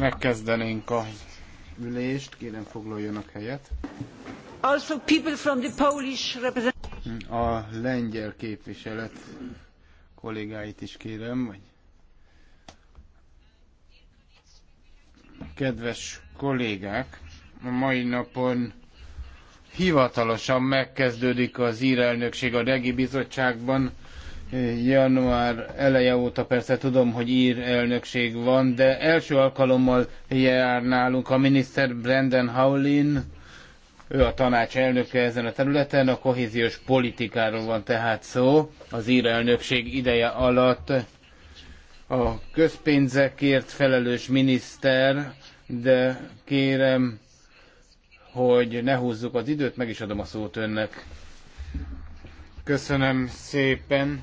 Megkezdenénk a ülést, kérem foglaljanak helyet. Also people from the Polish A lengyel képviselet kollégáit is kérem, vagy kedves kollégák, a mai napon hivatalosan megkezdődik az írelnökség a Regi Bizottságban Január eleje óta persze tudom, hogy ír elnökség van, de első alkalommal jár nálunk a miniszter Brendan Howlin, ő a tanács elnöke ezen a területen, a kohéziós politikáról van tehát szó az ír elnökség ideje alatt. A közpénzekért felelős miniszter, de kérem, hogy ne húzzuk az időt, meg is adom a szót önnek. Köszönöm szépen.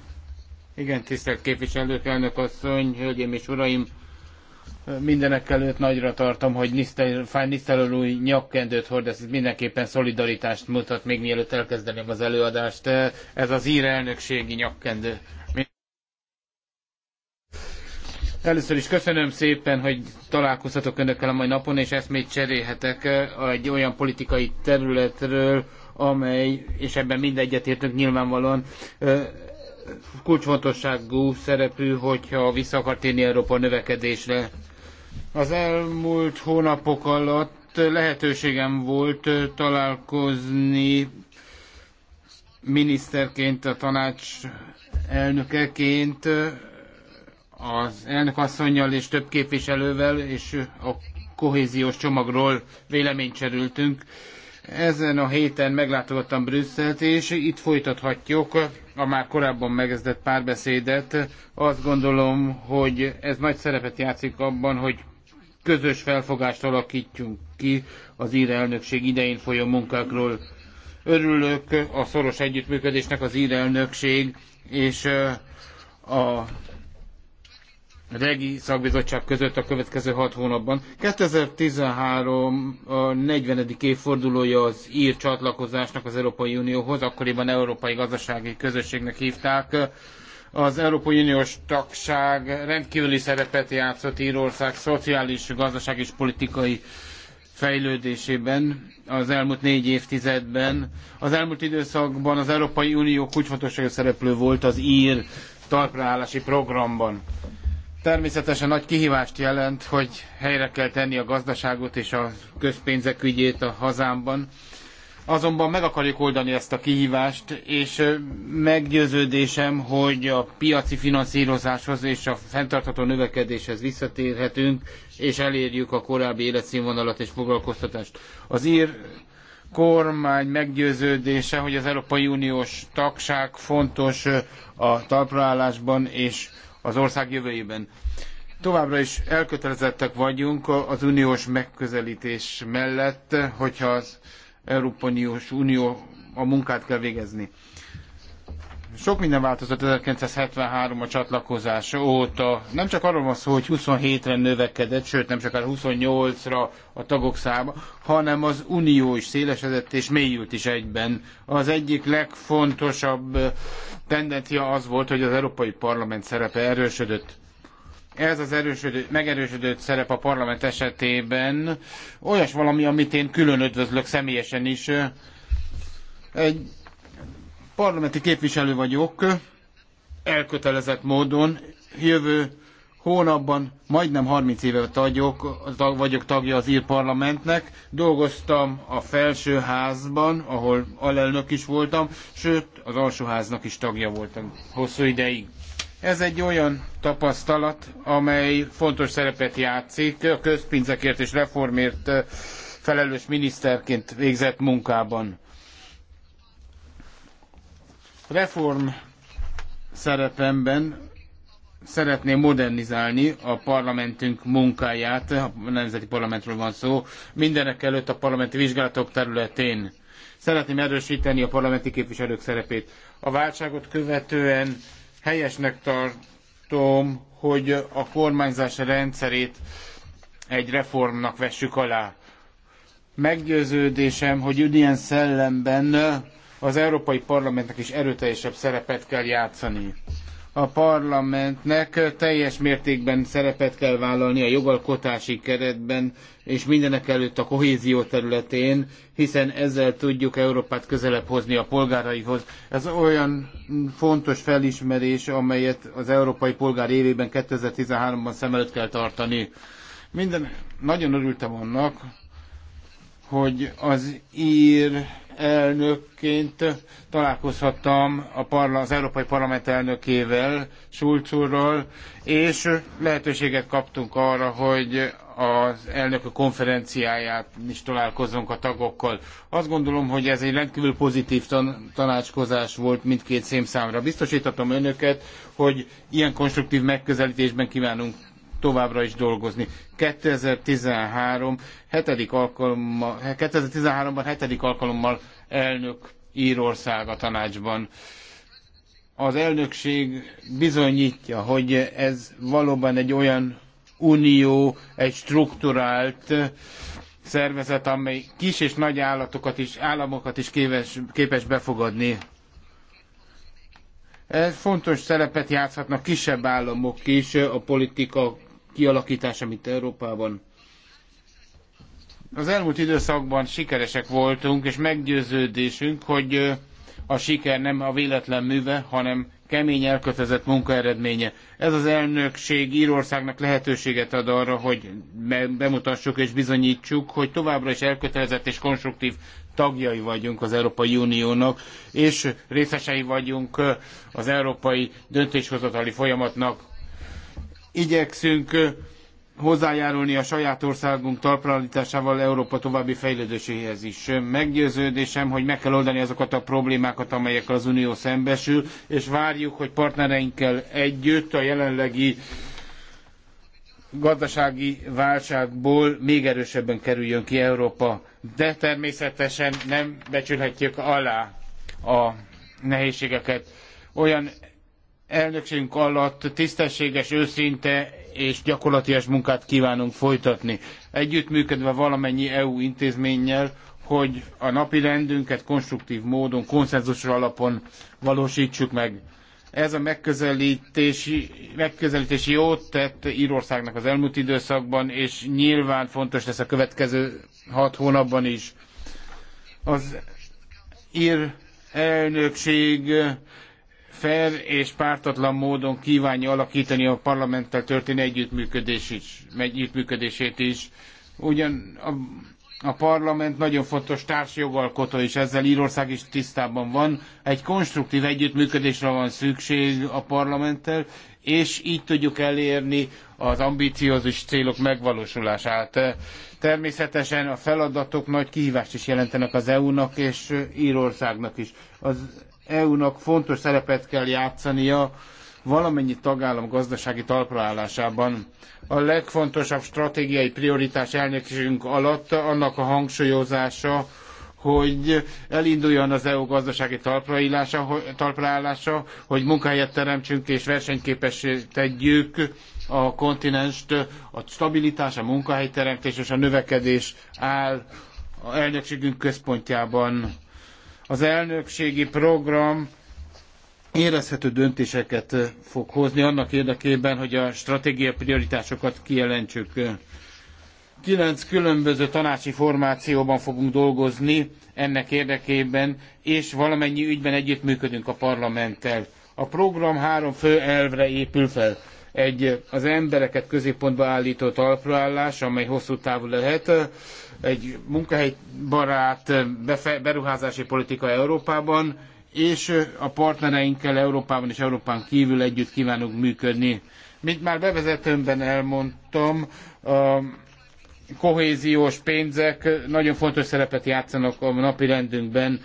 Igen, tisztelt képviselők, elnök asszony, hölgyeim és uraim, mindenek előtt nagyra tartom, hogy Fán Nisztelor új nyakkendőt hord, ez mindenképpen szolidaritást mutat, még mielőtt elkezdeném az előadást. Ez az ír elnökségi nyakkendő. Először is köszönöm szépen, hogy találkozhatok önökkel a mai napon, és eszmét cserélhetek egy olyan politikai területről, amely, és ebben mindegyetértünk nyilvánvalóan, kulcsfontosságú szerepű, hogyha vissza akar térni Európa növekedésre. Az elmúlt hónapok alatt lehetőségem volt találkozni miniszterként, a tanács elnökeként, az elnökasszonynal és több képviselővel, és a kohéziós csomagról véleményt cserültünk. Ezen a héten meglátogattam Brüsszelt, és itt folytathatjuk a már korábban megkezdett párbeszédet. Azt gondolom, hogy ez nagy szerepet játszik abban, hogy közös felfogást alakítjunk ki az ír elnökség idején folyó munkákról. Örülök a szoros együttműködésnek az ír elnökség és a regi szakbizottság között a következő hat hónapban. 2013 a 40. évfordulója az ír csatlakozásnak az Európai Unióhoz, akkoriban Európai Gazdasági Közösségnek hívták. Az Európai Uniós tagság rendkívüli szerepet játszott Írország szociális, gazdasági és politikai fejlődésében az elmúlt négy évtizedben. Az elmúlt időszakban az Európai Unió kulcsfontosságú szereplő volt az ír talpraállási programban. Természetesen nagy kihívást jelent, hogy helyre kell tenni a gazdaságot és a közpénzek ügyét a hazámban. Azonban meg akarjuk oldani ezt a kihívást, és meggyőződésem, hogy a piaci finanszírozáshoz és a fenntartható növekedéshez visszatérhetünk, és elérjük a korábbi életszínvonalat és foglalkoztatást. Az ír kormány meggyőződése, hogy az Európai Uniós tagság fontos a talpraállásban és az ország jövőjében. Továbbra is elkötelezettek vagyunk az uniós megközelítés mellett, hogyha az Európai Uniós Unió a munkát kell végezni. Sok minden változott 1973 a csatlakozás óta. Nem csak arról van szó, hogy 27-re növekedett, sőt nem csak 28-ra a tagok száma, hanem az unió is szélesedett és mélyült is egyben. Az egyik legfontosabb eh, tendencia az volt, hogy az Európai Parlament szerepe erősödött ez az erősödő, megerősödött szerep a parlament esetében olyas valami, amit én külön üdvözlök személyesen is. Egy parlamenti képviselő vagyok, elkötelezett módon jövő hónapban majdnem 30 éve tagyok, tag, vagyok tagja az ír parlamentnek. Dolgoztam a felsőházban, ahol alelnök is voltam, sőt az alsóháznak is tagja voltam hosszú ideig. Ez egy olyan tapasztalat, amely fontos szerepet játszik a közpénzekért és reformért eh, felelős miniszterként végzett munkában reform szerepemben szeretném modernizálni a parlamentünk munkáját, a nemzeti parlamentről van szó, mindenek előtt a parlamenti vizsgálatok területén. Szeretném erősíteni a parlamenti képviselők szerepét. A válságot követően helyesnek tartom, hogy a kormányzás rendszerét egy reformnak vessük alá. Meggyőződésem, hogy ilyen szellemben az Európai Parlamentnek is erőteljesebb szerepet kell játszani. A parlamentnek teljes mértékben szerepet kell vállalni a jogalkotási keretben, és mindenekelőtt a kohézió területén, hiszen ezzel tudjuk Európát közelebb hozni a polgáraihoz. Ez olyan fontos felismerés, amelyet az európai polgár évében 2013-ban szem előtt kell tartani. Minden, nagyon örültem annak, hogy az ír elnökként találkozhattam a parla, az Európai Parlament elnökével, Schulz úrral, és lehetőséget kaptunk arra, hogy az elnökök konferenciáját is találkozzunk a tagokkal. Azt gondolom, hogy ez egy rendkívül pozitív tan- tanácskozás volt mindkét szémszámra. Biztosítatom önöket, hogy ilyen konstruktív megközelítésben kívánunk továbbra is dolgozni. 2013 hetedik alkalommal, 2013-ban hetedik alkalommal elnök Írország a tanácsban. Az elnökség bizonyítja, hogy ez valóban egy olyan unió, egy strukturált szervezet, amely kis és nagy állatokat is, államokat is képes, képes befogadni. Ez fontos szerepet játszhatnak kisebb államok is a politika kialakítása, mint Európában. Az elmúlt időszakban sikeresek voltunk, és meggyőződésünk, hogy a siker nem a véletlen műve, hanem kemény elkötelezett munka eredménye. Ez az elnökség Írországnak lehetőséget ad arra, hogy bemutassuk és bizonyítsuk, hogy továbbra is elkötelezett és konstruktív tagjai vagyunk az Európai Uniónak, és részesei vagyunk az európai döntéshozatali folyamatnak. Igyekszünk hozzájárulni a saját országunk talpraállításával Európa további fejlődéséhez is. Meggyőződésem, hogy meg kell oldani azokat a problémákat, amelyekkel az Unió szembesül, és várjuk, hogy partnereinkkel együtt a jelenlegi gazdasági válságból még erősebben kerüljön ki Európa. De természetesen nem becsülhetjük alá a nehézségeket. Olyan elnökségünk alatt tisztességes, őszinte és gyakorlatias munkát kívánunk folytatni. Együttműködve valamennyi EU intézménnyel, hogy a napi rendünket konstruktív módon, konszenzus alapon valósítsuk meg. Ez a megközelítési, megközelítési jót tett Írországnak az elmúlt időszakban, és nyilván fontos lesz a következő hat hónapban is. Az ír elnökség fair és pártatlan módon kívánja alakítani a parlamenttel történő együttműködés is, együttműködését is. Ugyan a, a parlament nagyon fontos társjogalkotó, és ezzel Írország is tisztában van. Egy konstruktív együttműködésre van szükség a parlamenttel, és így tudjuk elérni az ambíciózus célok megvalósulását. Természetesen a feladatok nagy kihívást is jelentenek az EU-nak és Írországnak is. Az EU-nak fontos szerepet kell játszania valamennyi tagállam gazdasági talpraállásában. A legfontosabb stratégiai prioritás elnökségünk alatt annak a hangsúlyozása, hogy elinduljon az EU gazdasági talpraállása, hogy munkahelyet teremtsünk és versenyképessé tegyük a kontinenst, a stabilitás, a munkahelyteremtés és a növekedés áll a elnökségünk központjában az elnökségi program érezhető döntéseket fog hozni annak érdekében, hogy a stratégia prioritásokat kijelentsük. Kilenc különböző tanácsi formációban fogunk dolgozni ennek érdekében, és valamennyi ügyben együttműködünk a parlamenttel. A program három fő elvre épül fel egy az embereket középpontba állító talpraállás, amely hosszú távú lehet, egy munkahelybarát beruházási politika Európában, és a partnereinkkel Európában és Európán kívül együtt kívánunk működni. Mint már bevezetőmben elmondtam, a kohéziós pénzek nagyon fontos szerepet játszanak a napi rendünkben.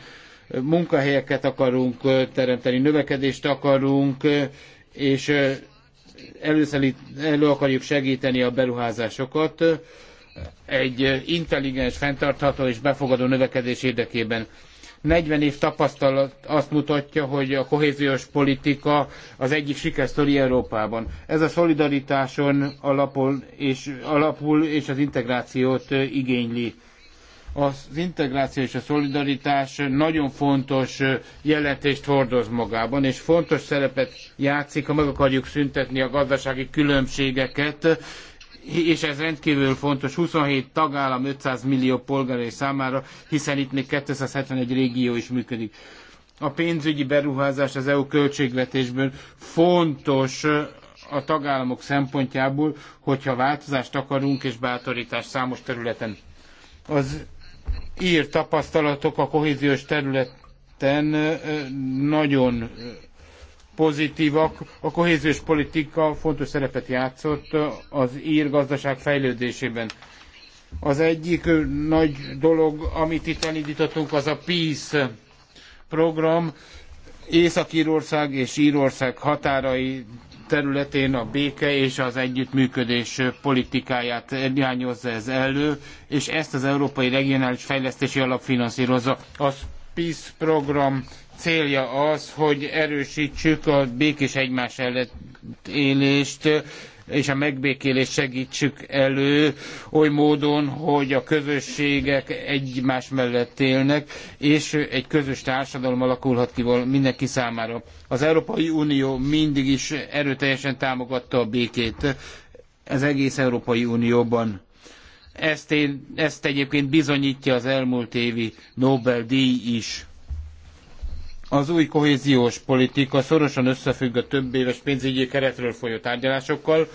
Munkahelyeket akarunk teremteni, növekedést akarunk, és először elő akarjuk segíteni a beruházásokat egy intelligens, fenntartható és befogadó növekedés érdekében. 40 év tapasztalat azt mutatja, hogy a kohéziós politika az egyik sikersztori Európában. Ez a szolidaritáson alapul és, alapul és az integrációt igényli az integráció és a szolidaritás nagyon fontos jelentést hordoz magában, és fontos szerepet játszik, ha meg akarjuk szüntetni a gazdasági különbségeket, és ez rendkívül fontos 27 tagállam 500 millió polgárai számára, hiszen itt még 271 régió is működik. A pénzügyi beruházás az EU költségvetésből fontos a tagállamok szempontjából, hogyha változást akarunk és bátorítást számos területen. Az ír tapasztalatok a kohéziós területen nagyon pozitívak. A kohéziós politika fontos szerepet játszott az ír gazdaság fejlődésében. Az egyik nagy dolog, amit itt elindítottunk, az a Peace program. Észak-Írország és Írország határai területén a béke és az együttműködés politikáját irányozza ez elő, és ezt az Európai Regionális Fejlesztési Alap finanszírozza. A PISZ program célja az, hogy erősítsük a békés egymás előtt élést, és a megbékélést segítsük elő oly módon, hogy a közösségek egymás mellett élnek, és egy közös társadalom alakulhat ki mindenki számára. Az Európai Unió mindig is erőteljesen támogatta a békét az egész Európai Unióban. Ezt, én, ezt egyébként bizonyítja az elmúlt évi Nobel-díj is az új kohéziós politika szorosan összefügg a több éves pénzügyi keretről folyó tárgyalásokkal.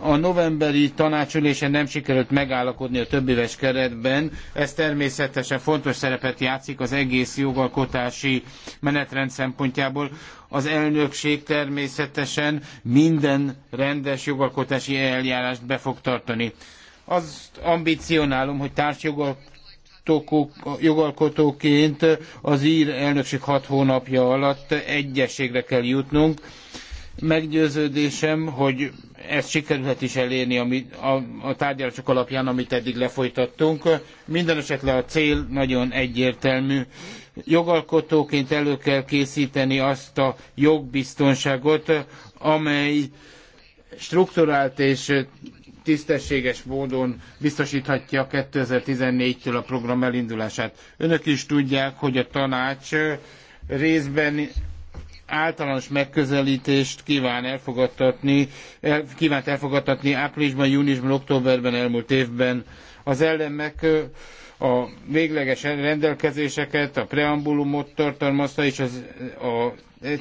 A novemberi tanácsülésen nem sikerült megállapodni a több éves keretben. Ez természetesen fontos szerepet játszik az egész jogalkotási menetrend szempontjából. Az elnökség természetesen minden rendes jogalkotási eljárást be fog tartani azt ambicionálom, hogy társjogalkotóként jogalkotóként az ír elnökség hat hónapja alatt egyességre kell jutnunk. Meggyőződésem, hogy ezt sikerülhet is elérni ami, a, a tárgyalások alapján, amit eddig lefolytattunk. Minden esetre a cél nagyon egyértelmű. Jogalkotóként elő kell készíteni azt a jogbiztonságot, amely strukturált és tisztességes módon biztosíthatja 2014-től a program elindulását. Önök is tudják, hogy a tanács részben általános megközelítést kíván elfogadtatni, el, kívánt elfogadtatni áprilisban, júniusban, októberben, elmúlt évben. Az ellenek a végleges rendelkezéseket, a preambulumot tartalmazta, és az, a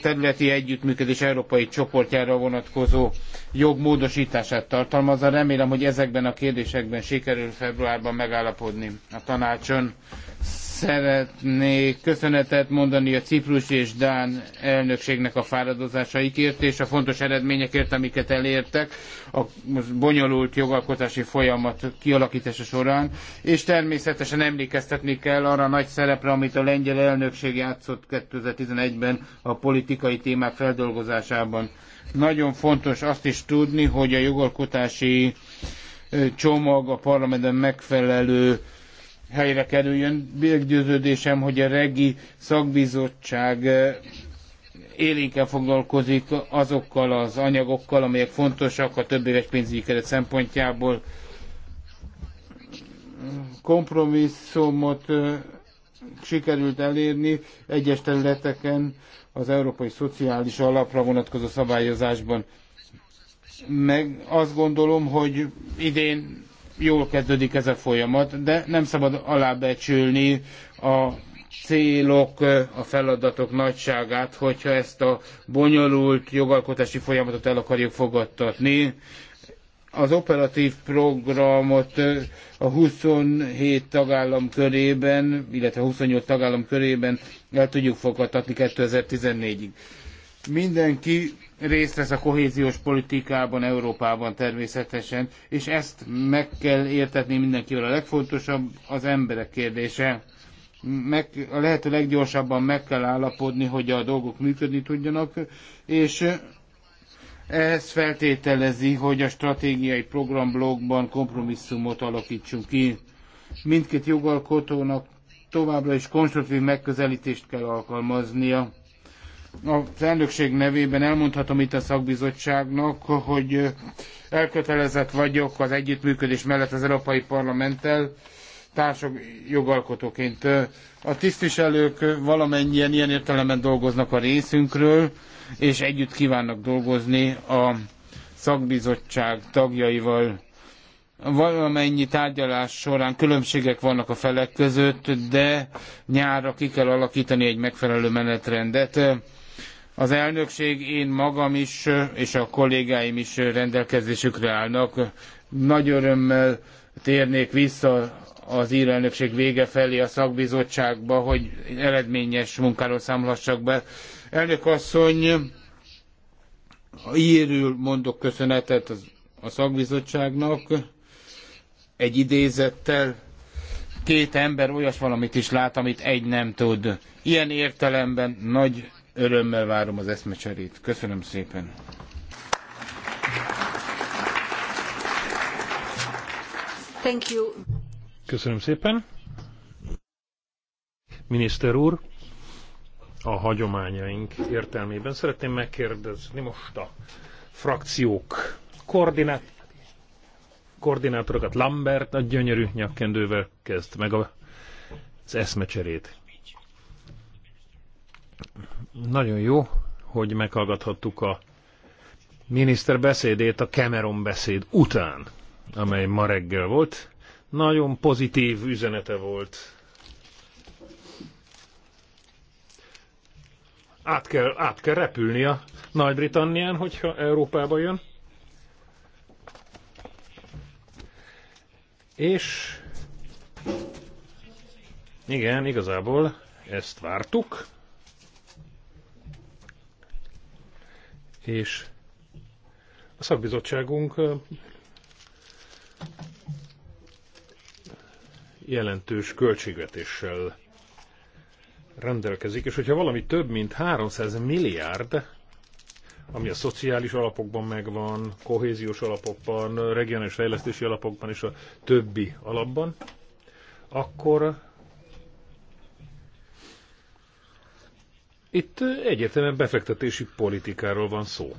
területi együttműködés európai csoportjára vonatkozó jog módosítását tartalmazza. Remélem, hogy ezekben a kérdésekben sikerül februárban megállapodni a tanácson. Szeretnék köszönetet mondani a Ciprus és Dán elnökségnek a fáradozásaikért és a fontos eredményekért, amiket elértek a bonyolult jogalkotási folyamat kialakítása során, és természetesen emlékeztetni kell arra a nagy szerepre, amit a lengyel elnökség játszott 2011-ben a politikai témák feldolgozásában. Nagyon fontos azt is tudni, hogy a jogalkotási csomag a parlamentben megfelelő helyre kerüljön. Meggyőződésem, hogy a regi szakbizottság eh, élénke foglalkozik azokkal az anyagokkal, amelyek fontosak a több éves pénzügyi keret szempontjából. Kompromisszumot eh, sikerült elérni egyes területeken az európai szociális alapra vonatkozó szabályozásban. Meg azt gondolom, hogy idén jól kezdődik ez a folyamat, de nem szabad alábecsülni a célok, a feladatok nagyságát, hogyha ezt a bonyolult jogalkotási folyamatot el akarjuk fogadtatni. Az operatív programot a 27 tagállam körében, illetve 28 tagállam körében el tudjuk fogadtatni 2014-ig. Mindenki részt vesz a kohéziós politikában, Európában természetesen, és ezt meg kell értetni mindenkivel. A legfontosabb az emberek kérdése. Meg, a lehető leggyorsabban meg kell állapodni, hogy a dolgok működni tudjanak, és ez feltételezi, hogy a stratégiai programblogban kompromisszumot alakítsunk ki. Mindkét jogalkotónak továbbra is konstruktív megközelítést kell alkalmaznia az elnökség nevében elmondhatom itt a szakbizottságnak, hogy elkötelezett vagyok az együttműködés mellett az Európai Parlamenttel, társok jogalkotóként. A tisztviselők valamennyien ilyen értelemben dolgoznak a részünkről, és együtt kívánnak dolgozni a szakbizottság tagjaival. Valamennyi tárgyalás során különbségek vannak a felek között, de nyárra ki kell alakítani egy megfelelő menetrendet az elnökség, én magam is, és a kollégáim is rendelkezésükre állnak. Nagy örömmel térnék vissza az ír elnökség vége felé a szakbizottságba, hogy eredményes munkáról számolhassak be. Elnök asszony, írül mondok köszönetet a szakbizottságnak egy idézettel. Két ember olyas valamit is lát, amit egy nem tud. Ilyen értelemben nagy Örömmel várom az eszmecserét. Köszönöm szépen! Thank you. Köszönöm szépen! Miniszter úr, a hagyományaink értelmében szeretném megkérdezni most a frakciók koordinát, koordinátorokat. Lambert a gyönyörű nyakkendővel kezd meg az eszmecserét. Nagyon jó, hogy meghallgathattuk a miniszter beszédét a Cameron beszéd után, amely ma reggel volt. Nagyon pozitív üzenete volt. Át kell, át kell a Nagy-Britannián, hogyha Európába jön. És igen, igazából ezt vártuk. és a szakbizottságunk jelentős költségvetéssel rendelkezik, és hogyha valami több, mint 300 milliárd, ami a szociális alapokban megvan, kohéziós alapokban, regionális fejlesztési alapokban és a többi alapban, akkor Itt egyetemen befektetési politikáról van szó.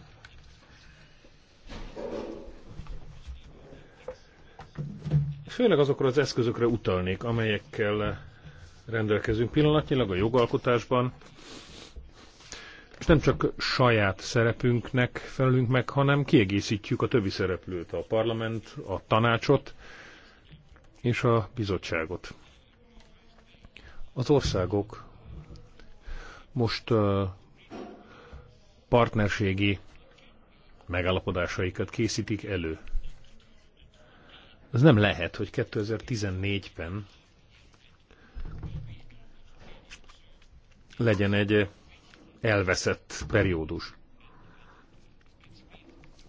Főleg azokra az eszközökre utalnék, amelyekkel rendelkezünk pillanatnyilag a jogalkotásban, és nem csak saját szerepünknek felelünk meg, hanem kiegészítjük a többi szereplőt, a parlament, a tanácsot és a bizottságot. Az országok most partnerségi megállapodásaikat készítik elő. Ez nem lehet, hogy 2014-ben legyen egy elveszett periódus.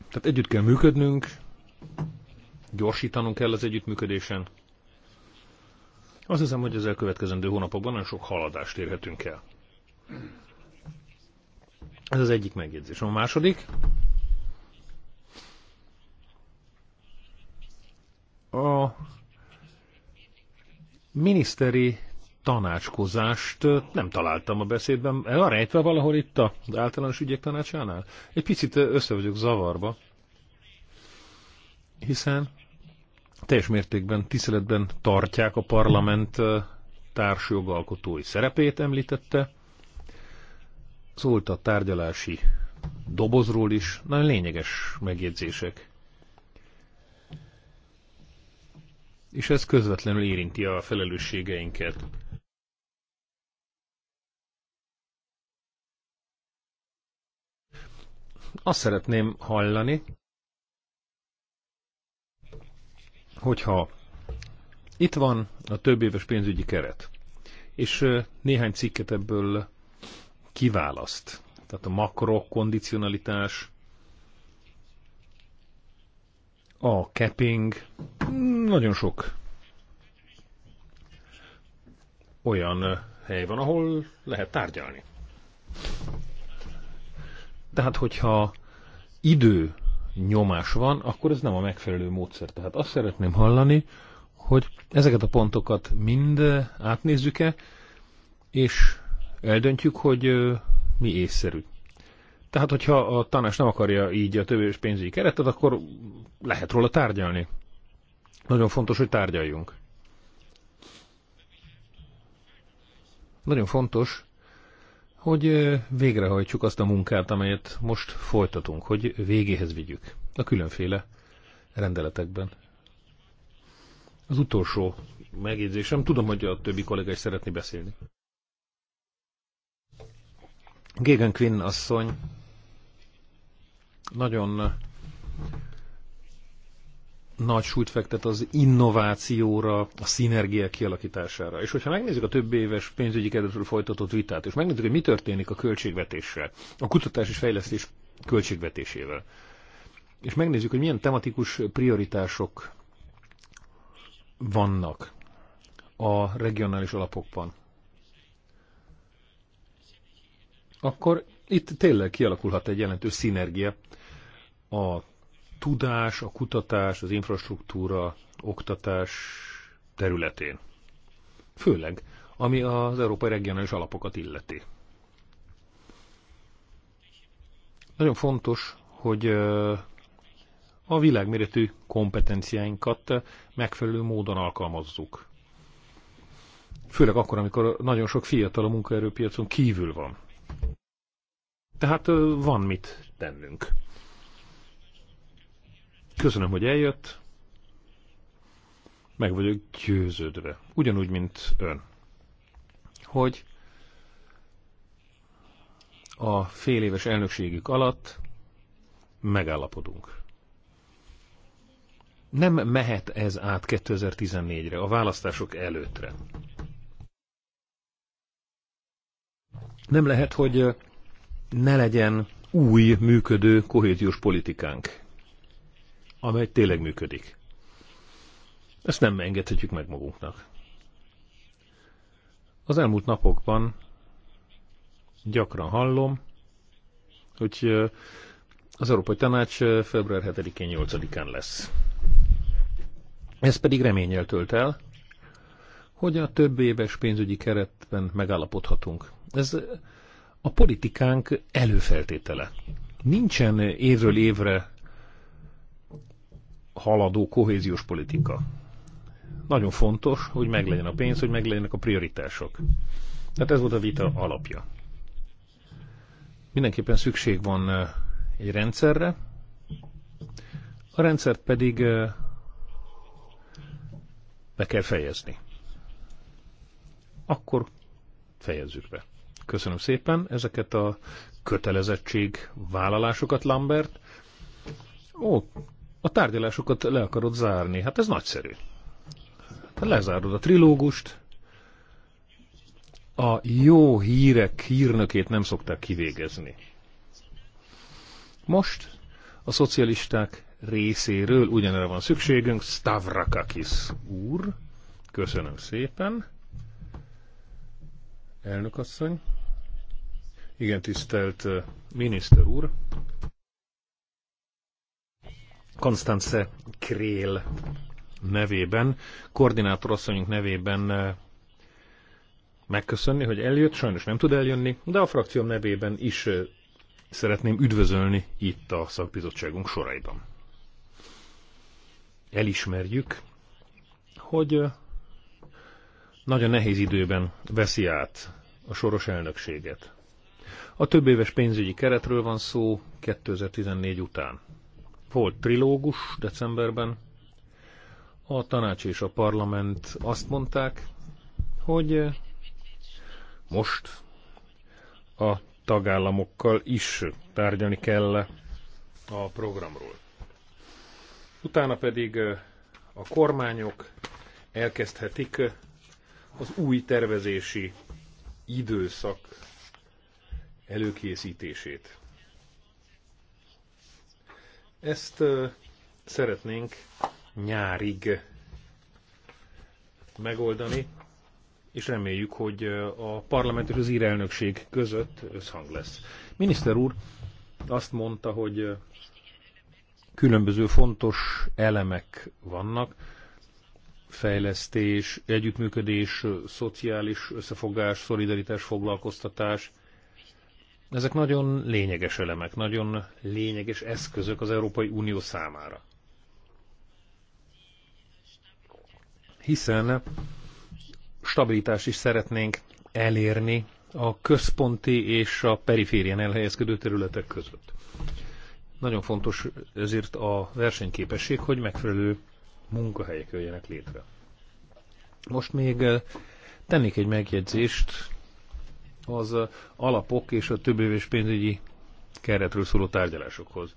Tehát együtt kell működnünk, gyorsítanunk kell az együttműködésen. Azt hiszem, hogy az elkövetkezendő hónapokban nagyon sok haladást érhetünk el. Ez az egyik megjegyzés. A második. A miniszteri tanácskozást nem találtam a beszédben. El van rejtve valahol itt az általános ügyek tanácsánál? Egy picit össze vagyok zavarba, hiszen teljes mértékben tiszteletben tartják a parlament társjogalkotói szerepét, említette, szólt a tárgyalási dobozról is, nagyon lényeges megjegyzések. És ez közvetlenül érinti a felelősségeinket. Azt szeretném hallani, hogyha itt van a több éves pénzügyi keret, és néhány cikket ebből kiválaszt. Tehát a makrokondicionalitás, a capping, nagyon sok olyan hely van, ahol lehet tárgyalni. Tehát, hogyha idő nyomás van, akkor ez nem a megfelelő módszer. Tehát azt szeretném hallani, hogy ezeket a pontokat mind átnézzük-e, és eldöntjük, hogy mi észszerű. Tehát, hogyha a tanács nem akarja így a tövős pénzügyi keretet, akkor lehet róla tárgyalni. Nagyon fontos, hogy tárgyaljunk. Nagyon fontos, hogy végrehajtsuk azt a munkát, amelyet most folytatunk, hogy végéhez vigyük a különféle rendeletekben. Az utolsó megjegyzésem, tudom, hogy a többi kollega is szeretné beszélni. Gégen Quinn asszony nagyon nagy súlyt fektet az innovációra, a szinergiák kialakítására. És hogyha megnézzük a több éves pénzügyi keretről folytatott vitát, és megnézzük, hogy mi történik a költségvetéssel, a kutatás és fejlesztés költségvetésével, és megnézzük, hogy milyen tematikus prioritások vannak a regionális alapokban, akkor itt tényleg kialakulhat egy jelentős szinergia a tudás, a kutatás, az infrastruktúra, oktatás területén. Főleg, ami az európai regionális alapokat illeti. Nagyon fontos, hogy a világméretű kompetenciáinkat megfelelő módon alkalmazzuk. Főleg akkor, amikor nagyon sok fiatal a munkaerőpiacon kívül van. Tehát van mit tennünk. Köszönöm, hogy eljött. Meg vagyok győződve, ugyanúgy, mint ön, hogy a fél éves elnökségük alatt megállapodunk. Nem mehet ez át 2014-re, a választások előttre. Nem lehet, hogy ne legyen új működő kohéziós politikánk, amely tényleg működik. Ezt nem engedhetjük meg magunknak. Az elmúlt napokban gyakran hallom, hogy az Európai Tanács február 7-én, 8-án lesz. Ez pedig reményel tölt el, hogy a több éves pénzügyi keretben megállapodhatunk. Ez a politikánk előfeltétele. Nincsen évről évre haladó kohéziós politika. Nagyon fontos, hogy meglegyen a pénz, hogy meglegyenek a prioritások. Tehát ez volt a vita alapja. Mindenképpen szükség van eh, egy rendszerre, a rendszert pedig eh, be kell fejezni. Akkor fejezzük be. Köszönöm szépen ezeket a kötelezettség vállalásokat, Lambert. Ó, a tárgyalásokat le akarod zárni. Hát ez nagyszerű. Lezárod a trilógust. A jó hírek hírnökét nem szokták kivégezni. Most a szocialisták részéről ugyanerre van szükségünk. Stavrakakis úr, köszönöm szépen. Elnök asszony. Igen, tisztelt miniszter úr. Konstance Krél nevében, koordinátor asszonyunk nevében megköszönni, hogy eljött, sajnos nem tud eljönni, de a frakcióm nevében is szeretném üdvözölni itt a szakbizottságunk soraiban. Elismerjük, hogy nagyon nehéz időben veszi át a soros elnökséget. A több éves pénzügyi keretről van szó 2014 után. Volt trilógus decemberben. A tanács és a parlament azt mondták, hogy eh, most a tagállamokkal is tárgyalni kell a programról. Utána pedig eh, a kormányok elkezdhetik eh, az új tervezési időszak előkészítését. Ezt szeretnénk nyárig megoldani, és reméljük, hogy a parlament és az írelnökség között összhang lesz. Miniszter úr azt mondta, hogy különböző fontos elemek vannak, fejlesztés, együttműködés, szociális összefogás, szolidaritás, foglalkoztatás, ezek nagyon lényeges elemek, nagyon lényeges eszközök az Európai Unió számára. Hiszen stabilitás is szeretnénk elérni a központi és a periférien elhelyezkedő területek között. Nagyon fontos ezért a versenyképesség, hogy megfelelő munkahelyek jöjjenek létre. Most még tennék egy megjegyzést az alapok és a éves pénzügyi keretről szóló tárgyalásokhoz.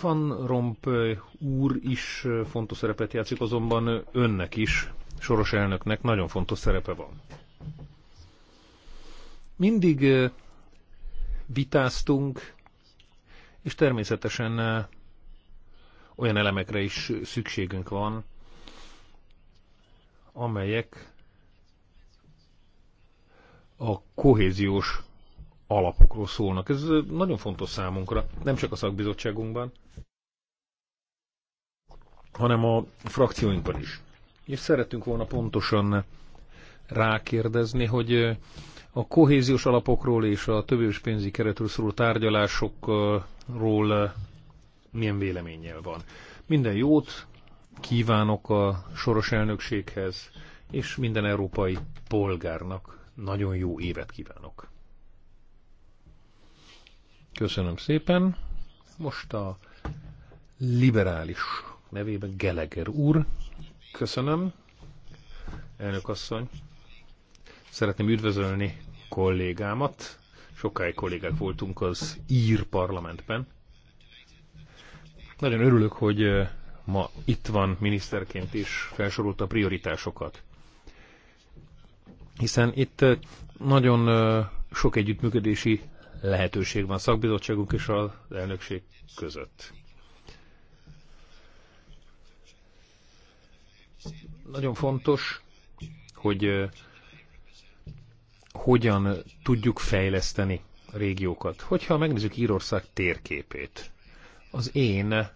Van Rompuy úr is fontos szerepet játszik, azonban önnek is, soros elnöknek nagyon fontos szerepe van. Mindig eh, vitáztunk, és természetesen eh, olyan elemekre is szükségünk van, amelyek a kohéziós alapokról szólnak. Ez nagyon fontos számunkra, nem csak a szakbizottságunkban, hanem a frakcióinkban is. És szeretünk volna pontosan rákérdezni, hogy a kohéziós alapokról és a többős pénzi keretről szóló tárgyalásokról milyen véleménnyel van. Minden jót kívánok a soros elnökséghez, és minden európai polgárnak nagyon jó évet kívánok. Köszönöm szépen. Most a liberális nevében Geleger úr. Köszönöm, elnök asszony. Szeretném üdvözölni kollégámat. Sokáig kollégák voltunk az ír parlamentben. Nagyon örülök, hogy eh, ma itt van miniszterként is felsorolta a prioritásokat hiszen itt nagyon sok együttműködési lehetőség van szakbizottságunk és az elnökség között. Nagyon fontos, hogy hogyan tudjuk fejleszteni a régiókat. Hogyha megnézzük Írország térképét, az én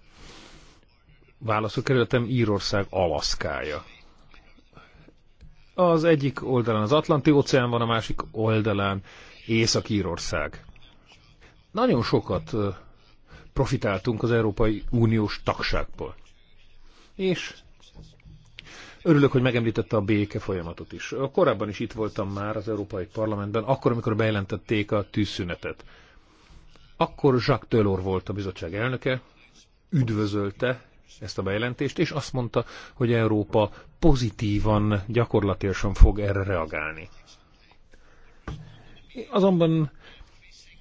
választókerületem Írország Alaszkája. Az egyik oldalán az Atlanti-óceán van, a másik oldalán Észak-Írország. Nagyon sokat profitáltunk az Európai Uniós tagságból. És örülök, hogy megemlítette a béke folyamatot is. Korábban is itt voltam már az Európai Parlamentben, akkor, amikor bejelentették a tűzszünetet. Akkor Jacques Delors volt a bizottság elnöke, üdvözölte ezt a bejelentést, és azt mondta, hogy Európa pozitívan, gyakorlatilag fog erre reagálni. Azonban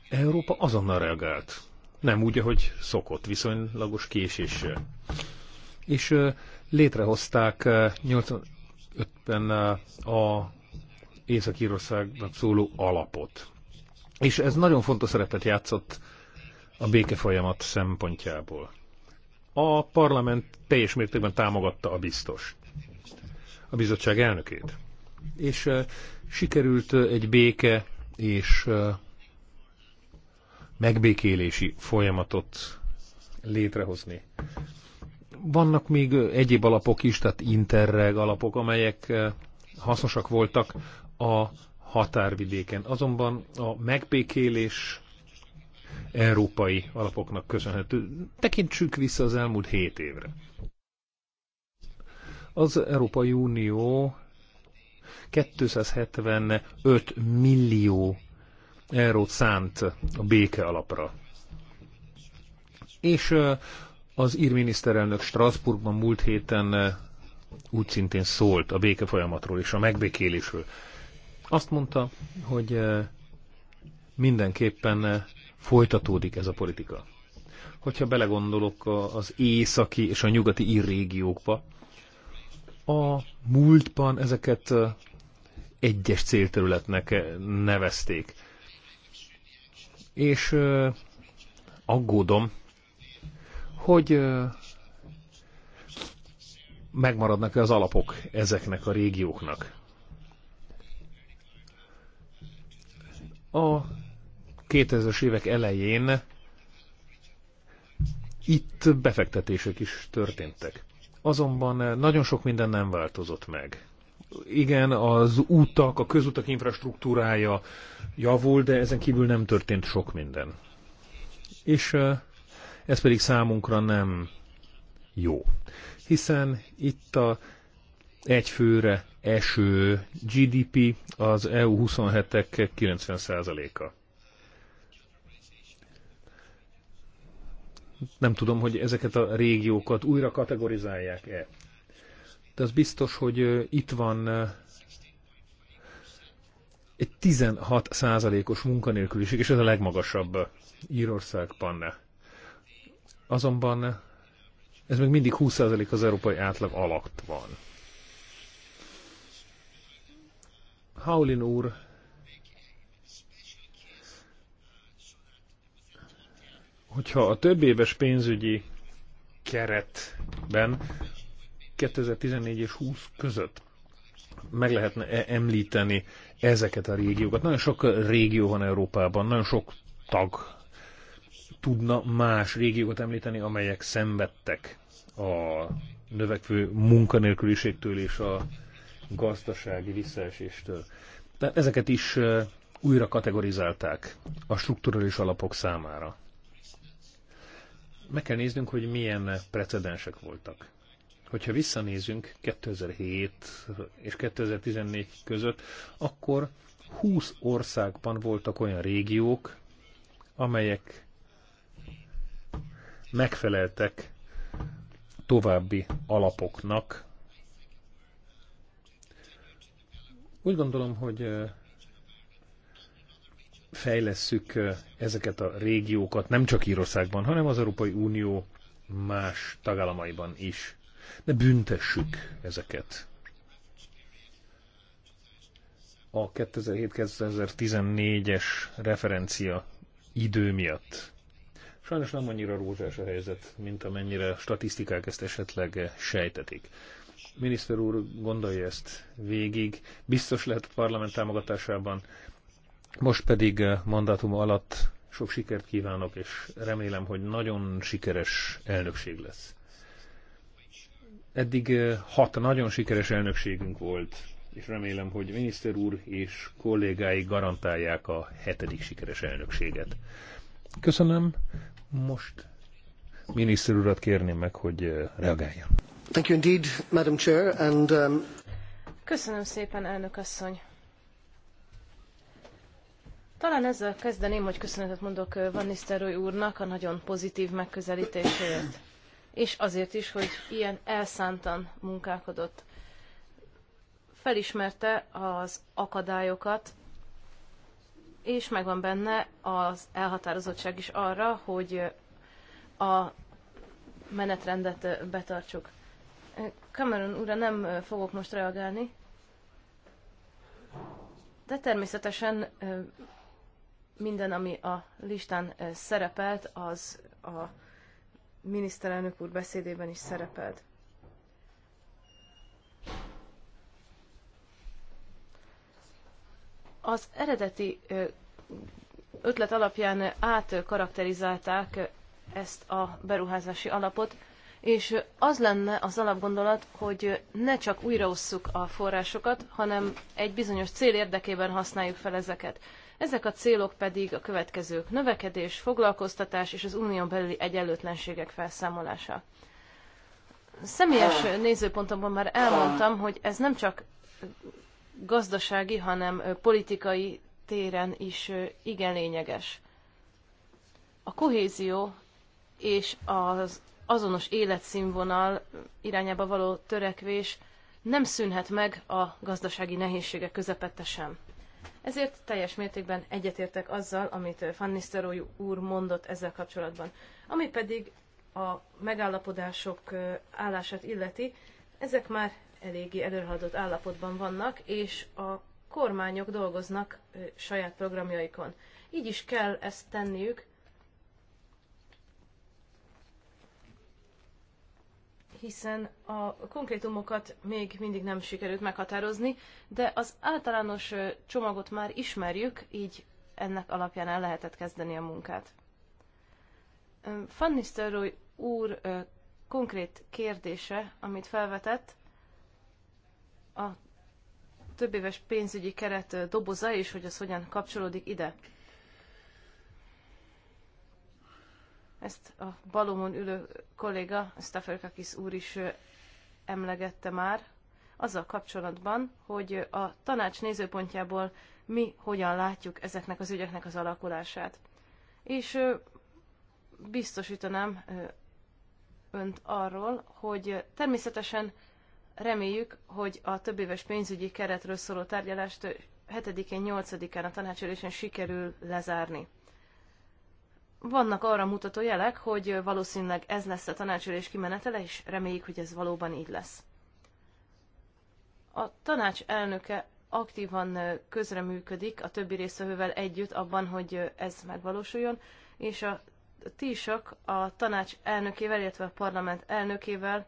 Európa azonnal reagált. Nem úgy, ahogy szokott, viszonylagos késéssel. És létrehozták 85-ben a Észak-Írországnak szóló alapot. És ez nagyon fontos szerepet játszott a béke folyamat szempontjából. A parlament teljes mértékben támogatta a biztos, a bizottság elnökét. És sikerült egy béke és megbékélési folyamatot létrehozni. Vannak még egyéb alapok is, tehát interreg alapok, amelyek hasznosak voltak a határvidéken. Azonban a megbékélés európai alapoknak köszönhető. Tekintsük vissza az elmúlt hét évre. Az Európai Unió 275 millió eurót szánt a béke alapra. És az ír miniszterelnök Strasbourgban múlt héten úgy szintén szólt a béke folyamatról és a megbékélésről. Azt mondta, hogy mindenképpen folytatódik ez a politika. Hogyha belegondolok az északi és a nyugati ír régiókba, a múltban ezeket egyes célterületnek nevezték. És aggódom, hogy megmaradnak-e az alapok ezeknek a régióknak. A 2000-es évek elején itt befektetések is történtek. Azonban nagyon sok minden nem változott meg. Igen, az útak, a közutak infrastruktúrája javul, de ezen kívül nem történt sok minden. És ez pedig számunkra nem jó. Hiszen itt a egyfőre eső GDP az EU 27-ek 90%-a. nem tudom, hogy ezeket a régiókat újra kategorizálják-e. De az biztos, hogy itt van egy 16 százalékos munkanélküliség, és ez a legmagasabb Írországban. Azonban ez még mindig 20 százalék az európai átlag alatt van. Haulin úr hogyha a több éves pénzügyi keretben 2014 és 20 között meg lehetne -e említeni ezeket a régiókat. Nagyon sok régió van Európában, nagyon sok tag tudna más régiókat említeni, amelyek szenvedtek a növekvő munkanélküliségtől és a gazdasági visszaeséstől. Tehát ezeket is újra kategorizálták a strukturális alapok számára meg kell néznünk, hogy milyen precedensek voltak. Hogyha visszanézünk 2007 és 2014 között, akkor 20 országban voltak olyan régiók, amelyek megfeleltek további alapoknak. Úgy gondolom, hogy fejlesszük ezeket a régiókat nem csak Írországban, hanem az Európai Unió más tagállamaiban is. Ne büntessük ezeket. A 2007-2014-es referencia idő miatt. Sajnos nem annyira rózsás a helyzet, mint amennyire statisztikák ezt esetleg sejtetik. Miniszter úr gondolja ezt végig. Biztos lehet a parlament támogatásában, most pedig eh, mandátum alatt sok sikert kívánok, és remélem, hogy nagyon sikeres elnökség lesz. Eddig eh, hat nagyon sikeres elnökségünk volt, és remélem, hogy miniszter úr és kollégái garantálják a hetedik sikeres elnökséget. Köszönöm. Most miniszter urat kérném meg, hogy eh, reagáljon. Thank you indeed, Madam Chair, and, um... Köszönöm szépen, elnök asszony. Talán ezzel kezdeném, hogy köszönetet mondok Van Nisztelrooy úrnak a nagyon pozitív megközelítéséért, és azért is, hogy ilyen elszántan munkálkodott. Felismerte az akadályokat, és megvan benne az elhatározottság is arra, hogy a menetrendet betartsuk. Cameron úrra nem fogok most reagálni, de természetesen minden, ami a listán eh, szerepelt, az a miniszterelnök úr beszédében is szerepelt. Az eredeti eh, ötlet alapján átkarakterizálták eh, ezt a beruházási alapot, és az lenne az alapgondolat, hogy ne csak újraosszuk a forrásokat, hanem egy bizonyos cél érdekében használjuk fel ezeket. Ezek a célok pedig a következők növekedés, foglalkoztatás és az unión belüli egyenlőtlenségek felszámolása. Személyes ah. nézőpontomban már elmondtam, hogy ez nem csak gazdasági, hanem politikai téren is igen lényeges. A kohézió és az azonos életszínvonal irányába való törekvés nem szűnhet meg a gazdasági nehézségek közepette sem. Ezért teljes mértékben egyetértek azzal, amit Van Nistelrooy úr mondott ezzel kapcsolatban. Ami pedig a megállapodások állását illeti, ezek már eléggé előrehaladott állapotban vannak, és a kormányok dolgoznak saját programjaikon. Így is kell ezt tenniük, hiszen a konkrétumokat még mindig nem sikerült meghatározni, de az általános csomagot már ismerjük, így ennek alapján el lehetett kezdeni a munkát. Fanny Nistelrooy úr konkrét kérdése, amit felvetett, a több éves pénzügyi keret doboza, és hogy az hogyan kapcsolódik ide. Ezt a balomon ülő kolléga, Stafferkakis úr is emlegette már, azzal kapcsolatban, hogy a tanács nézőpontjából mi hogyan látjuk ezeknek az ügyeknek az alakulását. És biztosítanám önt arról, hogy természetesen reméljük, hogy a több éves pénzügyi keretről szóló tárgyalást 7-én, 8-án a tanácsülésen sikerül lezárni vannak arra mutató jelek, hogy valószínűleg ez lesz a tanácsülés kimenetele, és reméljük, hogy ez valóban így lesz. A tanács elnöke aktívan közreműködik a többi részvevővel együtt abban, hogy ez megvalósuljon, és a Tisak a tanács elnökével, illetve a parlament elnökével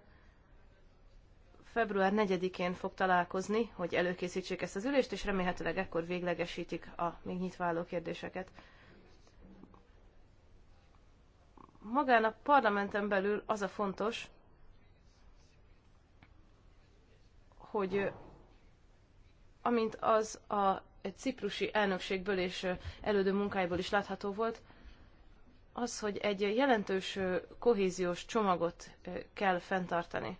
február 4-én fog találkozni, hogy előkészítsék ezt az ülést, és remélhetőleg ekkor véglegesítik a még nyitváló kérdéseket. magán a parlamenten belül az a fontos, hogy amint az a ciprusi elnökségből és elődő munkáiból is látható volt, az, hogy egy jelentős kohéziós csomagot kell fenntartani.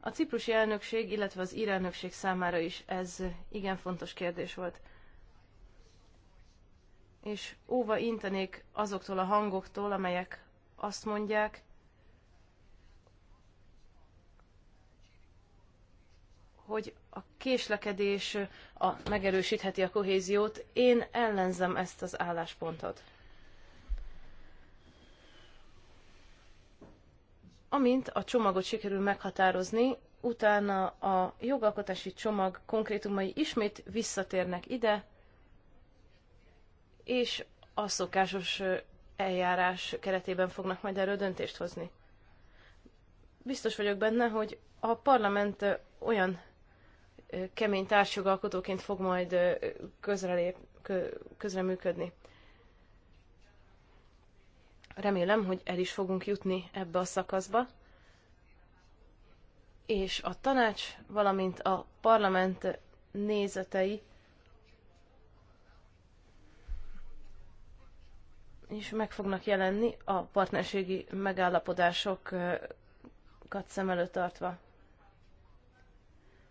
A ciprusi elnökség, illetve az ír elnökség számára is ez igen fontos kérdés volt. És óva intenék azoktól a hangoktól, amelyek azt mondják, hogy a késlekedés a, megerősítheti a kohéziót. Én ellenzem ezt az álláspontot. Amint a csomagot sikerül meghatározni, utána a jogalkotási csomag konkrétumai ismét visszatérnek ide, és a szokásos eljárás keretében fognak majd erről döntést hozni. Biztos vagyok benne, hogy a parlament olyan kemény társjogalkotóként fog majd közrelép, közreműködni. Remélem, hogy el is fogunk jutni ebbe a szakaszba, és a tanács, valamint a parlament nézetei és meg fognak jelenni a partnerségi megállapodásokat szem előtt tartva.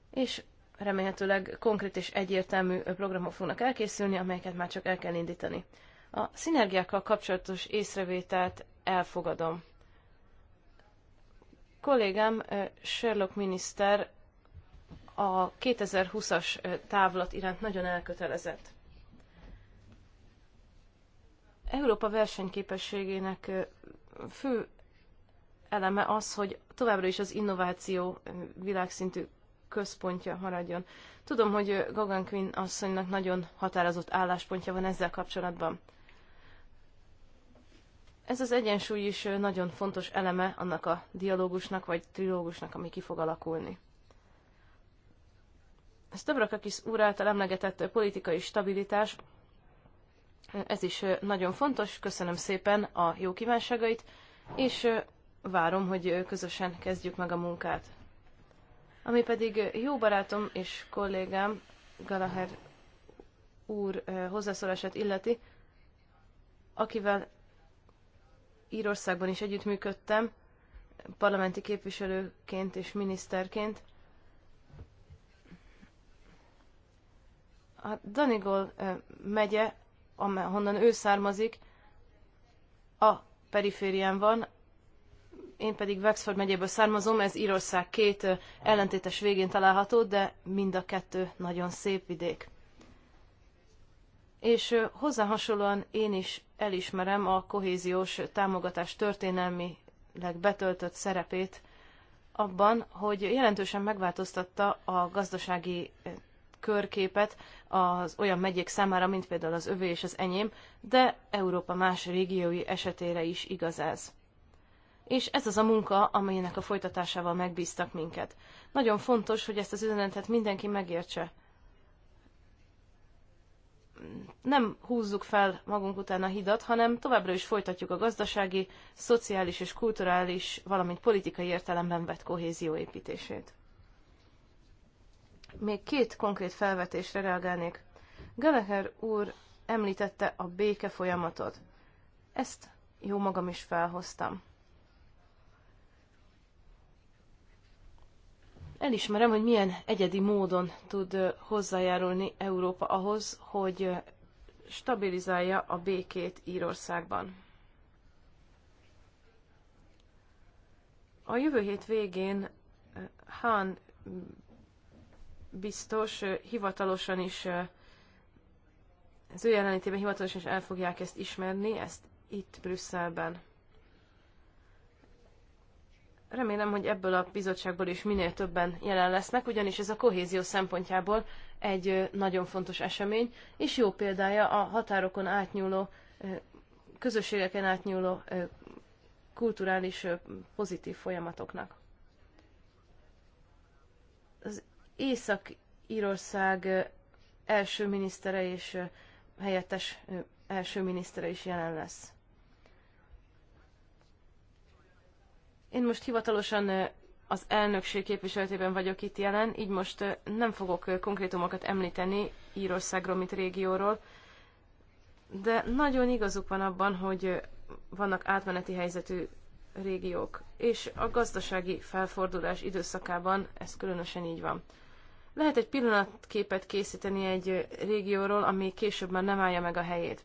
És remélhetőleg konkrét és egyértelmű programok fognak elkészülni, amelyeket már csak el kell indítani. A szinergiákkal kapcsolatos észrevételt elfogadom. Kollégám Sherlock miniszter a 2020-as távlat iránt nagyon elkötelezett. Európa versenyképességének fő eleme az, hogy továbbra is az innováció világszintű központja maradjon. Tudom, hogy Gogan Quinn asszonynak nagyon határozott álláspontja van ezzel kapcsolatban. Ez az egyensúly is nagyon fontos eleme annak a dialógusnak vagy trilógusnak, ami ki fog alakulni. Stavrakakis úr által emlegetett politikai stabilitás ez is nagyon fontos. Köszönöm szépen a jó kívánságait, és várom, hogy közösen kezdjük meg a munkát. Ami pedig jó barátom és kollégám Galaher úr hozzászólását illeti, akivel Írországban is együttműködtem, parlamenti képviselőként és miniszterként. A Danigol megye ahonnan ő származik, a periférián van, én pedig Wexford megyéből származom, ez Írország két ellentétes végén található, de mind a kettő nagyon szép vidék. És hozzá hasonlóan én is elismerem a kohéziós támogatás történelmileg betöltött szerepét abban, hogy jelentősen megváltoztatta a gazdasági körképet az olyan megyék számára, mint például az övé és az enyém, de Európa más régiói esetére is igaz ez. És ez az a munka, amelynek a folytatásával megbíztak minket. Nagyon fontos, hogy ezt az üzenetet mindenki megértse. Nem húzzuk fel magunk után a hidat, hanem továbbra is folytatjuk a gazdasági, szociális és kulturális, valamint politikai értelemben vett kohézió építését. Még két konkrét felvetésre reagálnék. Gallagher úr említette a béke folyamatot. Ezt jó magam is felhoztam. Elismerem, hogy milyen egyedi módon tud hozzájárulni Európa ahhoz, hogy stabilizálja a békét Írországban. A jövő hét végén Hán biztos hivatalosan is, az ő jelenlétében hivatalosan is el fogják ezt ismerni, ezt itt Brüsszelben. Remélem, hogy ebből a bizottságból is minél többen jelen lesznek, ugyanis ez a kohézió szempontjából egy nagyon fontos esemény, és jó példája a határokon átnyúló, közösségeken átnyúló kulturális pozitív folyamatoknak. Észak-Írország első minisztere és helyettes első minisztere is jelen lesz. Én most hivatalosan az elnökség képviseletében vagyok itt jelen, így most nem fogok konkrétumokat említeni Írországról, mint régióról, de nagyon igazuk van abban, hogy vannak átmeneti helyzetű régiók, és a gazdasági felfordulás időszakában ez különösen így van. Lehet egy pillanatképet készíteni egy régióról, ami később már nem állja meg a helyét.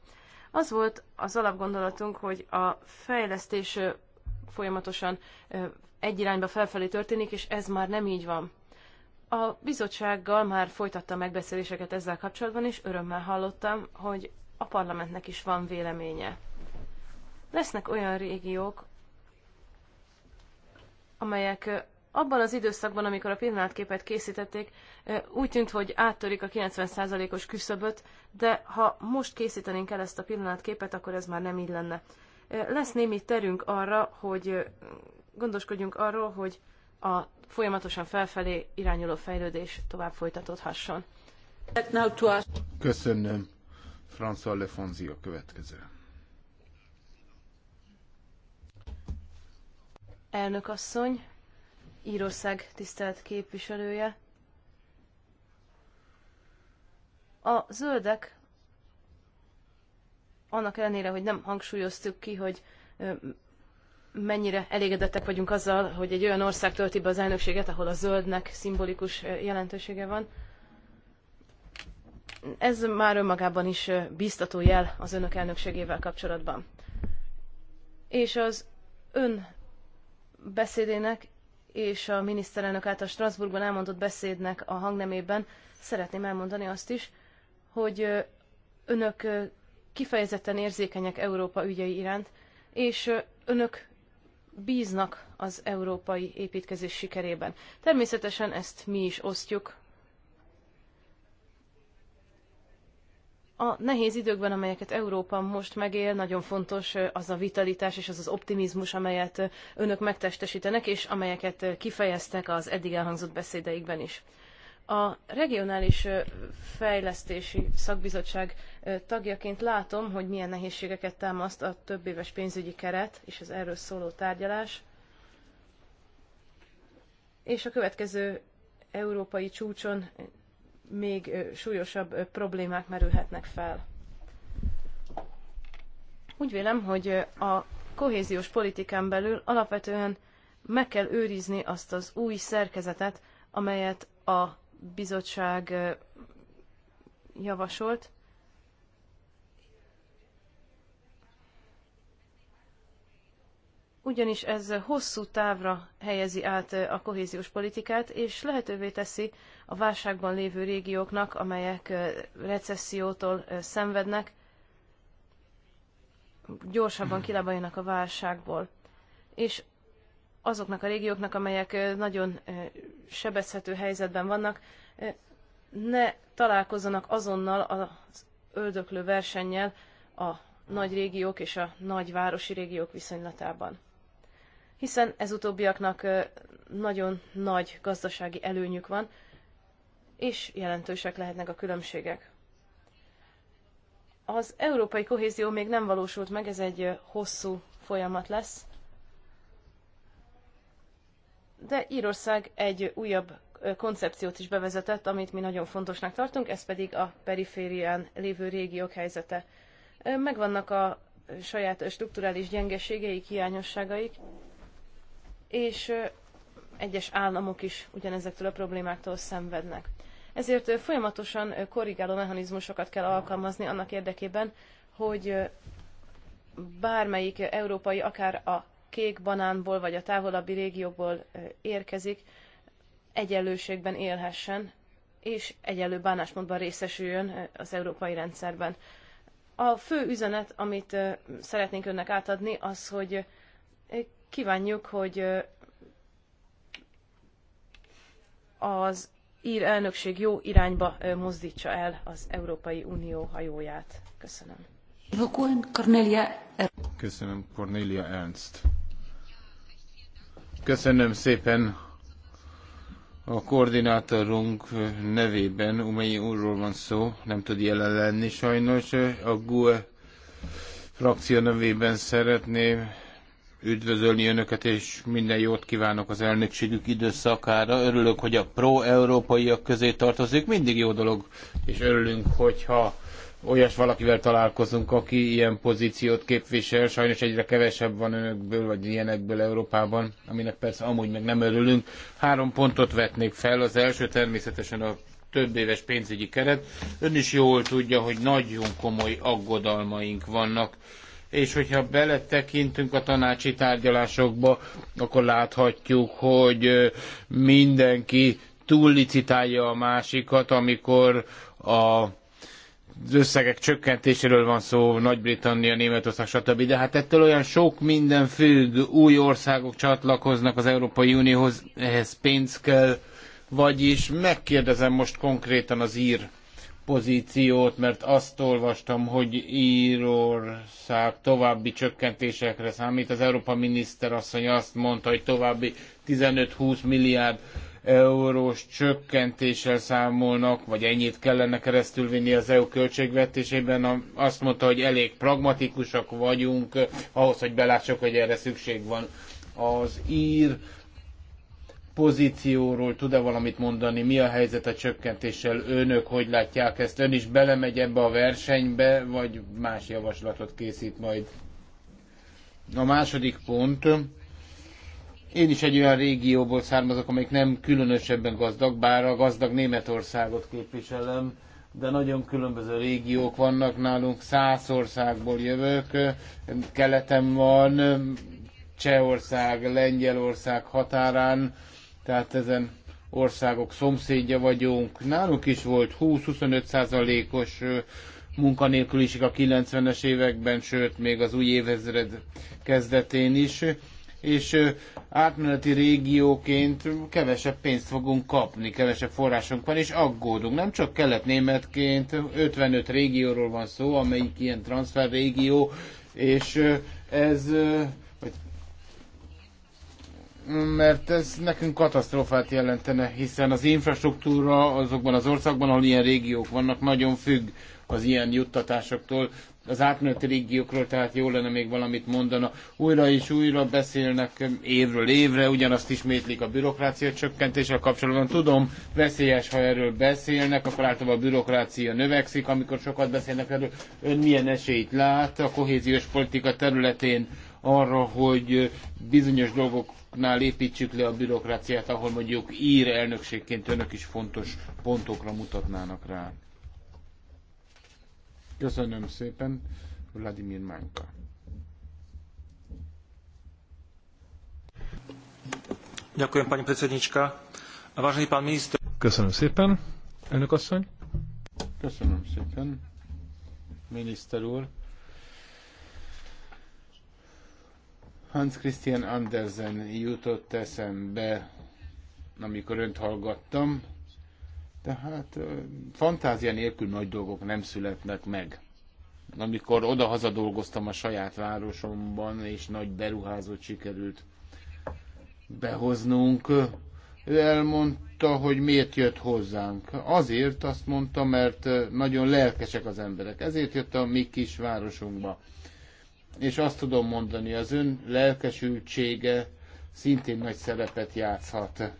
Az volt az alapgondolatunk, hogy a fejlesztés folyamatosan egy irányba felfelé történik, és ez már nem így van. A bizottsággal már folytatta megbeszéléseket ezzel kapcsolatban, és örömmel hallottam, hogy a parlamentnek is van véleménye. Lesznek olyan régiók, amelyek abban az időszakban, amikor a pillanatképet készítették, úgy tűnt, hogy áttörik a 90%-os küszöböt, de ha most készítenénk el ezt a pillanatképet, akkor ez már nem így lenne. Lesz némi terünk arra, hogy gondoskodjunk arról, hogy a folyamatosan felfelé irányuló fejlődés tovább folytatódhasson. Köszönöm. François Lefonzi a következő. Elnök asszony, Írország tisztelt képviselője. A zöldek, annak ellenére, hogy nem hangsúlyoztuk ki, hogy mennyire elégedettek vagyunk azzal, hogy egy olyan ország tölti be az elnökséget, ahol a zöldnek szimbolikus jelentősége van. Ez már önmagában is biztató jel az önök elnökségével kapcsolatban. És az ön beszédének és a miniszterelnök által Strasbourgban elmondott beszédnek a hangnemében szeretném elmondani azt is, hogy önök kifejezetten érzékenyek Európa ügyei iránt, és önök bíznak az európai építkezés sikerében. Természetesen ezt mi is osztjuk, A nehéz időkben, amelyeket Európa most megél, nagyon fontos az a vitalitás és az az optimizmus, amelyet önök megtestesítenek, és amelyeket kifejeztek az eddig elhangzott beszédeikben is. A regionális fejlesztési szakbizottság tagjaként látom, hogy milyen nehézségeket támaszt a több éves pénzügyi keret és az erről szóló tárgyalás. És a következő európai csúcson még súlyosabb problémák merülhetnek fel. Úgy vélem, hogy a kohéziós politikán belül alapvetően meg kell őrizni azt az új szerkezetet, amelyet a bizottság javasolt, ugyanis ez hosszú távra helyezi át a kohéziós politikát, és lehetővé teszi a válságban lévő régióknak, amelyek recessziótól szenvednek, gyorsabban kilábaljanak a válságból. És azoknak a régióknak, amelyek nagyon sebezhető helyzetben vannak, ne találkozzanak azonnal az öldöklő versennyel a nagy régiók és a nagy városi régiók viszonylatában hiszen ez utóbbiaknak nagyon nagy gazdasági előnyük van, és jelentősek lehetnek a különbségek. Az európai kohézió még nem valósult meg, ez egy hosszú folyamat lesz, de Írország egy újabb koncepciót is bevezetett, amit mi nagyon fontosnak tartunk, ez pedig a periférián lévő régiók helyzete. Megvannak a saját strukturális gyengeségeik, hiányosságaik, és egyes államok is ugyanezektől a problémáktól szenvednek. Ezért folyamatosan korrigáló mechanizmusokat kell alkalmazni annak érdekében, hogy bármelyik európai, akár a kék banánból vagy a távolabbi régióból érkezik, egyenlőségben élhessen, és egyenlő bánásmódban részesüljön az európai rendszerben. A fő üzenet, amit szeretnénk önnek átadni, az, hogy Kívánjuk, hogy az ír elnökség jó irányba mozdítsa el az Európai Unió hajóját. Köszönöm. Köszönöm, Cornelia Ernst. Köszönöm szépen a koordinátorunk nevében, Umei úrról van szó, nem tud jelen lenni sajnos. A GUE frakció nevében szeretném üdvözölni önöket, és minden jót kívánok az elnökségük időszakára. Örülök, hogy a pro-európaiak közé tartozik, mindig jó dolog, és örülünk, hogyha olyas valakivel találkozunk, aki ilyen pozíciót képvisel. Sajnos egyre kevesebb van önökből, vagy ilyenekből Európában, aminek persze amúgy meg nem örülünk. Három pontot vetnék fel. Az első természetesen a több éves pénzügyi keret. Ön is jól tudja, hogy nagyon komoly aggodalmaink vannak és hogyha beletekintünk a tanácsi tárgyalásokba, akkor láthatjuk, hogy mindenki túllicitálja a másikat, amikor a az összegek csökkentéséről van szó, Nagy-Britannia, Németország, stb. De hát ettől olyan sok minden függ, új országok csatlakoznak az Európai Unióhoz, ehhez pénz kell, vagyis megkérdezem most konkrétan az ír pozíciót, mert azt olvastam, hogy Írország további csökkentésekre számít. Az Európa miniszter asszony azt mondta, hogy további 15-20 milliárd eurós csökkentéssel számolnak, vagy ennyit kellene vinni az EU költségvetésében. Azt mondta, hogy elég pragmatikusak vagyunk ahhoz, hogy belássuk, hogy erre szükség van. Az ír pozícióról tud-e valamit mondani, mi a helyzet a csökkentéssel, önök hogy látják ezt, ön is belemegy ebbe a versenybe, vagy más javaslatot készít majd. A második pont, én is egy olyan régióból származok, amelyik nem különösebben gazdag, bár a gazdag Németországot képviselem, de nagyon különböző régiók vannak nálunk, száz országból jövök, keleten van, Csehország, Lengyelország határán, tehát ezen országok szomszédja vagyunk. Nálunk is volt 20-25 százalékos munkanélküliség a 90-es években, sőt, még az új évezred kezdetén is, és átmeneti régióként kevesebb pénzt fogunk kapni, kevesebb forrásunk van, és aggódunk. Nem csak kelet-németként, 55 régióról van szó, amelyik ilyen transferrégió, és ez mert ez nekünk katasztrófát jelentene, hiszen az infrastruktúra azokban az országban, ahol ilyen régiók vannak, nagyon függ az ilyen juttatásoktól. Az átmeneti régiókról tehát jó lenne még valamit mondana. Újra és újra beszélnek évről évre, ugyanazt ismétlik a bürokrácia csökkentéssel kapcsolatban. Tudom, veszélyes, ha erről beszélnek, akkor általában a bürokrácia növekszik, amikor sokat beszélnek erről. Ön milyen esélyt lát a kohéziós politika területén arra, hogy bizonyos dolgok nál építsük le a bürokráciát, ahol mondjuk ír elnökségként önök is fontos pontokra mutatnának rá. Köszönöm szépen, Vladimir Mánka. Ďakujem, pani predsednička. Vážený pán minister. Köszönöm szépen, elnök asszony. Köszönöm szépen, miniszter úr. Hans Christian Andersen jutott eszembe, amikor önt hallgattam, tehát fantázia nélkül nagy dolgok nem születnek meg. Amikor oda-haza dolgoztam a saját városomban, és nagy beruházót sikerült behoznunk, elmondta, hogy miért jött hozzánk. Azért azt mondta, mert nagyon lelkesek az emberek. Ezért jött a mi kis városunkba és azt tudom mondani, az ön lelkesültsége szintén nagy szerepet játszhat.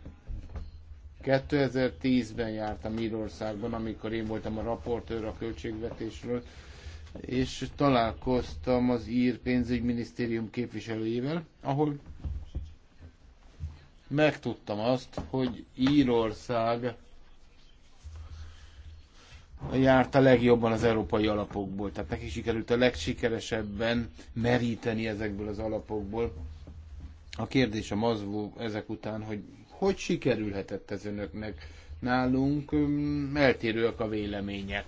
2010-ben jártam Írországban, amikor én voltam a raportőr a költségvetésről, és találkoztam az ír pénzügyminisztérium képviselőjével, ahol megtudtam azt, hogy Írország járt a legjobban az európai alapokból. Tehát neki sikerült a legsikeresebben meríteni ezekből az alapokból. A kérdésem az volt ezek után, hogy hogy sikerülhetett ez önöknek? Nálunk mm, eltérőek a vélemények.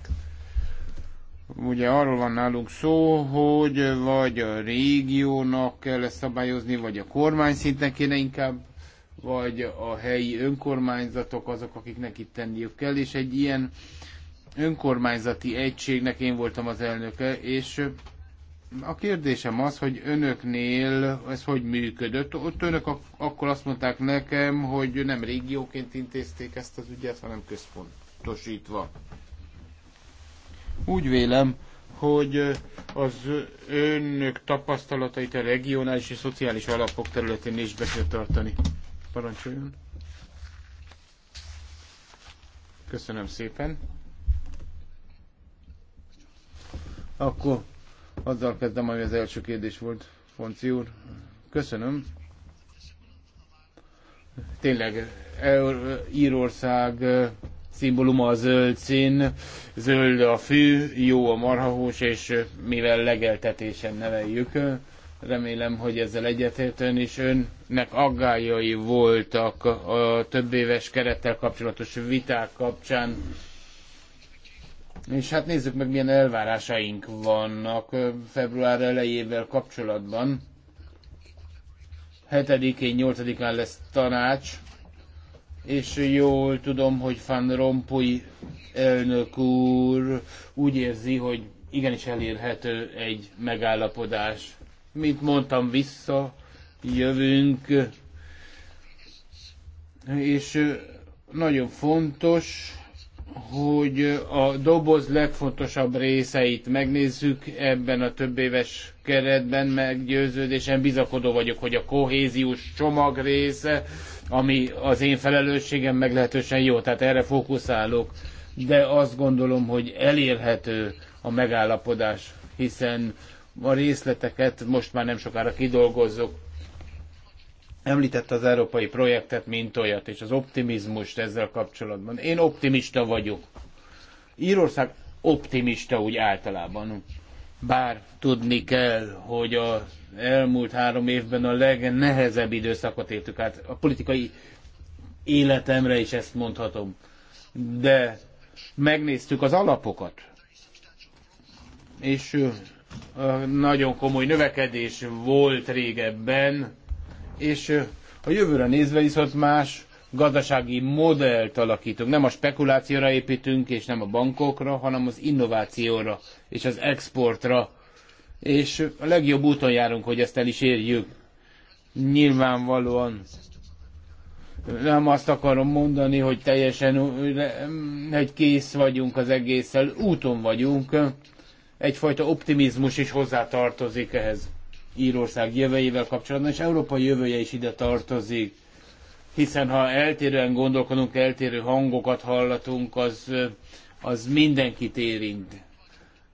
Ugye arról van nálunk szó, hogy vagy a régiónak kell ezt szabályozni, vagy a kormány szinten kéne inkább vagy a helyi önkormányzatok azok, akiknek itt tenniük kell, és egy ilyen önkormányzati egységnek, én voltam az elnöke, és a kérdésem az, hogy önöknél ez hogy működött? Ott önök ak- akkor azt mondták nekem, hogy nem régióként intézték ezt az ügyet, hanem központosítva. Úgy vélem, hogy az önök tapasztalatait a regionális és szociális alapok területén is be kell tartani. Parancsoljon! Köszönöm szépen! Akkor azzal kezdem, ami az első kérdés volt, Fonci úr. Köszönöm. Tényleg, Írország szimbóluma a zöld szín, zöld a fű, jó a marhahús, és mivel legeltetésen neveljük, remélem, hogy ezzel egyetértően is önnek aggályai voltak a több éves kerettel kapcsolatos viták kapcsán és hát nézzük meg, milyen elvárásaink vannak február elejével kapcsolatban. 7-én, 8-án lesz tanács, és jól tudom, hogy Van Rompuy elnök úr úgy érzi, hogy igenis elérhető egy megállapodás. Mint mondtam, vissza jövünk, és nagyon fontos, hogy a doboz legfontosabb részeit megnézzük ebben a több éves keretben, meggyőződésen bizakodó vagyok, hogy a kohéziós csomag része, ami az én felelősségem meglehetősen jó, tehát erre fókuszálok, de azt gondolom, hogy elérhető a megállapodás, hiszen a részleteket most már nem sokára kidolgozzuk említette az európai projektet, mint olyat, és az optimizmust ezzel kapcsolatban. Én optimista vagyok. Írország optimista úgy általában. Bár tudni kell, hogy az elmúlt három évben a legnehezebb időszakot éltük át. A politikai életemre is ezt mondhatom. De megnéztük az alapokat, és nagyon komoly növekedés volt régebben, és a jövőre nézve viszont más gazdasági modellt alakítunk. Nem a spekulációra építünk, és nem a bankokra, hanem az innovációra és az exportra. És a legjobb úton járunk, hogy ezt el is érjük. Nyilvánvalóan nem azt akarom mondani, hogy teljesen egy kész vagyunk az egésszel, úton vagyunk. Egyfajta optimizmus is hozzátartozik ehhez. Írország jövőjével kapcsolatban, és Európa jövője is ide tartozik. Hiszen ha eltérően gondolkodunk, eltérő hangokat hallatunk, az, az mindenkit érint.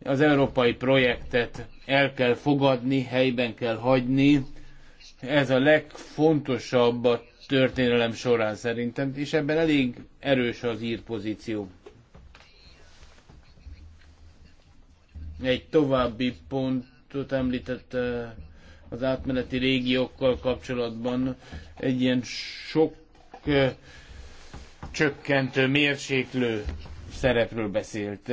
Az európai projektet el kell fogadni, helyben kell hagyni. Ez a legfontosabb a történelem során szerintem, és ebben elég erős az ír pozíció. Egy további pontot említett az átmeneti régiókkal kapcsolatban egy ilyen sok csökkentő, mérséklő szerepről beszélt.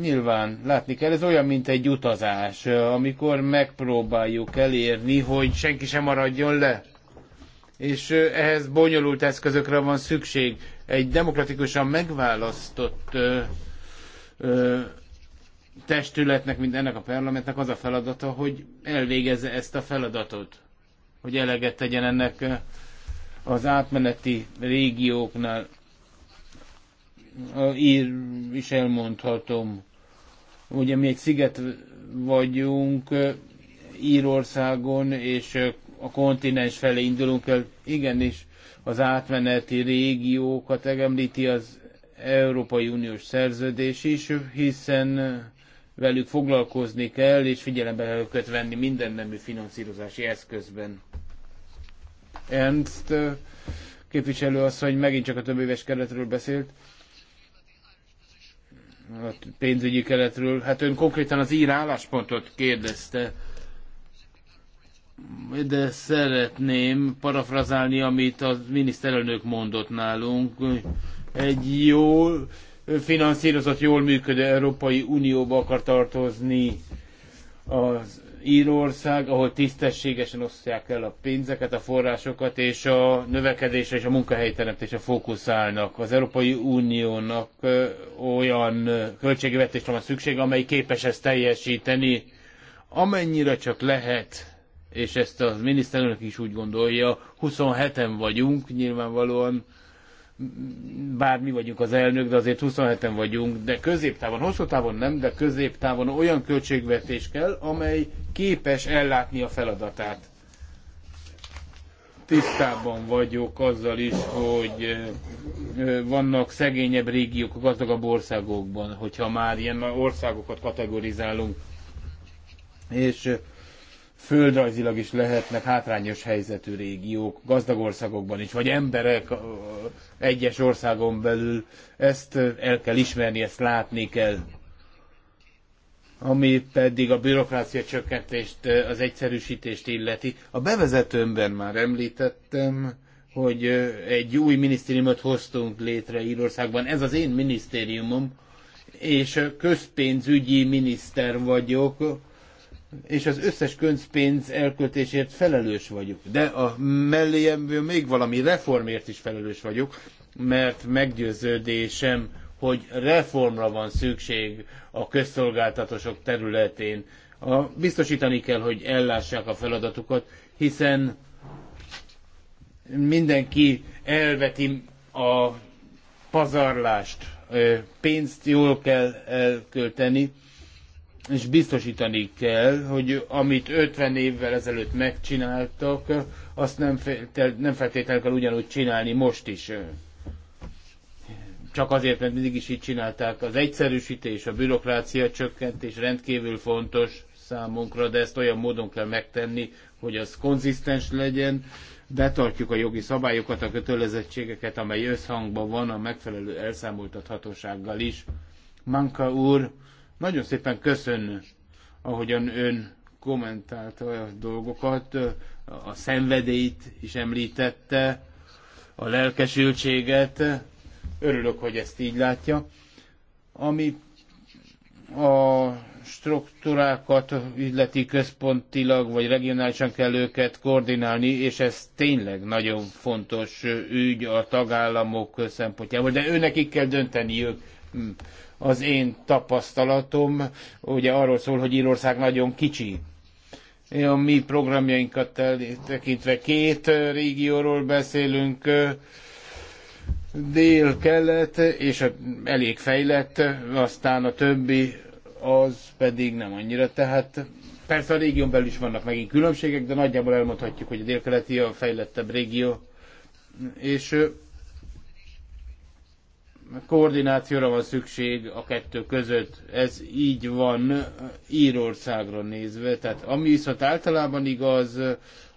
nyilván látni kell, ez olyan, mint egy utazás, amikor megpróbáljuk elérni, hogy senki sem maradjon le. És ehhez bonyolult eszközökre van szükség. Egy demokratikusan megválasztott testületnek, mint ennek a parlamentnek az a feladata, hogy elvégezze ezt a feladatot, hogy eleget tegyen ennek eh, az átmeneti régióknál. Ír is elmondhatom, ugye mi egy sziget vagyunk eh, Írországon, és eh, a kontinens felé indulunk el. Igenis, az átmeneti régiókat említi az Európai Uniós szerződés is, hiszen velük foglalkozni kell, és figyelembe kell őket venni minden nemű finanszírozási eszközben. Ernst képviselő az, hogy megint csak a több éves keretről beszélt, a pénzügyi keretről. Hát ön konkrétan az ír álláspontot kérdezte, de szeretném parafrazálni, amit a miniszterelnök mondott nálunk, egy jó finanszírozott, jól működő Európai Unióba akar tartozni az Írország, ahol tisztességesen osztják el a pénzeket, a forrásokat, és a növekedésre és a munkahelyteremtésre fókuszálnak. Az Európai Uniónak olyan költségvetésre van szükség, amely képes ezt teljesíteni, amennyire csak lehet, és ezt a miniszterelnök is úgy gondolja, 27-en vagyunk nyilvánvalóan, bár mi vagyunk az elnök, de azért 27-en vagyunk, de középtávon, hosszú távon nem, de középtávon olyan költségvetés kell, amely képes ellátni a feladatát. Tisztában vagyok azzal is, hogy vannak szegényebb régiók a gazdagabb országokban, hogyha már ilyen országokat kategorizálunk. És földrajzilag is lehetnek hátrányos helyzetű régiók, gazdag országokban is, vagy emberek egyes országon belül. Ezt el kell ismerni, ezt látni kell. Ami pedig a bürokrácia csökkentést, az egyszerűsítést illeti. A bevezetőmben már említettem, hogy egy új minisztériumot hoztunk létre Írországban. Ez az én minisztériumom, és közpénzügyi miniszter vagyok és az összes közpénz elköltésért felelős vagyok. De a melléjemből még valami reformért is felelős vagyok, mert meggyőződésem, hogy reformra van szükség a közszolgáltatások területén. A, biztosítani kell, hogy ellássák a feladatukat, hiszen mindenki elveti a pazarlást, pénzt jól kell elkölteni, és biztosítani kell, hogy amit 50 évvel ezelőtt megcsináltak, azt nem, feltel, nem feltétlenül kell ugyanúgy csinálni most is. Csak azért, mert mindig is így csinálták. Az egyszerűsítés, a bürokrácia csökkentés rendkívül fontos számunkra, de ezt olyan módon kell megtenni, hogy az konzisztens legyen, betartjuk a jogi szabályokat, a kötelezettségeket, amely összhangban van a megfelelő elszámoltathatósággal is. Manka úr, nagyon szépen köszönöm, ahogyan ön kommentálta a dolgokat, a szenvedélyt is említette, a lelkesültséget. Örülök, hogy ezt így látja. Ami a struktúrákat üzleti központilag vagy regionálisan kell őket koordinálni, és ez tényleg nagyon fontos ügy a tagállamok szempontjából, de őnek kell dönteniük az én tapasztalatom ugye arról szól, hogy Írország nagyon kicsi. A mi programjainkat tekintve két régióról beszélünk, dél-kelet, és elég fejlett, aztán a többi az pedig nem annyira. Tehát persze a régión belül is vannak megint különbségek, de nagyjából elmondhatjuk, hogy a délkeleti a fejlettebb régió. És koordinációra van szükség a kettő között. Ez így van Írországra nézve. Tehát ami viszont általában igaz,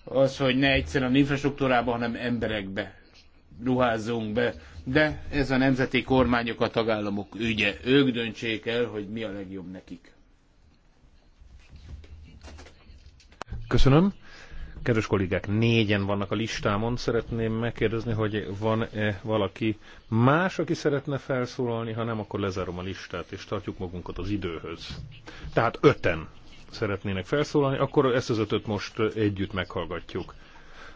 az, hogy ne egyszerűen infrastruktúrába, hanem emberekbe ruházzunk be. De ez a nemzeti kormányok, a tagállamok ügye. Ők döntsék el, hogy mi a legjobb nekik. Köszönöm. Kedves kollégák, négyen vannak a listámon. Szeretném megkérdezni, hogy van-e valaki más, aki szeretne felszólalni, ha nem, akkor lezárom a listát, és tartjuk magunkat az időhöz. Tehát öten szeretnének felszólalni, akkor ezt az ötöt most együtt meghallgatjuk.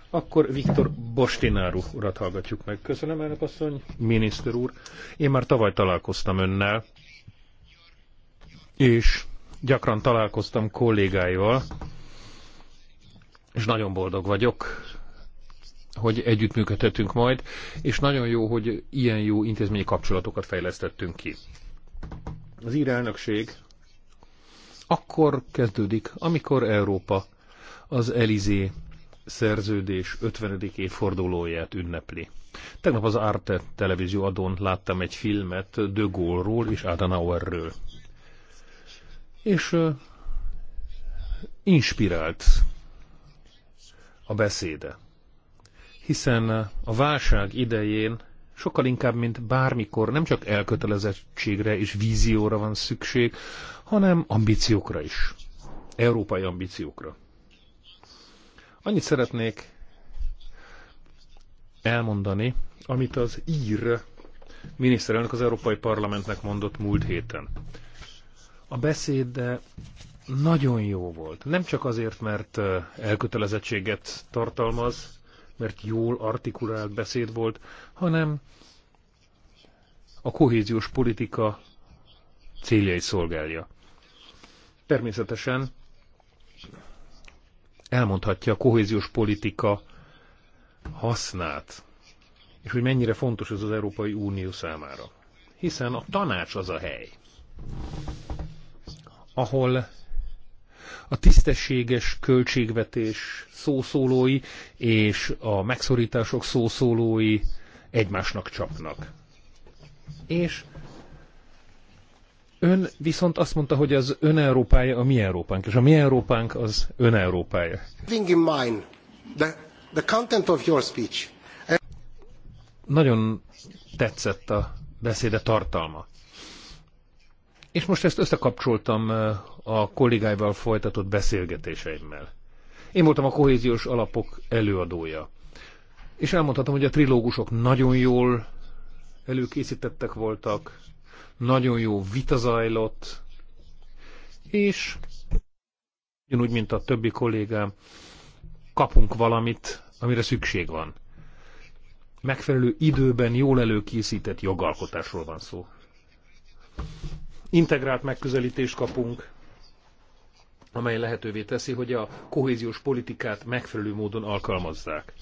Akkor Viktor Bostináru urat hallgatjuk meg. Köszönöm, elnök asszony, miniszter úr. Én már tavaly találkoztam önnel, és gyakran találkoztam kollégáival, és nagyon boldog vagyok, hogy együttműködhetünk majd, és nagyon jó, hogy ilyen jó intézményi kapcsolatokat fejlesztettünk ki. Az ír elnökség akkor kezdődik, amikor Európa az Elizé szerződés 50. évfordulóját ünnepli. Tegnap az Arte televízió adón láttam egy filmet De Gaulle-ról és Adenauerről. És uh, inspirált a beszéde. Hiszen a válság idején sokkal inkább, mint bármikor nem csak elkötelezettségre és vízióra van szükség, hanem ambíciókra is. Európai ambíciókra. Annyit szeretnék elmondani, amit az ír miniszterelnök az Európai Parlamentnek mondott múlt héten. A beszéde nagyon jó volt. Nem csak azért, mert elkötelezettséget tartalmaz, mert jól artikulált beszéd volt, hanem a kohéziós politika céljait szolgálja. Természetesen elmondhatja a kohéziós politika hasznát, és hogy mennyire fontos ez az Európai Unió számára. Hiszen a tanács az a hely, ahol a tisztességes költségvetés szószólói és a megszorítások szószólói egymásnak csapnak. És ön viszont azt mondta, hogy az ön Európája a mi Európánk, és a mi Európánk az ön Európája. Nagyon tetszett a beszéde tartalma. És most ezt összekapcsoltam eh, a kollégáival folytatott beszélgetéseimmel. Én voltam a kohéziós alapok előadója. És elmondhatom, hogy a trilógusok nagyon jól előkészítettek voltak, nagyon jó vita zajlott, és ugyanúgy, mint a többi kollégám, kapunk valamit, amire szükség van. Megfelelő időben jól előkészített jogalkotásról van szó integrált megközelítést kapunk, amely lehetővé teszi, hogy a kohéziós politikát megfelelő módon alkalmazzák.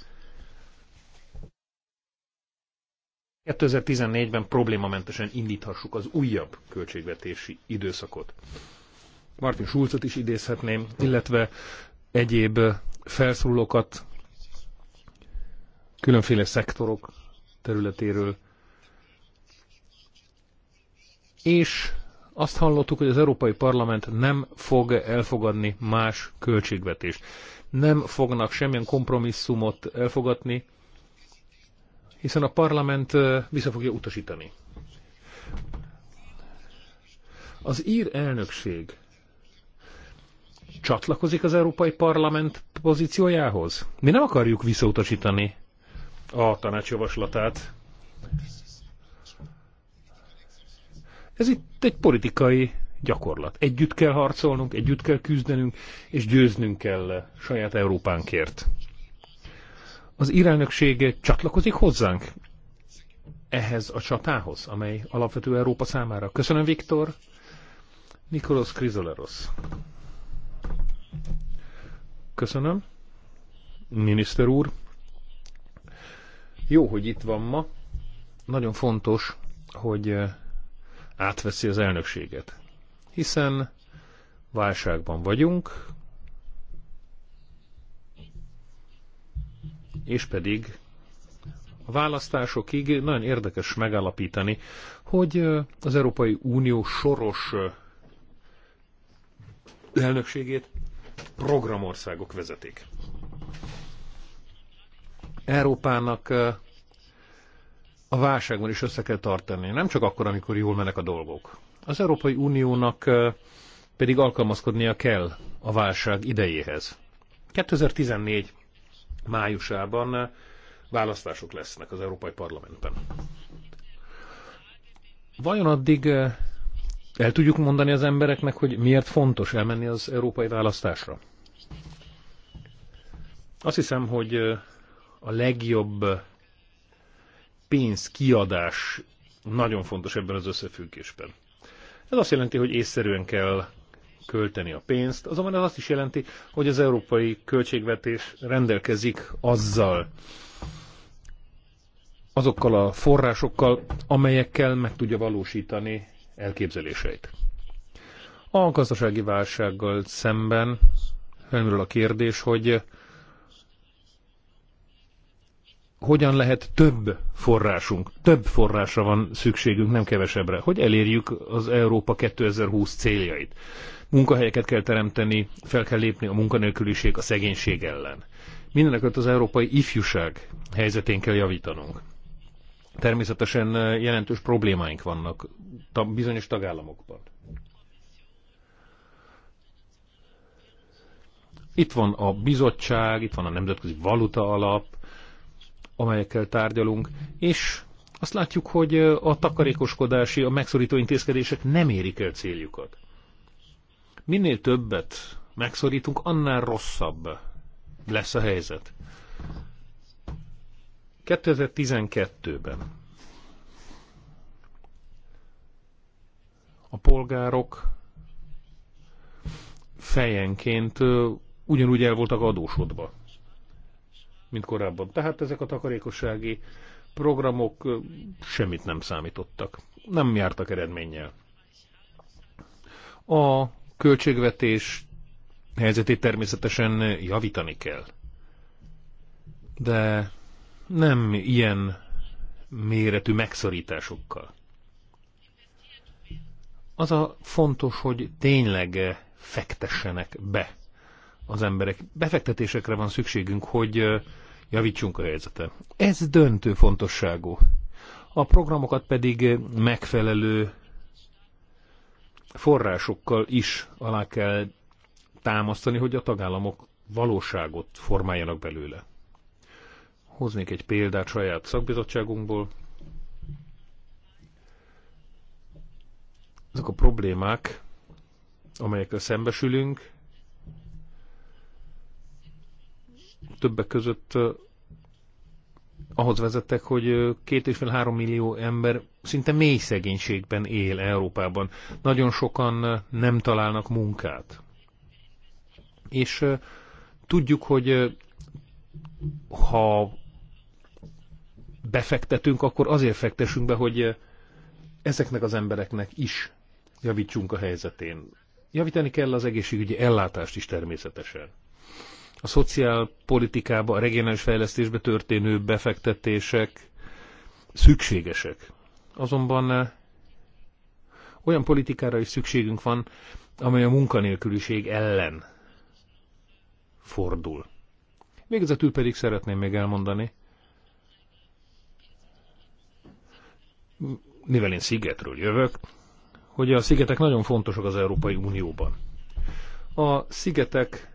2014-ben problémamentesen indíthassuk az újabb költségvetési időszakot. Martin Schulzot is idézhetném, illetve egyéb felszólókat különféle szektorok területéről. És azt hallottuk, hogy az Európai Parlament nem fog elfogadni más költségvetést. Nem fognak semmilyen kompromisszumot elfogadni, hiszen a parlament vissza fogja utasítani. Az ír elnökség csatlakozik az Európai Parlament pozíciójához? Mi nem akarjuk visszautasítani a tanács javaslatát. Ez itt egy politikai gyakorlat. Együtt kell harcolnunk, együtt kell küzdenünk, és győznünk kell saját Európánkért. Az irányokség csatlakozik hozzánk ehhez a csatához, amely alapvető Európa számára. Köszönöm, Viktor. Nikolos Krizoleros. Köszönöm. Miniszter úr. Jó, hogy itt van ma. Nagyon fontos, hogy átveszi az elnökséget. Hiszen válságban vagyunk, és pedig a választásokig nagyon érdekes megállapítani, hogy az Európai Unió soros elnökségét programországok vezetik. Európának a válságban is össze kell tartani, nem csak akkor, amikor jól mennek a dolgok. Az Európai Uniónak pedig alkalmazkodnia kell a válság idejéhez. 2014 májusában választások lesznek az Európai Parlamentben. Vajon addig el tudjuk mondani az embereknek, hogy miért fontos elmenni az európai választásra? Azt hiszem, hogy a legjobb pénzkiadás nagyon fontos ebben az összefüggésben. Ez azt jelenti, hogy észszerűen kell költeni a pénzt, azonban ez azt is jelenti, hogy az európai költségvetés rendelkezik azzal, azokkal a forrásokkal, amelyekkel meg tudja valósítani elképzeléseit. A gazdasági válsággal szemben felmerül a kérdés, hogy hogyan lehet több forrásunk, több forrásra van szükségünk, nem kevesebbre, hogy elérjük az Európa 2020 céljait. Munkahelyeket kell teremteni, fel kell lépni a munkanélküliség, a szegénység ellen. Mindenekött az európai ifjúság helyzetén kell javítanunk. Természetesen eh, jelentős problémáink vannak bizonyos tagállamokban. Itt van a bizottság, itt van a Nemzetközi Valuta Alap, amelyekkel tárgyalunk, és azt látjuk, hogy a takarékoskodási, a megszorító intézkedések nem érik el céljukat. Minél többet megszorítunk, annál rosszabb lesz a helyzet. 2012-ben a polgárok fejenként ugyanúgy el voltak adósodva mint korábban. Tehát ezek a takarékossági programok semmit nem számítottak. Nem jártak eredménnyel. A költségvetés helyzetét természetesen javítani kell. De nem ilyen méretű megszorításokkal. Az a fontos, hogy tényleg fektessenek be az emberek. Befektetésekre van szükségünk, hogy javítsunk a helyzetet. Ez döntő fontosságú. A programokat pedig megfelelő forrásokkal is alá kell támasztani, hogy a tagállamok valóságot formáljanak belőle. Hoznék egy példát saját szakbizottságunkból. Ezek a problémák, amelyekkel szembesülünk, többek között ahhoz vezettek, hogy két és fél három millió ember szinte mély szegénységben él Európában. Nagyon sokan nem találnak munkát. És tudjuk, hogy ha befektetünk, akkor azért fektessünk be, hogy ezeknek az embereknek is javítsunk a helyzetén. Javítani kell az egészségügyi ellátást is természetesen a szociálpolitikába, a regionális fejlesztésbe történő befektetések szükségesek. Azonban eh, olyan politikára is szükségünk van, amely a munkanélküliség ellen fordul. Végezetül pedig szeretném még elmondani, mivel én szigetről jövök, hogy a szigetek nagyon fontosak az Európai Unióban. A szigetek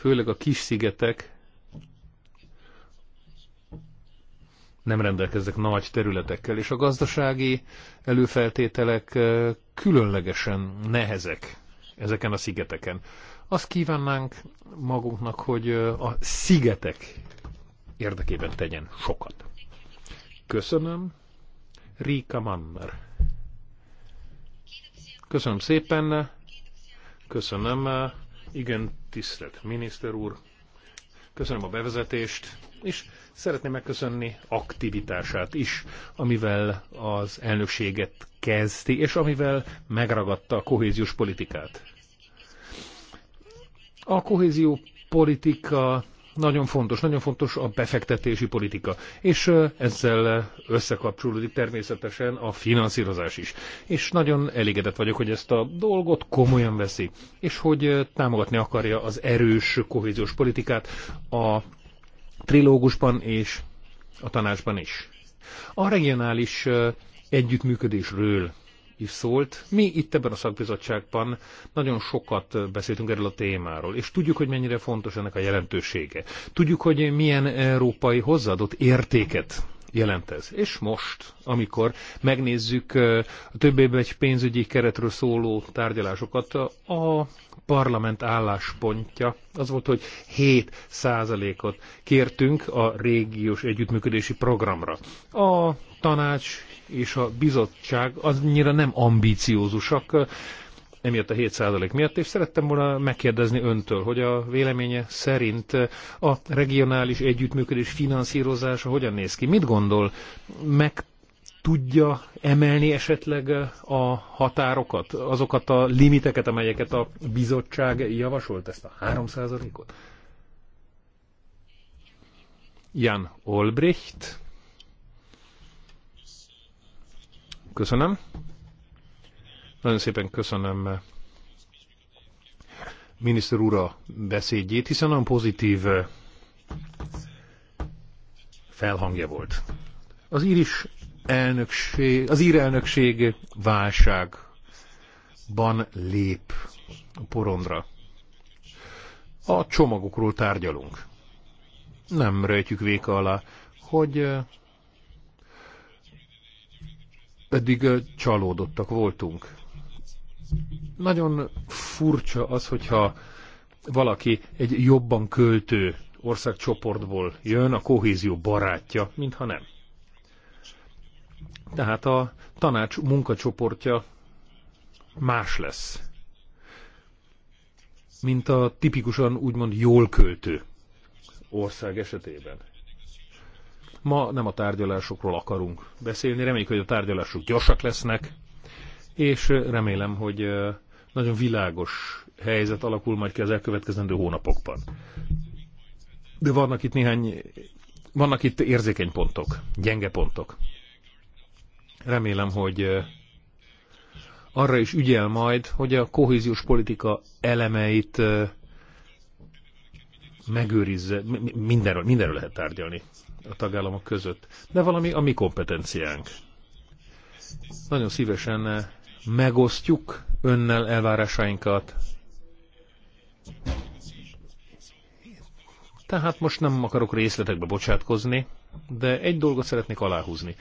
főleg a kis szigetek nem rendelkeznek nagy területekkel, és a gazdasági előfeltételek különlegesen nehezek ezeken a szigeteken. Azt kívánnánk magunknak, hogy a szigetek érdekében tegyen sokat. Köszönöm. Rika Manner. Köszönöm szépen. Köszönöm igen, tisztelt miniszter úr, köszönöm a bevezetést, és szeretném megköszönni aktivitását is, amivel az elnökséget kezdi, és amivel megragadta a kohéziós politikát. A kohézió politika nagyon fontos, nagyon fontos a befektetési politika, és ezzel összekapcsolódik természetesen a finanszírozás is. És nagyon elégedett vagyok, hogy ezt a dolgot komolyan veszi, és hogy támogatni akarja az erős kohéziós politikát a trilógusban és a tanácsban is. A regionális együttműködésről is szólt. Mi itt ebben a szakbizottságban nagyon sokat beszéltünk erről a témáról, és tudjuk, hogy mennyire fontos ennek a jelentősége. Tudjuk, hogy milyen európai hozzáadott értéket jelent ez. És most, amikor megnézzük a több egy pénzügyi keretről szóló tárgyalásokat, a parlament álláspontja az volt, hogy 7%-ot kértünk a régiós együttműködési programra. A tanács és a bizottság annyira nem ambíciózusak, eh, emiatt a 7% miatt, és szerettem volna megkérdezni öntől, hogy a véleménye szerint eh, a regionális együttműködés finanszírozása hogyan néz ki? Mit gondol? Meg tudja emelni esetleg eh, a határokat, azokat a limiteket, amelyeket a bizottság javasolt, ezt a 3%-ot? Jan Olbricht. Köszönöm. Nagyon szépen köszönöm eh, miniszter úr a beszédjét, hiszen nagyon pozitív eh, felhangja volt. Az ír is elnökség, az ír elnökség válságban lép a porondra. A csomagokról tárgyalunk. Nem rejtjük véka alá, hogy eh, pedig csalódottak voltunk. Nagyon furcsa az, hogyha valaki egy jobban költő országcsoportból jön, a kohézió barátja, mintha nem. Tehát a tanács munkacsoportja más lesz, mint a tipikusan úgymond jól költő ország esetében. Ma nem a tárgyalásokról akarunk beszélni, reméljük, hogy a tárgyalások gyorsak lesznek, és remélem, hogy nagyon világos helyzet alakul majd ki az elkövetkezendő hónapokban. De vannak itt néhány, vannak itt érzékeny pontok, gyenge pontok. Remélem, hogy arra is ügyel majd, hogy a kohéziós politika elemeit megőrizze, mindenről, mindenről lehet tárgyalni a tagállamok között, de valami a mi kompetenciánk. Nagyon szívesen megosztjuk önnel elvárásainkat. Tehát most nem akarok részletekbe bocsátkozni, de egy dolgot szeretnék aláhúzni.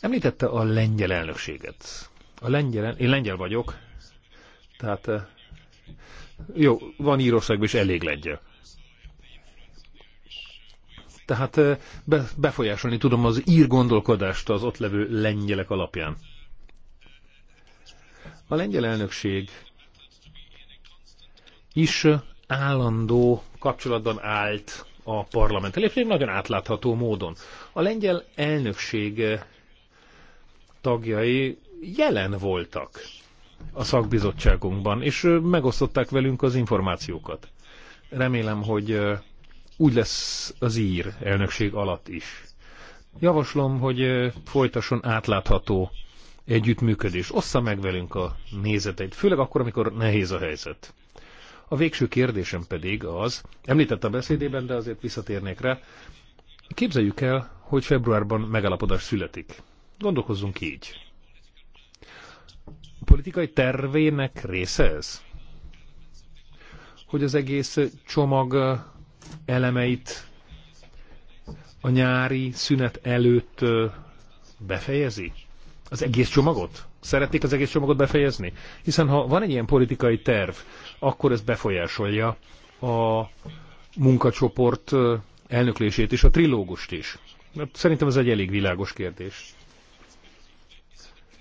Említette a lengyel elnökséget. A lengyel, én lengyel vagyok, tehát eh, jó, van Írországban is elég lengyel. Tehát befolyásolni tudom az ír gondolkodást az ott levő lengyelek alapján. A lengyel elnökség is állandó kapcsolatban állt a parlament elég nagyon átlátható módon. A lengyel elnökség tagjai jelen voltak a szakbizottságunkban, és megosztották velünk az információkat. Remélem, hogy úgy lesz az ír elnökség alatt is. Javaslom, hogy folytasson átlátható együttműködés. Ossza meg velünk a nézeteit, főleg akkor, amikor nehéz a helyzet. A végső kérdésem pedig az, említett a beszédében, de azért visszatérnék rá, képzeljük el, hogy februárban megállapodás születik. Gondolkozzunk így. A politikai tervének része ez? Hogy az egész csomag elemeit a nyári szünet előtt befejezi? Az egész csomagot? Szeretnék az egész csomagot befejezni? Hiszen ha van egy ilyen politikai terv, akkor ez befolyásolja a munkacsoport elnöklését és a trilógust is. Szerintem ez egy elég világos kérdés.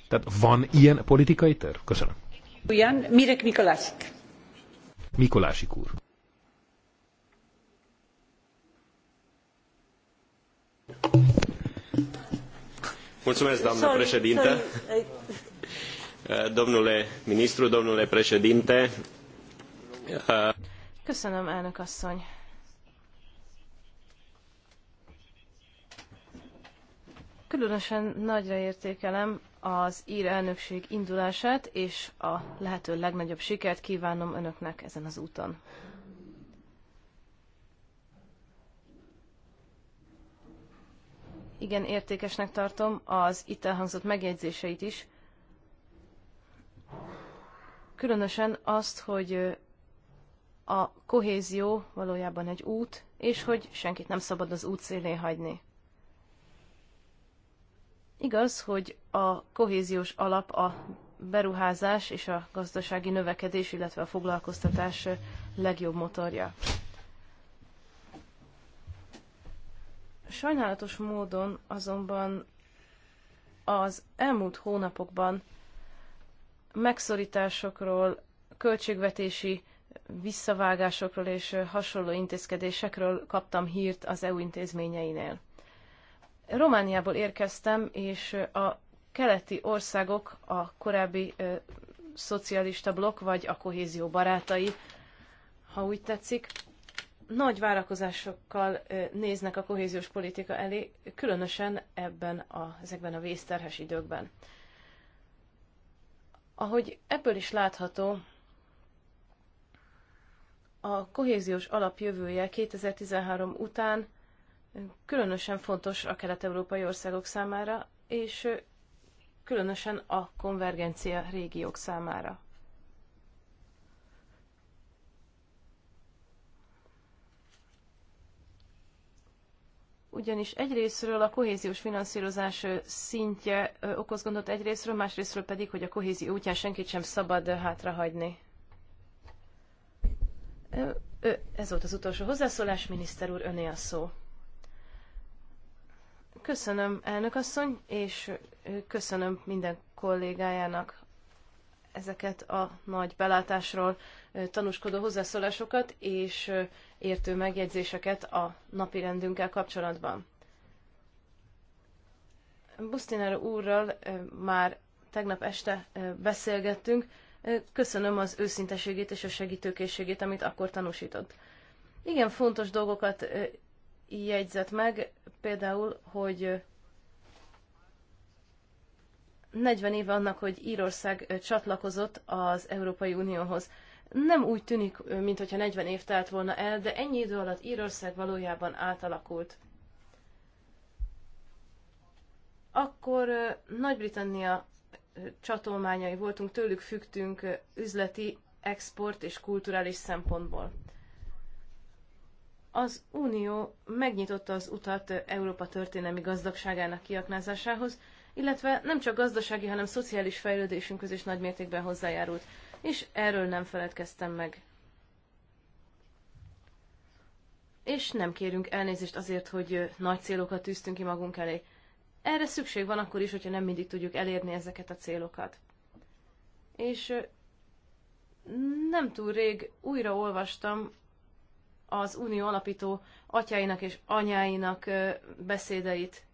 Tehát van ilyen politikai terv? Köszönöm. Jan Mirek Mikolásik. Mikolásik úr. Mulțumesc, doamnă sorry, președinte. Sorry. Eh, domnule ministru, domnule președinte. Eh, Köszönöm, elnök asszony. Különösen nagyra értékelem az ír elnökség indulását, és a lehető legnagyobb sikert kívánom önöknek ezen az úton. igen értékesnek tartom az itt elhangzott megjegyzéseit is. Különösen azt, hogy a kohézió valójában egy út, és hogy senkit nem szabad az út szélén hagyni. Igaz, hogy a kohéziós alap a beruházás és a gazdasági növekedés, illetve a foglalkoztatás legjobb motorja. Sajnálatos módon azonban az elmúlt hónapokban megszorításokról, költségvetési visszavágásokról és hasonló intézkedésekről kaptam hírt az EU intézményeinél. Romániából érkeztem, és a keleti országok, a korábbi ö, szocialista blokk, vagy a kohézió barátai, ha úgy tetszik, nagy várakozásokkal néznek a kohéziós politika elé, különösen ebben a, ezekben a vészterhes időkben. Ahogy ebből is látható, a kohéziós alapjövője 2013 után különösen fontos a kelet-európai országok számára, és különösen a konvergencia régiók számára. ugyanis egyrésztről a kohéziós finanszírozás szintje okoz gondot egyrésztről, másrésztről pedig, hogy a kohézió útján senkit sem szabad hátrahagyni. Ez volt az utolsó hozzászólás, miniszter úr, öné a szó. Köszönöm, elnök asszony, és köszönöm minden kollégájának ezeket a nagy belátásról tanúskodó hozzászólásokat és értő megjegyzéseket a napi rendünkkel kapcsolatban. Busztiner úrral már tegnap este beszélgettünk. Köszönöm az őszinteségét és a segítőkészségét, amit akkor tanúsított. Igen, fontos dolgokat jegyzett meg, például, hogy 40 éve annak, hogy Írország csatlakozott az Európai Unióhoz. Nem úgy tűnik, mintha 40 év telt volna el, de ennyi idő alatt Írország valójában átalakult. Akkor Nagy-Britannia csatolmányai voltunk, tőlük fügtünk üzleti, export és kulturális szempontból. Az Unió megnyitotta az utat Európa történelmi gazdagságának kiaknázásához, illetve nem csak gazdasági, hanem szociális fejlődésünkhöz is nagy mértékben hozzájárult. És erről nem feledkeztem meg. És nem kérünk elnézést azért, hogy nagy célokat tűztünk ki magunk elé. Erre szükség van akkor is, hogyha nem mindig tudjuk elérni ezeket a célokat. És nem túl rég újra olvastam az Unió alapító atyáinak és anyáinak beszédeit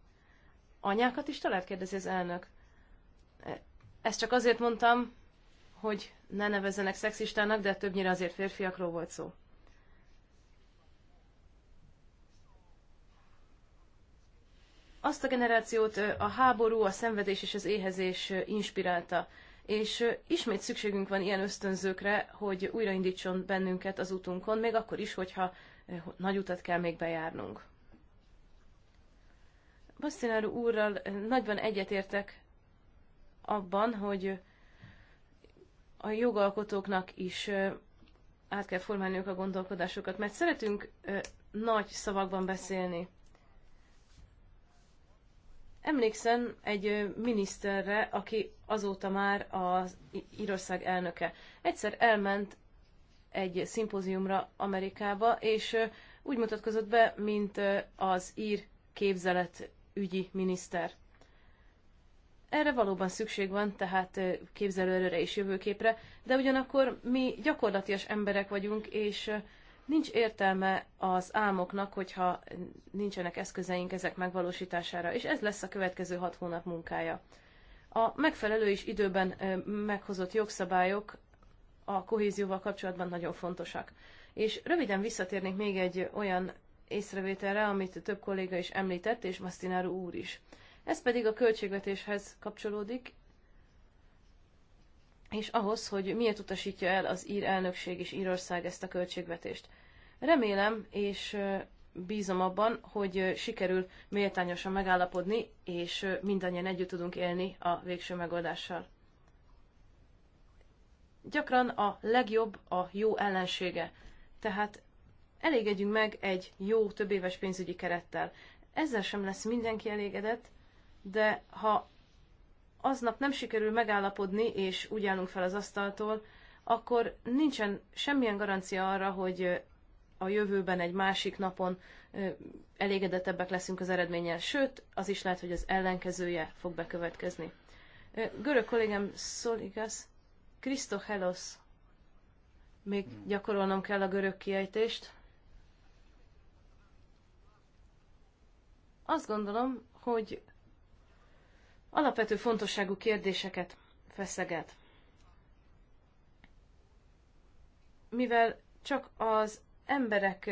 anyákat is talált? kérdezi az elnök. E, ezt csak azért mondtam, hogy ne nevezzenek szexistának, de többnyire azért férfiakról volt szó. Azt a generációt e, a háború, a szenvedés és az éhezés e, inspirálta, és ismét szükségünk van ilyen ösztönzőkre, hogy újraindítson bennünket az utunkon, még akkor is, hogyha nagy utat kell még bejárnunk. Bosszináru úrral nagyban egyetértek abban, hogy a jogalkotóknak is át kell formálniuk a gondolkodásukat, mert szeretünk nagy szavakban beszélni. Emlékszem egy miniszterre, aki azóta már az Írország elnöke. Egyszer elment egy szimpóziumra Amerikába, és úgy mutatkozott be, mint az ír képzelet ügyi miniszter. Erre valóban szükség van, tehát képzelőerőre és jövőképre, de ugyanakkor mi gyakorlatias emberek vagyunk, és nincs értelme az álmoknak, hogyha nincsenek eszközeink ezek megvalósítására, és ez lesz a következő hat hónap munkája. A megfelelő és időben meghozott jogszabályok a kohézióval kapcsolatban nagyon fontosak. És röviden visszatérnék még egy olyan észrevételre, amit több kolléga is említett, és Masztináró úr is. Ez pedig a költségvetéshez kapcsolódik, és ahhoz, hogy miért utasítja el az ír elnökség és Írország ezt a költségvetést. Remélem, és bízom abban, hogy sikerül méltányosan megállapodni, és mindannyian együtt tudunk élni a végső megoldással. Gyakran a legjobb a jó ellensége. Tehát elégedjünk meg egy jó több éves pénzügyi kerettel. Ezzel sem lesz mindenki elégedett, de ha aznap nem sikerül megállapodni, és úgy állunk fel az asztaltól, akkor nincsen semmilyen garancia arra, hogy a jövőben egy másik napon elégedettebbek leszünk az eredménnyel, sőt, az is lehet, hogy az ellenkezője fog bekövetkezni. Görög kollégám Szoligasz, Krisztohelosz, még gyakorolnom kell a görög kiejtést. Azt gondolom, hogy alapvető fontosságú kérdéseket feszeget. Mivel csak az emberek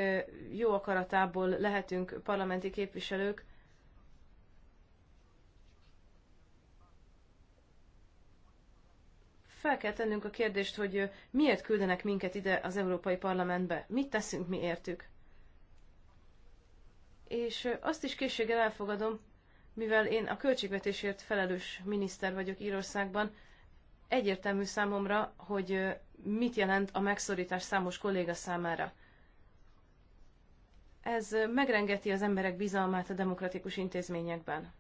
jó akaratából lehetünk parlamenti képviselők, fel kell tennünk a kérdést, hogy miért küldenek minket ide az Európai Parlamentbe, mit teszünk mi értük és azt is készséggel elfogadom, mivel én a költségvetésért felelős miniszter vagyok Írországban, egyértelmű számomra, hogy mit jelent a megszorítás számos kolléga számára. Ez megrengeti az emberek bizalmát a demokratikus intézményekben.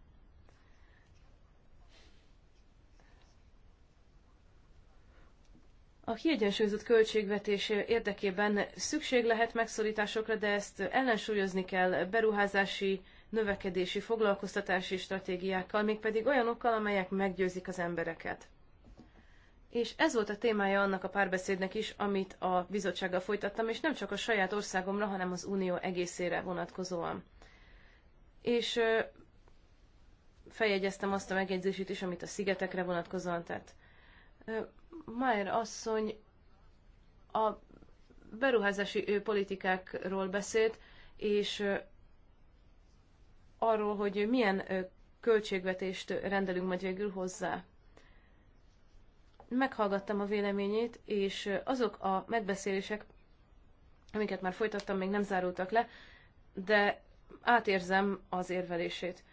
A kiegyensúlyozott költségvetés érdekében szükség lehet megszorításokra, de ezt ellensúlyozni kell beruházási, növekedési, foglalkoztatási stratégiákkal, mégpedig olyanokkal, amelyek meggyőzik az embereket. És ez volt a témája annak a párbeszédnek is, amit a bizottsággal folytattam, és nem csak a saját országomra, hanem az unió egészére vonatkozóan. És feljegyeztem azt a megjegyzését is, amit a szigetekre vonatkozóan tett. Mayer asszony a beruházási politikákról beszélt, és arról, hogy milyen költségvetést rendelünk majd végül hozzá. Meghallgattam a véleményét, és azok a megbeszélések, amiket már folytattam, még nem zárultak le, de átérzem az érvelését.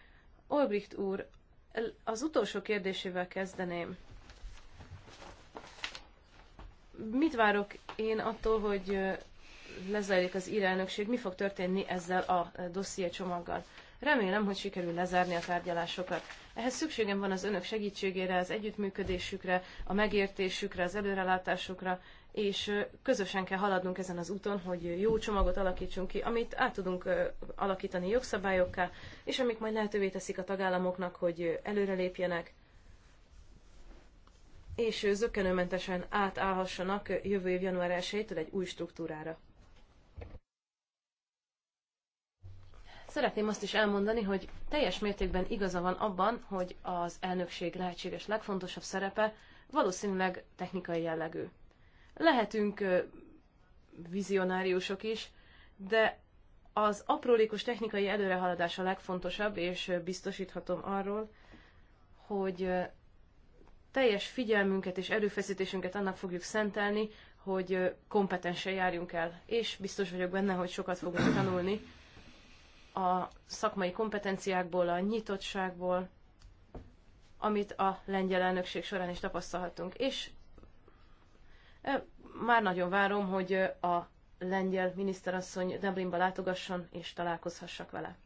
Olbricht úr, az utolsó kérdésével kezdeném mit várok én attól, hogy lezárjuk az irányokség, mi fog történni ezzel a dosszié csomaggal? Remélem, hogy sikerül lezárni a tárgyalásokat. Ehhez szükségem van az önök segítségére, az együttműködésükre, a megértésükre, az előrelátásukra, és közösen kell haladnunk ezen az úton, hogy jó csomagot alakítsunk ki, amit át tudunk alakítani jogszabályokká, és amik majd lehetővé teszik a tagállamoknak, hogy előrelépjenek, és zökkenőmentesen átállhassanak jövő év január 1 egy új struktúrára. Szeretném azt is elmondani, hogy teljes mértékben igaza van abban, hogy az elnökség lehetséges legfontosabb szerepe valószínűleg technikai jellegű. Lehetünk vizionáriusok is, de az aprólékos technikai előrehaladás a legfontosabb, és biztosíthatom arról, hogy teljes figyelmünket és erőfeszítésünket annak fogjuk szentelni, hogy kompetensen járjunk el, és biztos vagyok benne, hogy sokat fogunk tanulni a szakmai kompetenciákból, a nyitottságból, amit a lengyel elnökség során is tapasztalhatunk. És már nagyon várom, hogy a lengyel miniszterasszony Dublinba látogasson és találkozhassak vele.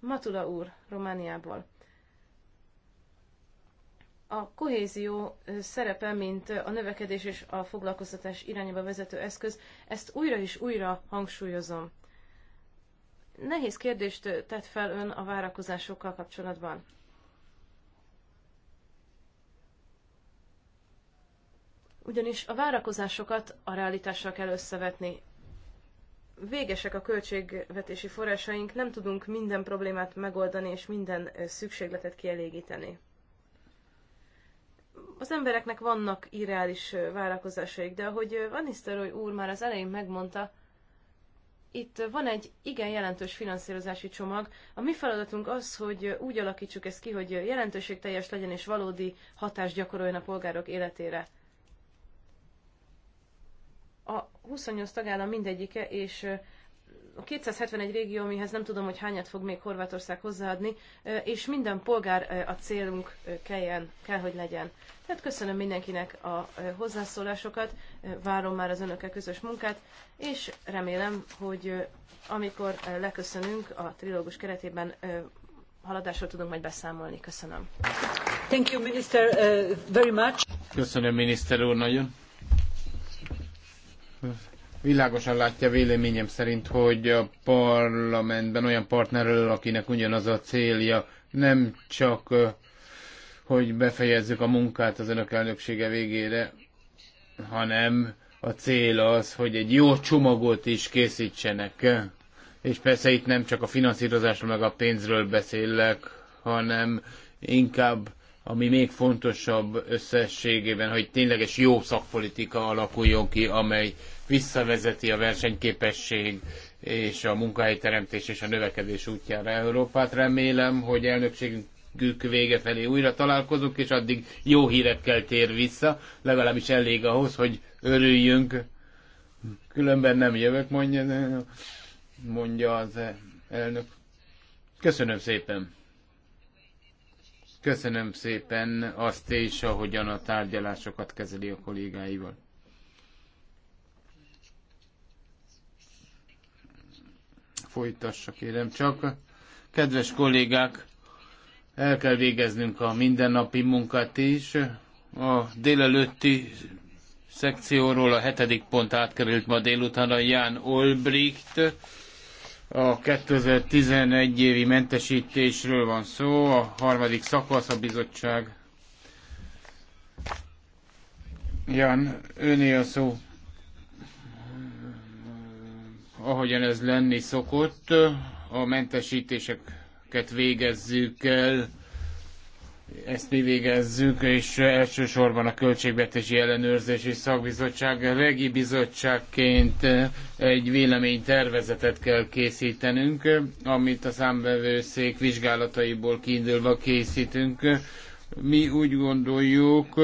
Matula úr, Romániából a kohézió szerepe, mint a növekedés és a foglalkoztatás irányába vezető eszköz, ezt újra és újra hangsúlyozom. Nehéz kérdést tett fel ön a várakozásokkal kapcsolatban. Ugyanis a várakozásokat a realitással kell összevetni. Végesek a költségvetési forrásaink, nem tudunk minden problémát megoldani és minden szükségletet kielégíteni az embereknek vannak irreális várakozásaik, de ahogy Van Nistelrooy úr már az elején megmondta, itt van egy igen jelentős finanszírozási csomag. A mi feladatunk az, hogy úgy alakítsuk ezt ki, hogy jelentőségteljes legyen és valódi hatást gyakoroljon a polgárok életére. A 28 tagállam mindegyike, és 271 régió, amihez nem tudom, hogy hányat fog még Horvátország hozzáadni, és minden polgár a célunk kelljen, kell, hogy legyen. Tehát köszönöm mindenkinek a hozzászólásokat, várom már az önökkel közös munkát, és remélem, hogy amikor leköszönünk a trilógus keretében, haladásról tudunk majd beszámolni. Köszönöm. Thank you, Minister, uh, very much. Köszönöm, miniszter úr, nagyon világosan látja véleményem szerint, hogy a parlamentben olyan partnerről, akinek ugyanaz a célja, nem csak hogy befejezzük a munkát az önök elnöksége végére, hanem a cél az, hogy egy jó csomagot is készítsenek. És persze itt nem csak a finanszírozásról meg a pénzről beszélek, hanem inkább ami még fontosabb összességében, hogy tényleges jó szakpolitika alakuljon ki, amely visszavezeti a versenyképesség és a munkahelyteremtés és a növekedés útjára Európát. Remélem, hogy elnökségünk vége felé újra találkozunk, és addig jó hírekkel tér vissza, legalábbis elég ahhoz, hogy örüljünk. Különben nem jövök, mondja, mondja az elnök. Köszönöm szépen! Köszönöm szépen azt is, ahogyan a tárgyalásokat kezeli a kollégáival. Folytassa kérem csak. Kedves kollégák, el kell végeznünk a mindennapi munkát is. A délelőtti szekcióról a hetedik pont átkerült ma délután a Ján Olbricht a 2011 évi mentesítésről van szó, a harmadik szakasz a bizottság. Jan, őné a szó. Ahogyan ez lenni szokott, a mentesítéseket végezzük el ezt mi végezzük, és elsősorban a Költségvetési Ellenőrzési Szakbizottság, Regi Bizottságként egy véleménytervezetet kell készítenünk, amit a számbevőszék vizsgálataiból kiindulva készítünk. Mi úgy gondoljuk,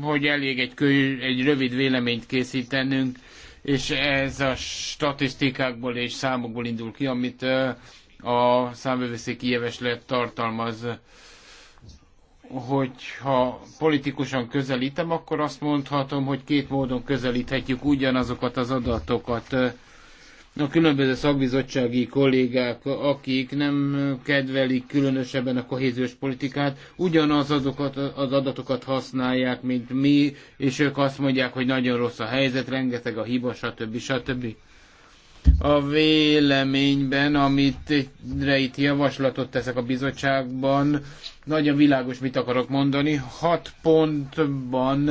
hogy elég egy, kö, egy rövid véleményt készítenünk, és ez a statisztikákból és számokból indul ki, amit a számbevőszéki javaslat tartalmaz hogyha politikusan közelítem, akkor azt mondhatom, hogy két módon közelíthetjük ugyanazokat az adatokat. A különböző szakbizottsági kollégák, akik nem kedvelik különösebben a kohéziós politikát, ugyanaz azokat az adatokat használják, mint mi, és ők azt mondják, hogy nagyon rossz a helyzet, rengeteg a hiba, stb. stb a véleményben, amit itt javaslatot teszek a bizottságban, nagyon világos, mit akarok mondani. Hat pontban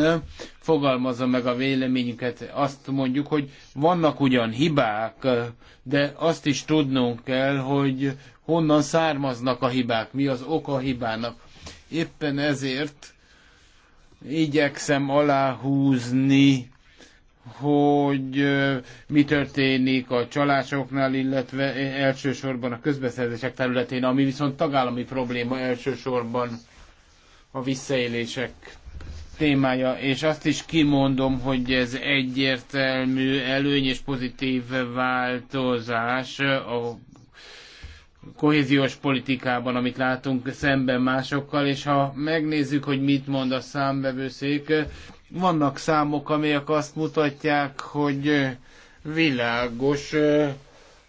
fogalmazza meg a véleményünket. Azt mondjuk, hogy vannak ugyan hibák, de azt is tudnunk kell, hogy honnan származnak a hibák, mi az oka a hibának. Éppen ezért igyekszem aláhúzni hogy mi történik a csalásoknál, illetve elsősorban a közbeszerzések területén, ami viszont tagállami probléma elsősorban a visszaélések témája, és azt is kimondom, hogy ez egyértelmű előny és pozitív változás a kohéziós politikában, amit látunk szemben másokkal, és ha megnézzük, hogy mit mond a számbevőszék, vannak számok, amelyek azt mutatják, hogy világos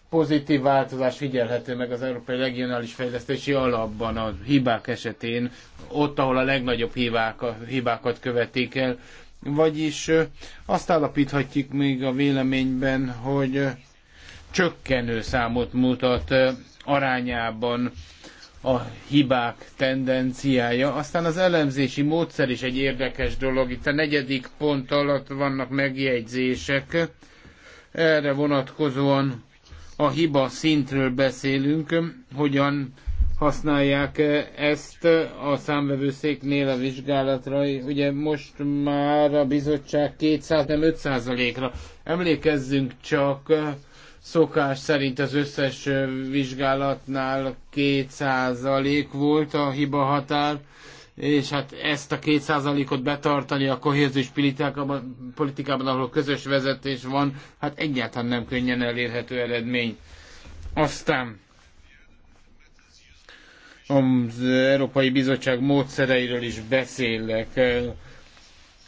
pozitív változás figyelhető meg az Európai Regionális Fejlesztési Alapban a hibák esetén, ott, ahol a legnagyobb hibák, a hibákat követik el. Vagyis azt állapíthatjuk még a véleményben, hogy csökkenő számot mutat arányában a hibák tendenciája. Aztán az elemzési módszer is egy érdekes dolog. Itt a negyedik pont alatt vannak megjegyzések. Erre vonatkozóan a hiba szintről beszélünk, hogyan használják ezt a számvevőszéknél a vizsgálatra. Ugye most már a bizottság 200, nem 5 ra Emlékezzünk csak, Szokás szerint az összes vizsgálatnál 2% volt a hiba határ, és hát ezt a 2%-ot betartani a kohéziós politikában, politikában, ahol közös vezetés van, hát egyáltalán nem könnyen elérhető eredmény. Aztán az Európai Bizottság módszereiről is beszélek.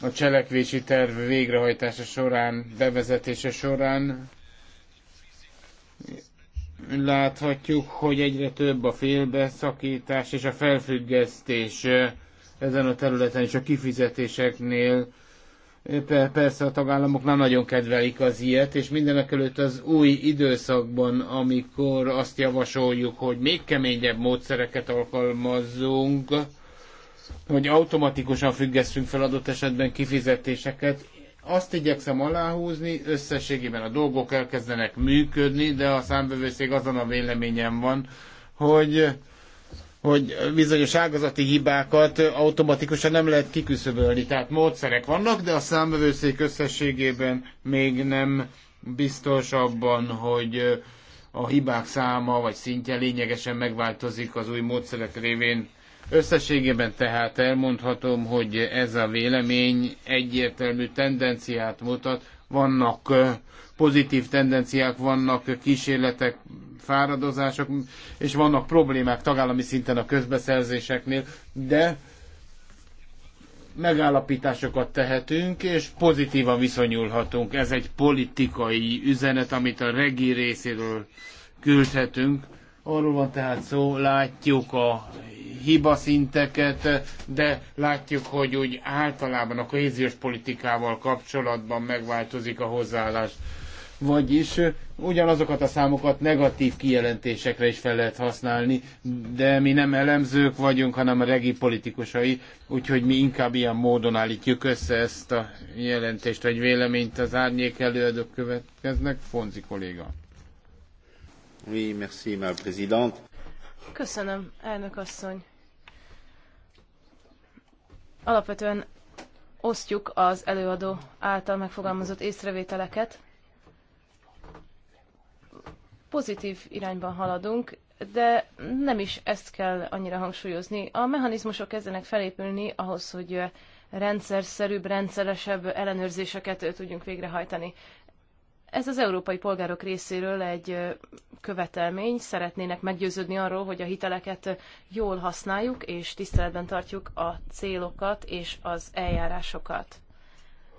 A cselekvési terv végrehajtása során, bevezetése során láthatjuk, hogy egyre több a félbeszakítás és a felfüggesztés ezen a területen és a kifizetéseknél. Persze a tagállamok nem nagyon kedvelik az ilyet, és mindenek előtt az új időszakban, amikor azt javasoljuk, hogy még keményebb módszereket alkalmazzunk, hogy automatikusan függesszünk fel adott esetben kifizetéseket, azt igyekszem aláhúzni, összességében a dolgok elkezdenek működni, de a számbevőszék azon a véleményem van, hogy hogy bizonyos ágazati hibákat automatikusan nem lehet kiküszöbölni. Tehát módszerek vannak, de a számbevőszék összességében még nem biztos abban, hogy a hibák száma vagy szintje lényegesen megváltozik az új módszerek révén. Összességében tehát elmondhatom, hogy ez a vélemény egyértelmű tendenciát mutat. Vannak pozitív tendenciák, vannak kísérletek, fáradozások, és vannak problémák tagállami szinten a közbeszerzéseknél, de megállapításokat tehetünk, és pozitívan viszonyulhatunk. Ez egy politikai üzenet, amit a regi részéről küldhetünk Arról van tehát szó, látjuk a hibaszinteket, de látjuk, hogy úgy általában a kohéziós politikával kapcsolatban megváltozik a hozzáállás. Vagyis ugyanazokat a számokat negatív kijelentésekre is fel lehet használni, de mi nem elemzők vagyunk, hanem a regi politikusai, úgyhogy mi inkább ilyen módon állítjuk össze ezt a jelentést vagy véleményt. Az árnyék előadók következnek. Fonzi kolléga. Oui, merci, ma présidente. Köszönöm, elnök asszony. Alapvetően osztjuk az előadó által megfogalmazott észrevételeket. Pozitív irányban haladunk, de nem is ezt kell annyira hangsúlyozni. A mechanizmusok kezdenek felépülni ahhoz, hogy rendszerszerűbb, rendszeresebb ellenőrzéseket tudjunk végrehajtani. Ez az európai polgárok részéről egy követelmény, szeretnének meggyőződni arról, hogy a hiteleket jól használjuk és tiszteletben tartjuk a célokat és az eljárásokat.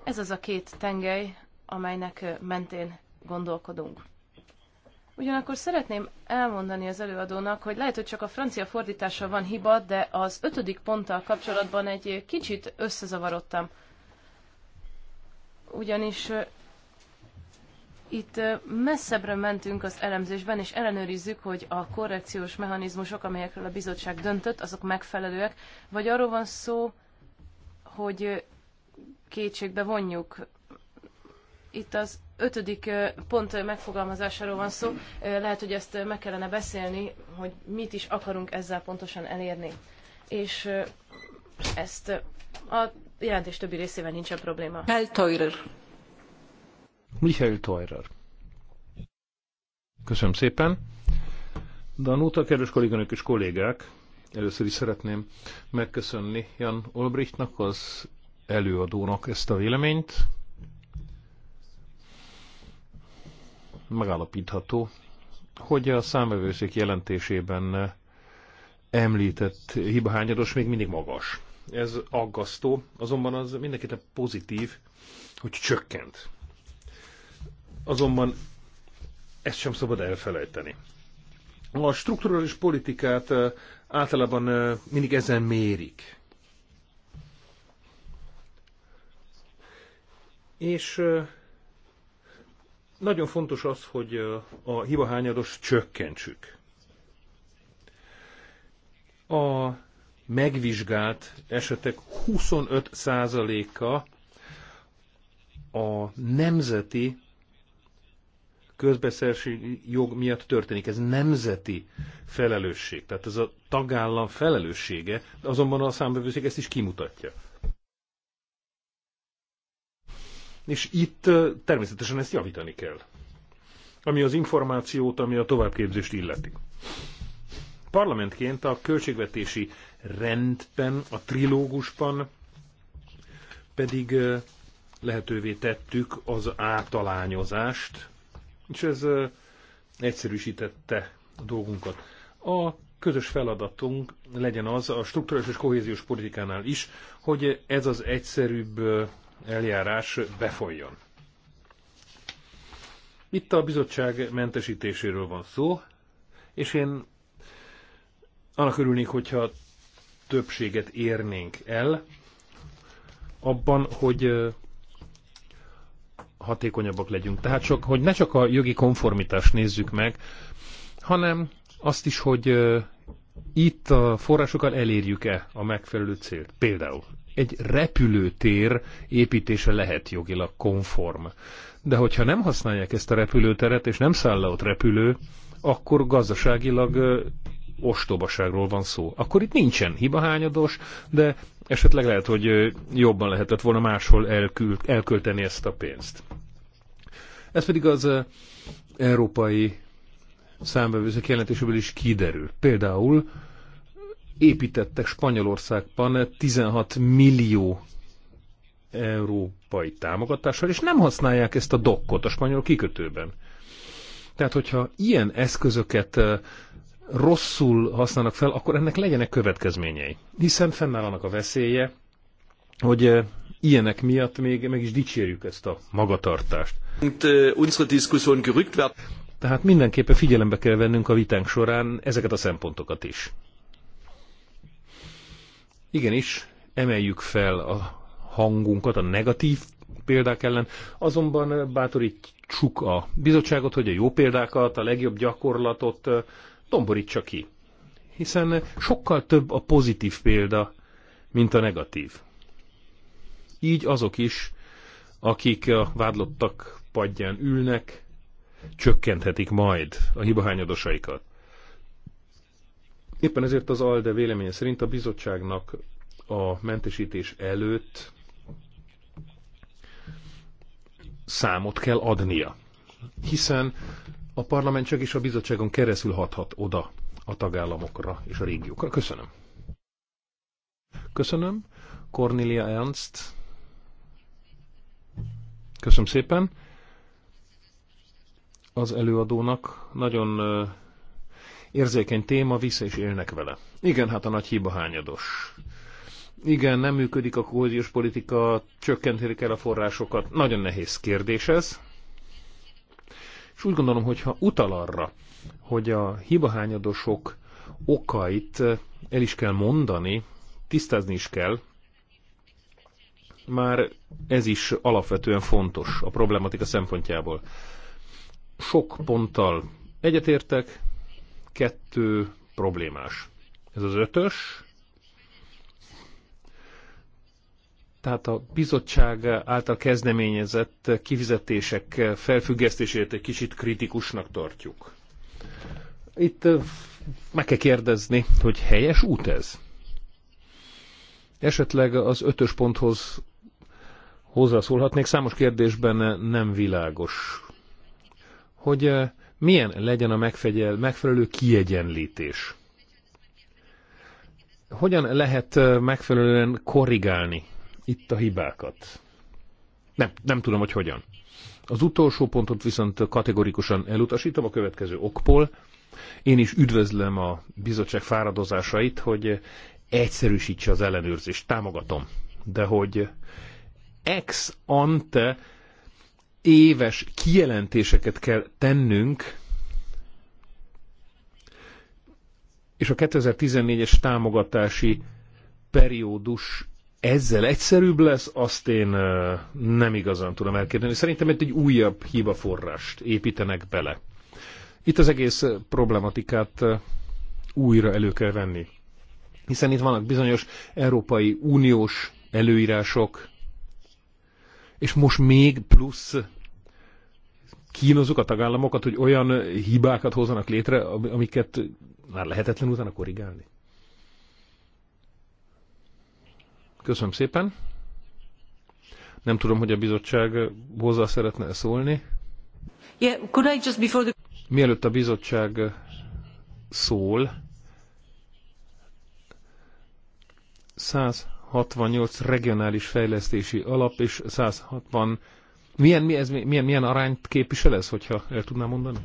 Ez az a két tengely, amelynek mentén gondolkodunk. Ugyanakkor szeretném elmondani az előadónak, hogy lehet, hogy csak a francia fordítása van hiba, de az ötödik ponttal kapcsolatban egy kicsit összezavarodtam. Ugyanis itt messzebbre mentünk az elemzésben, és ellenőrizzük, hogy a korrekciós mechanizmusok, amelyekről a bizottság döntött, azok megfelelőek, vagy arról van szó, hogy kétségbe vonjuk. Itt az ötödik pont megfogalmazásáról van szó. Lehet, hogy ezt meg kellene beszélni, hogy mit is akarunk ezzel pontosan elérni. És ezt a jelentés többi részével nincsen probléma. Michael Teurer. Köszönöm szépen. Danuta, kedves kolléganők és kollégák, először is szeretném megköszönni Jan Olbrichtnak, az előadónak ezt a véleményt. Megállapítható, hogy a számvevőszék jelentésében említett hibahányados még mindig magas. Ez aggasztó, azonban az mindenképpen pozitív, hogy csökkent. Azonban ezt sem szabad elfelejteni. A strukturális politikát általában mindig ezen mérik. És nagyon fontos az, hogy a hibahányados csökkentsük. A megvizsgált esetek 25%-a a nemzeti közbeszerzési jog miatt történik. Ez nemzeti felelősség, tehát ez a tagállam felelőssége, azonban a számbevőszék ezt is kimutatja. És itt természetesen ezt javítani kell. Ami az információt, ami a továbbképzést illeti. Parlamentként a költségvetési rendben, a trilógusban pedig lehetővé tettük az átalányozást és ez egyszerűsítette a dolgunkat. A közös feladatunk legyen az a strukturális és kohéziós politikánál is, hogy ez az egyszerűbb eljárás befolyjon. Itt a bizottság mentesítéséről van szó, és én annak örülnék, hogyha többséget érnénk el abban, hogy hatékonyabbak legyünk. Tehát csak, hogy ne csak a jogi konformitást nézzük meg, hanem azt is, hogy itt a forrásokkal elérjük-e a megfelelő célt. Például egy repülőtér építése lehet jogilag konform. De hogyha nem használják ezt a repülőteret, és nem száll le ott repülő, akkor gazdaságilag ostobaságról van szó. Akkor itt nincsen hibahányados, de esetleg lehet, hogy jobban lehetett volna máshol elkül, elkölteni ezt a pénzt. Ez pedig az európai számbevőzők jelentéséből is kiderül. Például építettek Spanyolországban 16 millió európai támogatással, és nem használják ezt a dokkot a spanyol kikötőben. Tehát, hogyha ilyen eszközöket rosszul használnak fel, akkor ennek legyenek következményei. Hiszen fennáll annak a veszélye, hogy ilyenek miatt még meg is dicsérjük ezt a magatartást. Äh, Tehát mindenképpen figyelembe kell vennünk a vitánk során ezeket a szempontokat is. Igenis, emeljük fel a hangunkat a negatív példák ellen, azonban äh, bátorítsuk a bizottságot, hogy a jó példákat, a legjobb gyakorlatot äh, domborítsa ki. Hiszen sokkal több a pozitív példa, mint a negatív. Így azok is, akik a vádlottak padján ülnek, csökkenthetik majd a hibahányadosaikat. Éppen ezért az ALDE véleménye szerint a bizottságnak a mentesítés előtt számot kell adnia. Hiszen a parlament csak is a bizottságon keresztül hathat oda a tagállamokra és a régiókra. Köszönöm. Köszönöm. Cornelia Ernst Köszönöm szépen. Az előadónak nagyon érzékeny téma, vissza is élnek vele. Igen, hát a nagy hiba hányados. Igen, nem működik a kohéziós politika, csökkentik el a forrásokat. Nagyon nehéz kérdés ez. És úgy gondolom, hogyha utal arra, hogy a hibahányadosok okait el is kell mondani, tisztázni is kell, már ez is alapvetően fontos a problematika szempontjából. Sok ponttal egyetértek, kettő problémás. Ez az ötös, tehát a bizottság által kezdeményezett kifizetések felfüggesztését egy kicsit kritikusnak tartjuk. Itt meg kell kérdezni, hogy helyes út ez? Esetleg az ötös ponthoz hozzászólhatnék. Számos kérdésben nem világos, hogy eh, milyen legyen a megfegyel, megfelelő kiegyenlítés. Hogyan lehet eh, megfelelően korrigálni itt a hibákat? Nem, nem tudom, hogy hogyan. Az utolsó pontot viszont kategorikusan elutasítom a következő okból. Én is üdvözlöm a bizottság fáradozásait, hogy egyszerűsítse az ellenőrzést. Támogatom. De hogy ex ante éves kijelentéseket kell tennünk, és a 2014-es támogatási periódus ezzel egyszerűbb lesz, azt én nem igazán tudom elképzelni. Szerintem itt egy újabb hibaforrást építenek bele. Itt az egész problematikát újra elő kell venni. Hiszen itt vannak bizonyos Európai Uniós előírások, és most még plusz kínozzuk a tagállamokat, hogy olyan hibákat hozzanak létre, amiket már lehetetlen utána korrigálni. Köszönöm szépen. Nem tudom, hogy a bizottság hozzá szeretne szólni. Yeah, could I just before the... Mielőtt a bizottság szól, 100 68 regionális fejlesztési alap és 160. Milyen, mi ez, milyen, milyen arányt képvisel ez, hogyha el tudnám mondani?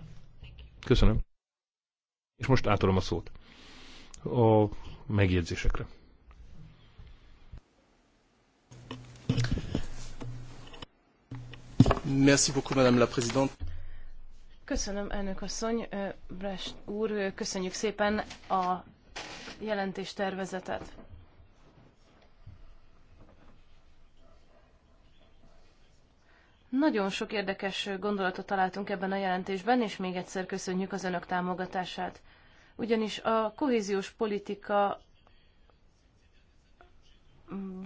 Köszönöm. És most átadom a szót a megjegyzésekre. Merci beaucoup, Madame la Présidente. Köszönöm, elnök asszony, Brest úr, köszönjük szépen a jelentéstervezetet. Nagyon sok érdekes gondolatot találtunk ebben a jelentésben, és még egyszer köszönjük az önök támogatását. Ugyanis a kohéziós politika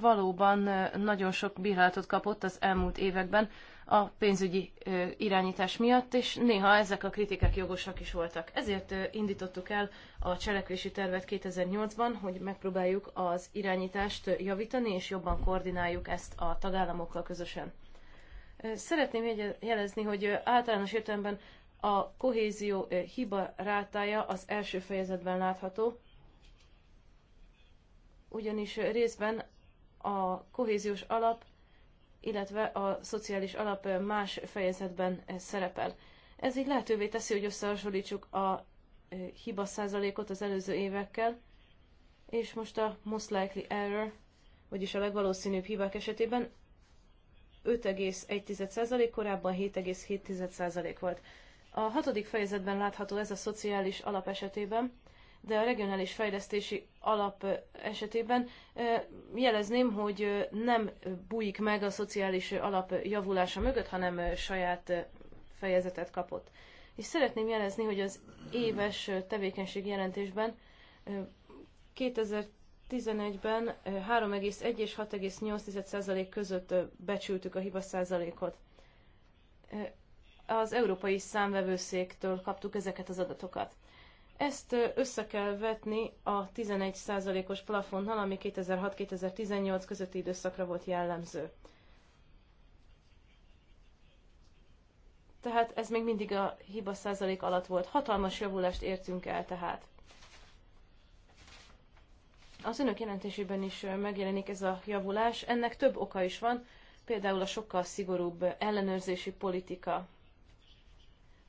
valóban nagyon sok bírálatot kapott az elmúlt években a pénzügyi irányítás miatt, és néha ezek a kritikák jogosak is voltak. Ezért indítottuk el a cselekvési tervet 2008-ban, hogy megpróbáljuk az irányítást javítani, és jobban koordináljuk ezt a tagállamokkal közösen. Szeretném jelezni, hogy általános értelemben a kohézió hiba rátája az első fejezetben látható, ugyanis részben a kohéziós alap, illetve a szociális alap más fejezetben szerepel. Ez így lehetővé teszi, hogy összehasonlítsuk a hiba százalékot az előző évekkel, és most a most likely error, vagyis a legvalószínűbb hibák esetében 5,1%, korábban 7,7% volt. A hatodik fejezetben látható ez a szociális alap esetében, de a regionális fejlesztési alap esetében jelezném, hogy nem bújik meg a szociális alap javulása mögött, hanem saját fejezetet kapott. És szeretném jelezni, hogy az éves tevékenység jelentésben 2000 2011-ben 3,1 és 6,8% között becsültük a hiba százalékot. Az Európai Számvevőszéktől kaptuk ezeket az adatokat. Ezt össze kell vetni a 11%-os plafonnal, ami 2006-2018 közötti időszakra volt jellemző. Tehát ez még mindig a hiba százalék alatt volt. Hatalmas javulást értünk el tehát. Az önök jelentésében is megjelenik ez a javulás. Ennek több oka is van, például a sokkal szigorúbb ellenőrzési politika.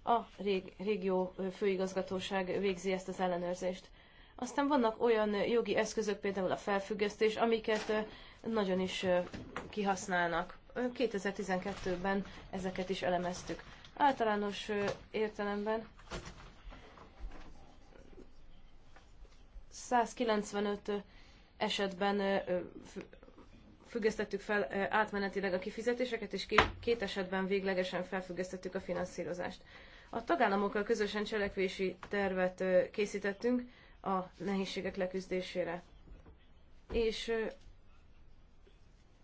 A rég, régió főigazgatóság végzi ezt az ellenőrzést. Aztán vannak olyan jogi eszközök, például a felfüggesztés, amiket nagyon is kihasználnak. 2012-ben ezeket is elemeztük. Általános értelemben 195 esetben függesztettük fel átmenetileg a kifizetéseket, és két esetben véglegesen felfüggesztettük a finanszírozást. A tagállamokkal közösen cselekvési tervet készítettünk a nehézségek leküzdésére. És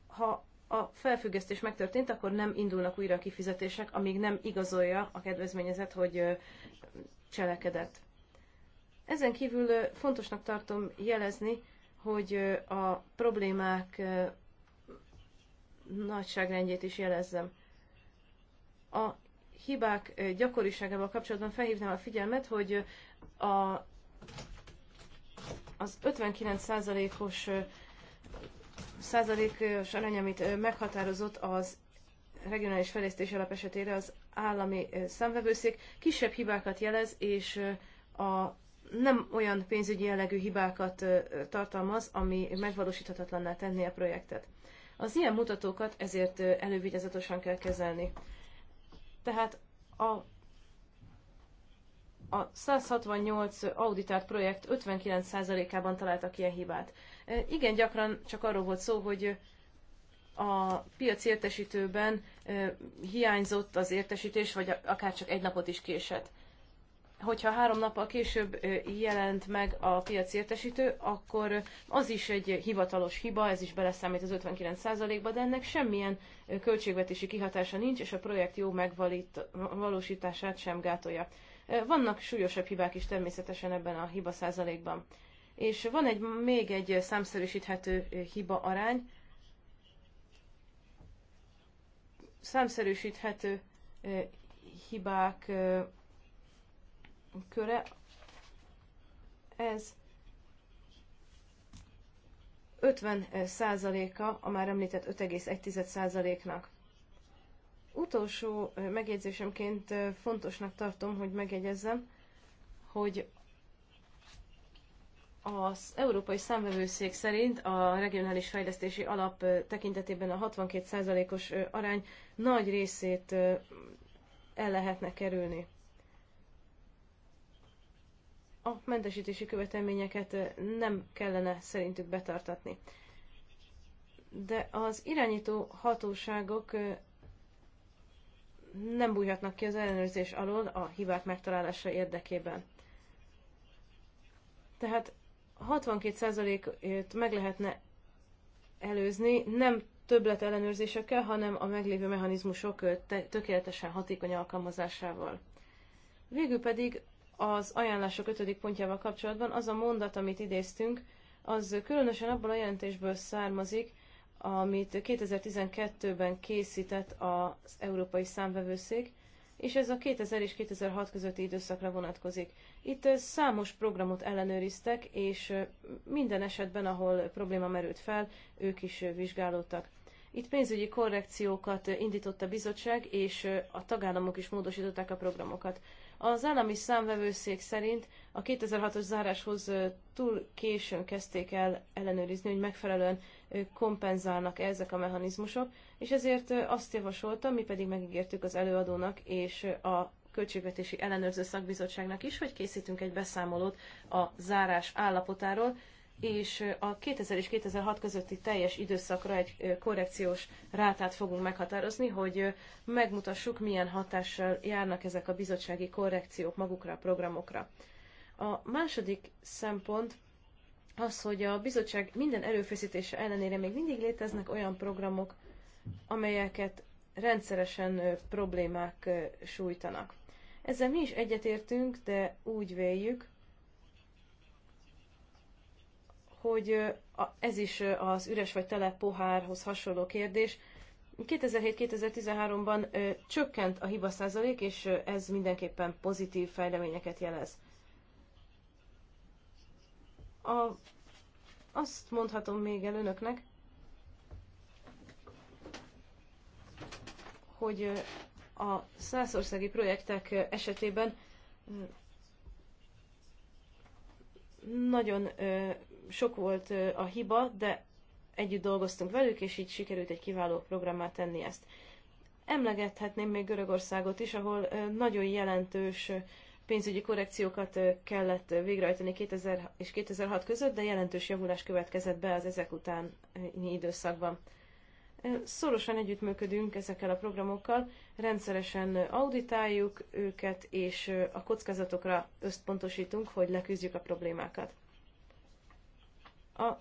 ha a felfüggesztés megtörtént, akkor nem indulnak újra a kifizetések, amíg nem igazolja a kedvezményezet, hogy cselekedett. Ezen kívül fontosnak tartom jelezni, hogy a problémák nagyságrendjét is jelezzem. A hibák gyakoriságával kapcsolatban felhívnám a figyelmet, hogy a, az 59%-os százalékos arány, amit meghatározott az regionális fejlesztés alap esetére az állami számvevőszék, kisebb hibákat jelez, és a nem olyan pénzügyi jellegű hibákat tartalmaz, ami megvalósíthatatlanná tenni a projektet. Az ilyen mutatókat ezért elővigyázatosan kell kezelni. Tehát a a 168 auditált projekt 59%-ában találtak ilyen hibát. Igen, gyakran csak arról volt szó, hogy a piac értesítőben hiányzott az értesítés, vagy akár csak egy napot is késett hogyha három nappal később jelent meg a piac értesítő, akkor az is egy hivatalos hiba, ez is beleszámít az 59%-ba, de ennek semmilyen költségvetési kihatása nincs, és a projekt jó megvalósítását sem gátolja. Vannak súlyosabb hibák is természetesen ebben a hiba százalékban. És van egy, még egy számszerűsíthető hiba arány, számszerűsíthető hibák köre, ez 50%-a a már említett 5,1%-nak. Utolsó megjegyzésemként fontosnak tartom, hogy megjegyezzem, hogy az Európai Számvevőszék szerint a regionális fejlesztési alap tekintetében a 62%-os arány nagy részét el lehetne kerülni a mentesítési követelményeket eh, nem kellene szerintük betartatni. De az irányító hatóságok eh, nem bújhatnak ki az ellenőrzés alól a hibák megtalálása érdekében. Tehát 62%-ot meg lehetne előzni, nem többlet ellenőrzésekkel, hanem a meglévő mechanizmusok eh, tökéletesen hatékony alkalmazásával. Végül pedig az ajánlások ötödik pontjával kapcsolatban az a mondat, amit idéztünk, az különösen abból a jelentésből származik, amit 2012-ben készített az Európai Számvevőszék, és ez a 2000 és 2006 közötti időszakra vonatkozik. Itt számos programot ellenőriztek, és minden esetben, ahol probléma merült fel, ők is vizsgálódtak. Itt pénzügyi korrekciókat indított a bizottság, és a tagállamok is módosították a programokat. Az állami számvevőszék szerint a 2006-os záráshoz túl későn kezdték el ellenőrizni, hogy megfelelően kompenzálnak -e ezek a mechanizmusok, és ezért azt javasoltam, mi pedig megígértük az előadónak és a Költségvetési Ellenőrző Szakbizottságnak is, hogy készítünk egy beszámolót a zárás állapotáról, és a 2000 és 2006 közötti teljes időszakra egy korrekciós rátát fogunk meghatározni, hogy megmutassuk, milyen hatással járnak ezek a bizottsági korrekciók magukra a programokra. A második szempont az, hogy a bizottság minden erőfeszítése ellenére még mindig léteznek olyan programok, amelyeket rendszeresen problémák sújtanak. Ezzel mi is egyetértünk, de úgy véljük, hogy ez is az üres vagy tele pohárhoz hasonló kérdés. 2007-2013-ban csökkent a hiba százalék, és ez mindenképpen pozitív fejleményeket jelez. A, azt mondhatom még el önöknek, hogy a százországi projektek esetében nagyon sok volt a hiba, de együtt dolgoztunk velük, és így sikerült egy kiváló programmá tenni ezt. Emlegethetném még Görögországot is, ahol nagyon jelentős pénzügyi korrekciókat kellett végrehajtani 2000 és 2006 között, de jelentős javulás következett be az ezek utáni időszakban. Szorosan együttműködünk ezekkel a programokkal, rendszeresen auditáljuk őket, és a kockázatokra összpontosítunk, hogy leküzdjük a problémákat. A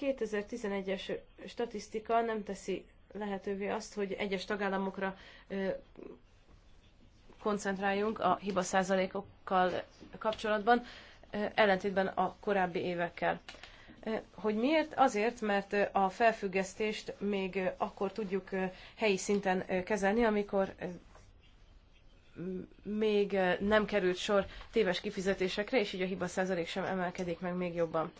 2011-es statisztika nem teszi lehetővé azt, hogy egyes tagállamokra koncentráljunk a hiba százalékokkal kapcsolatban, ellentétben a korábbi évekkel. Hogy miért? Azért, mert a felfüggesztést még akkor tudjuk helyi szinten kezelni, amikor még nem került sor téves kifizetésekre, és így a hiba százalék sem emelkedik meg még jobban.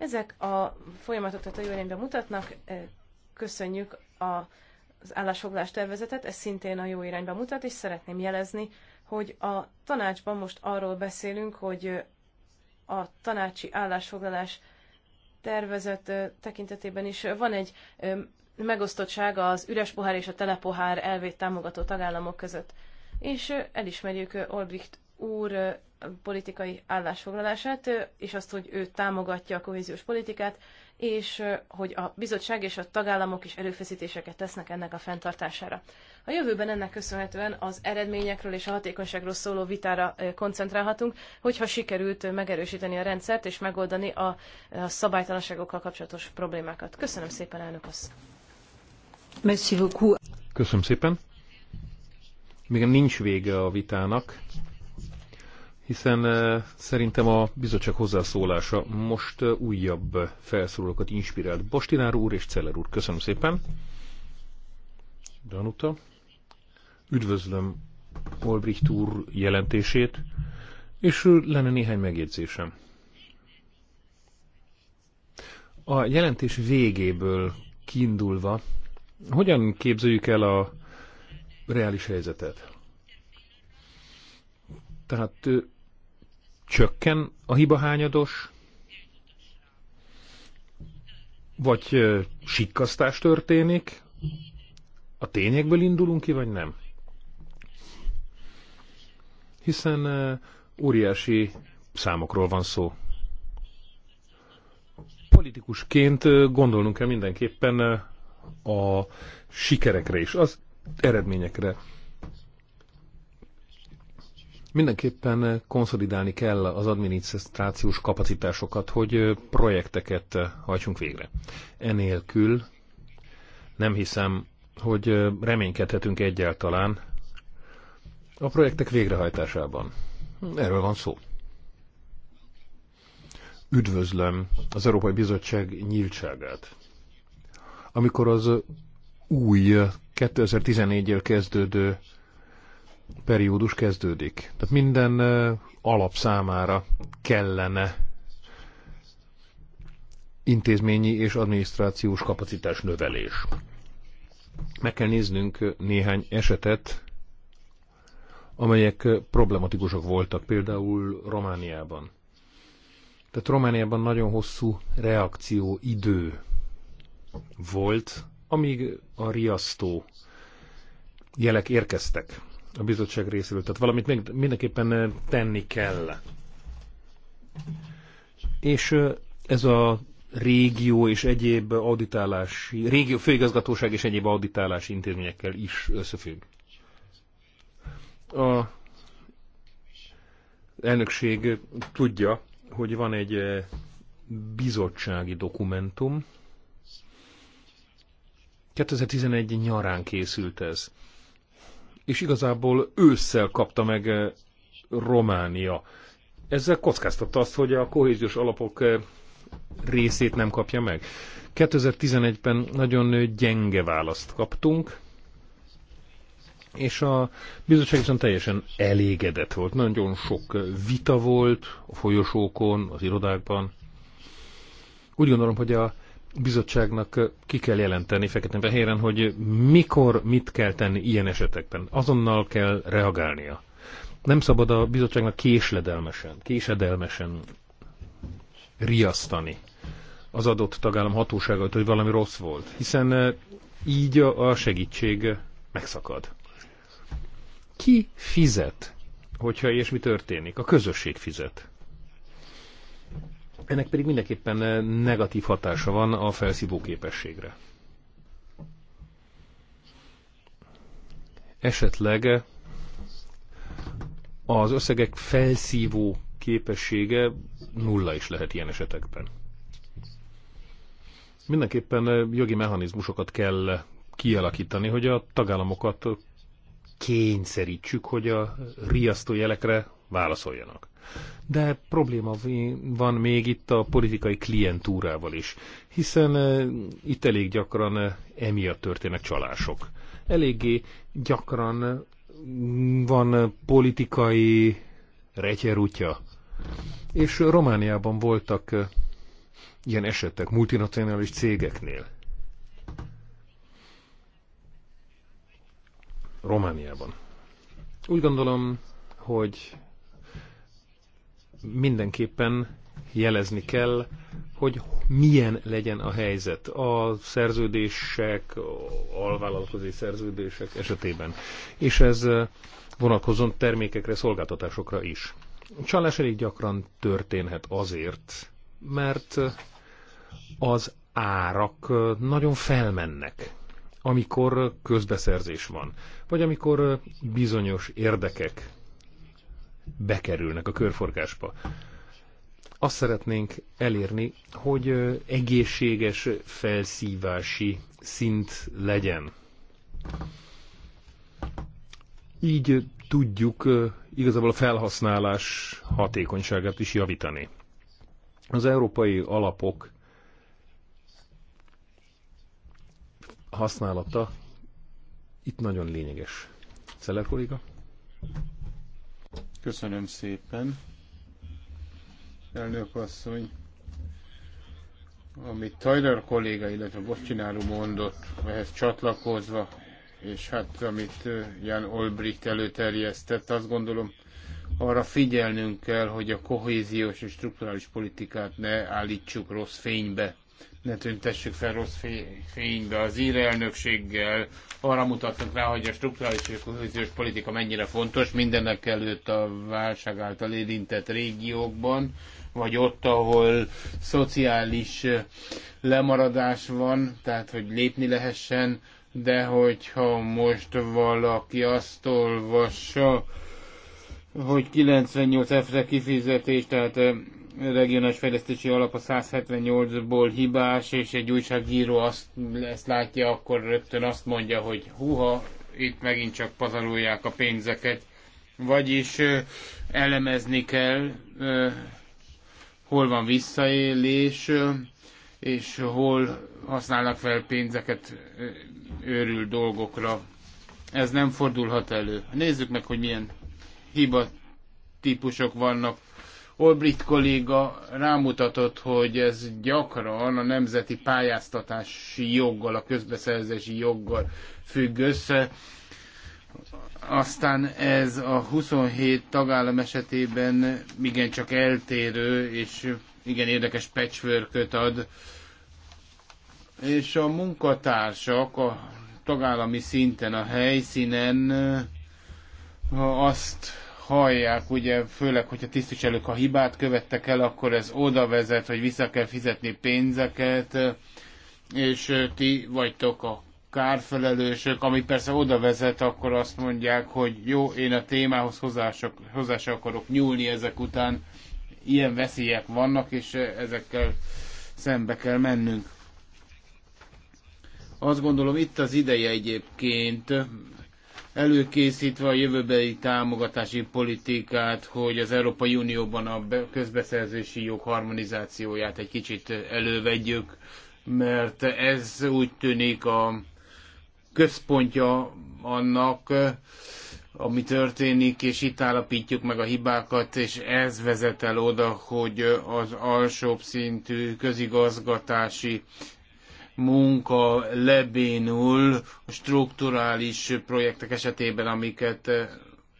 Ezek a folyamatok tehát a jó irányba mutatnak, köszönjük a az állásfoglalás tervezetet, ez szintén a jó irányba mutat, és szeretném jelezni, hogy a tanácsban most arról beszélünk, hogy a tanácsi állásfoglalás tervezet tekintetében is van egy megosztottság az üres pohár és a telepohár elvét támogató tagállamok között. És elismerjük Olbricht úr politikai állásfoglalását, és azt, hogy ő támogatja a kohéziós politikát, és hogy a bizottság és a tagállamok is erőfeszítéseket tesznek ennek a fenntartására. A jövőben ennek köszönhetően az eredményekről és a hatékonyságról szóló vitára koncentrálhatunk, hogyha sikerült megerősíteni a rendszert és megoldani a, szabálytalanságokkal kapcsolatos problémákat. Köszönöm szépen, elnök asszony! Köszönöm szépen! Még nincs vége a vitának, hiszen eh, szerintem a bizottság hozzászólása most eh, újabb felszólókat inspirált. Bostinár úr és Celler úr, köszönöm szépen. Danuta, üdvözlöm Olbricht úr jelentését, és lenne néhány megjegyzésem. A jelentés végéből kiindulva, hogyan képzeljük el a reális helyzetet? Tehát eh, csökken a hiba hányados, vagy sikkasztás történik, a tényekből indulunk ki, vagy nem? Hiszen óriási számokról van szó. Politikusként gondolnunk kell mindenképpen a sikerekre is, az eredményekre. Mindenképpen konszolidálni kell az adminisztrációs kapacitásokat, hogy projekteket hajtsunk végre. Enélkül nem hiszem, hogy reménykedhetünk egyáltalán a projektek végrehajtásában. Erről van szó. Üdvözlöm az Európai Bizottság nyíltságát. Amikor az új 2014-jel kezdődő periódus kezdődik. Tehát minden alap számára kellene intézményi és adminisztrációs kapacitás növelés. Meg kell néznünk néhány esetet, amelyek problematikusak voltak, például Romániában. Tehát Romániában nagyon hosszú reakció idő volt, amíg a riasztó jelek érkeztek a bizottság részéről. Tehát valamit még mindenképpen eh, tenni kell. És eh, ez a régió és egyéb auditálási, régió főigazgatóság és egyéb auditálási intézményekkel is összefügg. A elnökség tudja, hogy van egy eh, bizottsági dokumentum. 2011 nyarán készült ez és igazából ősszel kapta meg eh, Románia. Ezzel kockáztatta azt, hogy a kohéziós alapok eh, részét nem kapja meg. 2011-ben nagyon gyenge választ kaptunk, és a bizottság viszont teljesen elégedett volt. Nagyon sok eh, vita volt a folyosókon, az irodákban. Úgy gondolom, hogy a bizottságnak ki kell jelenteni feketén-fehéren, hogy mikor mit kell tenni ilyen esetekben. Azonnal kell reagálnia. Nem szabad a bizottságnak késledelmesen, késedelmesen riasztani az adott tagállam hatóságait, hogy valami rossz volt, hiszen így a segítség megszakad. Ki fizet, hogyha ilyesmi történik? A közösség fizet. Ennek pedig mindenképpen eh, negatív hatása van a felszívó képességre. Esetleg eh, az összegek felszívó képessége nulla is lehet ilyen esetekben. Mindenképpen eh, jogi mechanizmusokat kell kialakítani, hogy a tagállamokat kényszerítsük, hogy a riasztójelekre válaszoljanak. De probléma van még itt a politikai klientúrával is, hiszen eh, itt elég gyakran eh, emiatt történnek csalások. Eléggé gyakran mm, van eh, politikai retyerútja. És Romániában voltak ilyen esetek multinacionális cégeknél. Romániában. Úgy gondolom, hogy mindenképpen jelezni kell, hogy milyen legyen a helyzet a szerződések, alvállalkozói szerződések esetében. És ez vonatkozon termékekre, szolgáltatásokra is. csalás elég gyakran történhet azért, mert az árak nagyon felmennek, amikor közbeszerzés van, vagy amikor bizonyos érdekek bekerülnek a körforgásba. Azt szeretnénk elérni, hogy egészséges felszívási szint legyen. Így tudjuk igazából a felhasználás hatékonyságát is javítani. Az európai alapok használata itt nagyon lényeges. Szeller kolléga? Köszönöm szépen. Elnök asszony, amit Tajder kolléga, illetve Bocsináru mondott, ehhez csatlakozva, és hát amit Jan Olbricht előterjesztett, azt gondolom, arra figyelnünk kell, hogy a kohéziós és strukturális politikát ne állítsuk rossz fénybe ne tüntessük fel rossz fénybe. Az ír elnökséggel arra mutattunk rá, hogy a strukturális és kohéziós politika mennyire fontos mindennek előtt a válság által érintett régiókban, vagy ott, ahol szociális lemaradás van, tehát hogy lépni lehessen, de hogyha most valaki azt olvassa, hogy 98 F-re kifizetés, tehát regionális fejlesztési alap a 178-ból hibás, és egy újságíró azt, ezt látja, akkor rögtön azt mondja, hogy huha, itt megint csak pazarolják a pénzeket. Vagyis elemezni kell, hol van visszaélés, és hol használnak fel pénzeket őrül dolgokra. Ez nem fordulhat elő. Nézzük meg, hogy milyen hiba típusok vannak Olbrit kolléga rámutatott, hogy ez gyakran a nemzeti pályáztatási joggal, a közbeszerzési joggal függ össze. Aztán ez a 27 tagállam esetében igencsak eltérő, és igen érdekes patchworköt ad. És a munkatársak a tagállami szinten, a helyszínen azt hallják, ugye főleg, hogyha tisztviselők a hibát követtek el, akkor ez oda vezet, hogy vissza kell fizetni pénzeket, és ti vagytok a kárfelelősök, ami persze oda vezet, akkor azt mondják, hogy jó, én a témához hozzá se akarok nyúlni ezek után. Ilyen veszélyek vannak, és ezekkel szembe kell mennünk. Azt gondolom itt az ideje egyébként előkészítve a jövőbeli támogatási politikát, hogy az Európai Unióban a közbeszerzési jog harmonizációját egy kicsit elővegyük, mert ez úgy tűnik a központja annak, ami történik, és itt állapítjuk meg a hibákat, és ez vezet el oda, hogy az alsóbb szintű közigazgatási munka lebénul a strukturális projektek esetében, amiket eh,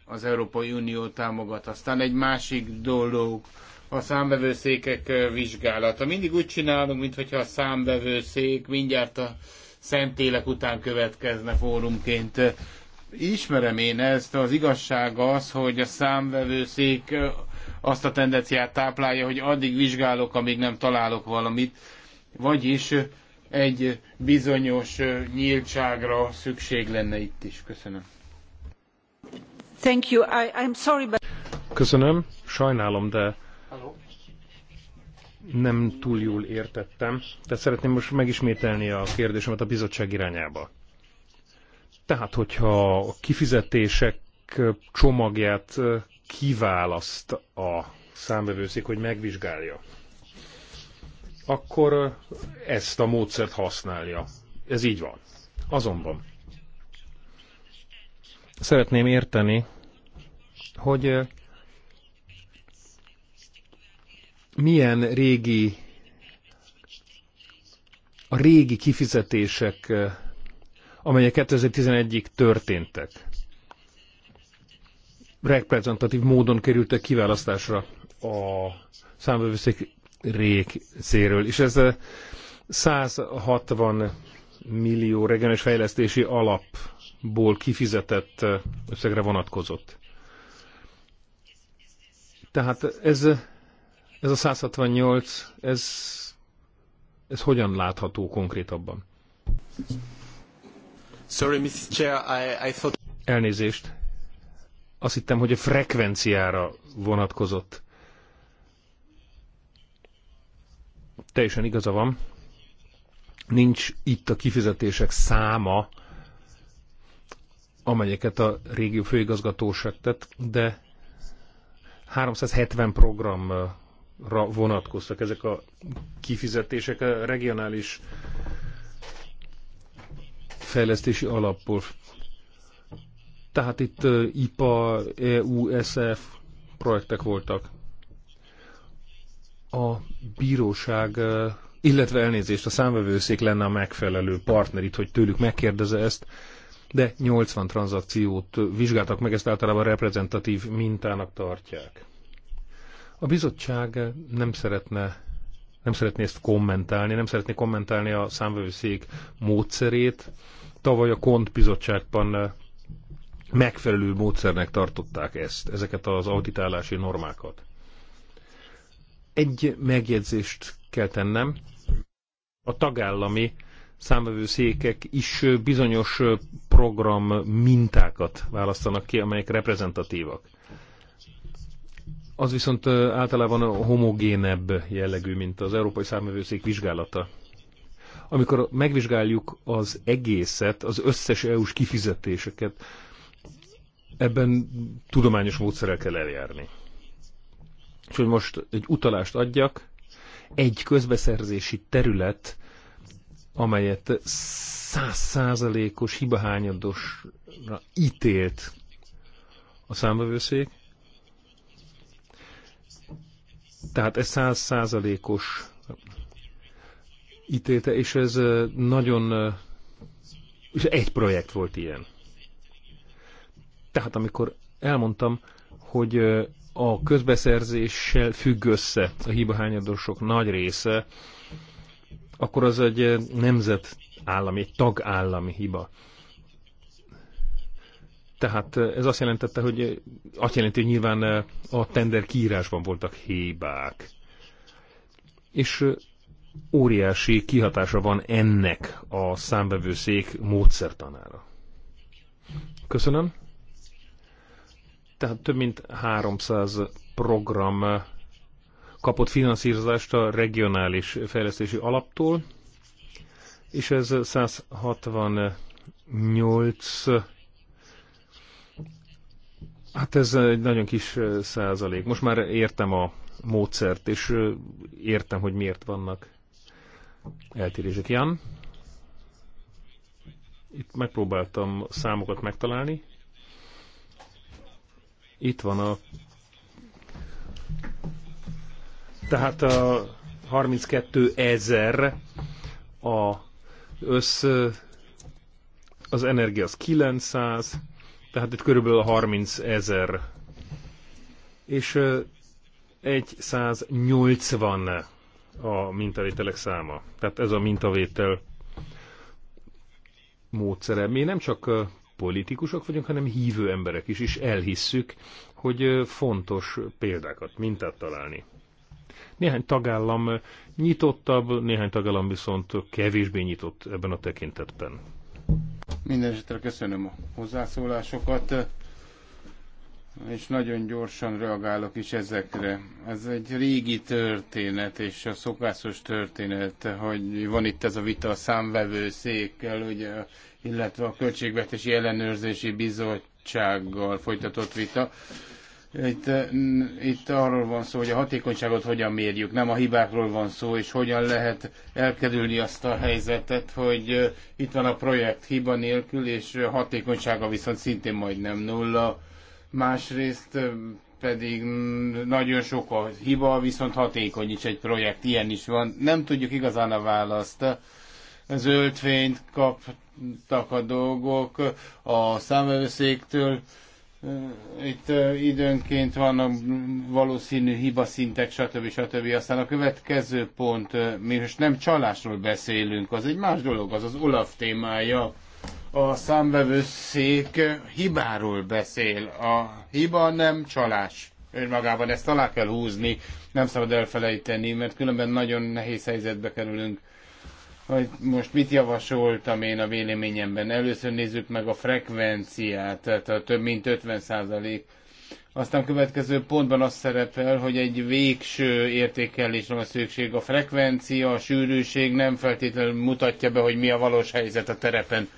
az Európai Unió támogat. Aztán egy másik dolog, a számbevőszékek eh, vizsgálata. Mindig úgy csinálunk, mintha a számbevőszék mindjárt a szentélek után következne fórumként. Ismerem én ezt, az igazság az, hogy a számvevőszék eh, azt a tendenciát táplálja, hogy addig vizsgálok, amíg nem találok valamit. Vagyis egy bizonyos nyíltságra szükség lenne itt is. Köszönöm. Thank you. I, I'm sorry, but... Köszönöm. Sajnálom, de nem túl jól értettem. De szeretném most megismételni a kérdésemet a bizottság irányába. Tehát, hogyha a kifizetések csomagját kiválaszt a számvevőszék, hogy megvizsgálja, akkor ezt a módszert használja. Ez így van. Azonban szeretném érteni, hogy milyen régi a régi kifizetések, amelyek 2011-ig történtek, reprezentatív módon kerültek kiválasztásra a számbevőszék részéről, és ez 160 eh, millió regionális fejlesztési alapból kifizetett eh, összegre vonatkozott. Tehát ez, eh, ez a 168, ez, ez hogyan látható konkrétabban? Sorry, Mrs. Chair, I, I thought... Elnézést. Azt hittem, hogy a frekvenciára vonatkozott teljesen igaza van, nincs itt a kifizetések száma, amelyeket a régió főigazgatóság tett, de 370 programra vonatkoztak ezek a kifizetések a regionális fejlesztési alapból. Tehát itt IPA, EU, SF projektek voltak a bíróság, illetve elnézést, a számvevőszék lenne a megfelelő partner itt, hogy tőlük megkérdeze ezt, de 80 tranzakciót vizsgáltak meg, ezt általában reprezentatív mintának tartják. A bizottság nem szeretne nem szeretné ezt kommentálni, nem szeretné kommentálni a számvevőszék módszerét. Tavaly a Kont bizottságban megfelelő módszernek tartották ezt, ezeket az auditálási normákat. Egy megjegyzést kell tennem. A tagállami számvevőszékek is bizonyos program mintákat választanak ki, amelyek reprezentatívak. Az viszont általában homogénebb jellegű, mint az Európai Számvevőszék vizsgálata. Amikor megvizsgáljuk az egészet, az összes EU-s kifizetéseket, ebben tudományos módszerrel kell eljárni. És hogy most egy utalást adjak, egy közbeszerzési terület, amelyet százszázalékos hibahányadosra ítélt a számbevőszék. Tehát ez százszázalékos ítélte, és ez nagyon, és egy projekt volt ilyen. Tehát amikor elmondtam, hogy a közbeszerzéssel függ össze a hibahányadósok nagy része, akkor az egy nemzetállami, egy tagállami hiba. Tehát ez azt jelentette, hogy azt jelenti, hogy nyilván a tender kiírásban voltak hibák. És óriási kihatása van ennek a számbevőszék módszertanára. Köszönöm. Tehát több mint 300 program kapott finanszírozást a regionális fejlesztési alaptól, és ez 168 Hát ez egy nagyon kis százalék. Most már értem a módszert, és értem, hogy miért vannak eltérések. Jan? Itt megpróbáltam számokat megtalálni. Itt van a... Tehát a 32 ezer a össz... Az energia az 900, tehát itt körülbelül a 30 ezer. És 180 a mintavételek száma. Tehát ez a mintavétel módszere. Mi nem csak politikusok vagyunk, hanem hívő emberek is, és elhisszük, hogy fontos példákat, mintát találni. Néhány tagállam nyitottabb, néhány tagállam viszont kevésbé nyitott ebben a tekintetben. Mindenesetre köszönöm a hozzászólásokat, és nagyon gyorsan reagálok is ezekre. Ez egy régi történet, és a szokásos történet, hogy van itt ez a vita a számvevőszékkel, ugye illetve a Költségvetési Ellenőrzési Bizottsággal folytatott vita. Itt, itt arról van szó, hogy a hatékonyságot hogyan mérjük, nem a hibákról van szó, és hogyan lehet elkerülni azt a helyzetet, hogy eh, itt van a projekt hiba nélkül, és hatékonysága viszont szintén majdnem nulla. Másrészt eh, pedig nagyon sok a hiba, viszont hatékony is egy projekt, ilyen is van. Nem tudjuk igazán a választ. Zöldfényt kap elindultak a dolgok a számvevőszéktől. Itt időnként vannak valószínű hibaszintek, stb. stb. Aztán a következő pont, mi most nem csalásról beszélünk, az egy más dolog, az az Olaf témája. A számvevőszék hibáról beszél. A hiba nem csalás önmagában ezt alá kell húzni, nem szabad elfelejteni, mert különben nagyon nehéz helyzetbe kerülünk hogy most mit javasoltam én a véleményemben. Először nézzük meg a frekvenciát, tehát a több mint 50 százalék. Aztán következő pontban az szerepel, hogy egy végső értékelésre van szükség. A frekvencia, a sűrűség nem feltétlenül mutatja be, hogy mi a valós helyzet a terepen.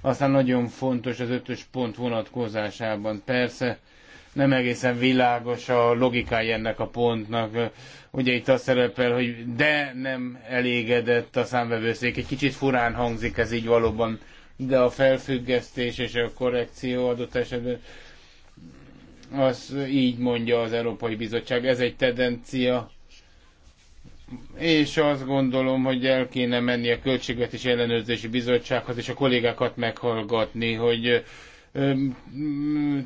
Aztán nagyon fontos az ötös pont vonatkozásában. Persze nem egészen világos a logikája ennek a pontnak. Ugye itt az szerepel, hogy de nem elégedett a számvevőszék. Egy kicsit furán hangzik ez így valóban, de a felfüggesztés és a korrekció adott esetben az így mondja az Európai Bizottság. Ez egy tendencia, és azt gondolom, hogy el kéne menni a Költségvetési Ellenőrzési Bizottsághoz és a kollégákat meghallgatni, hogy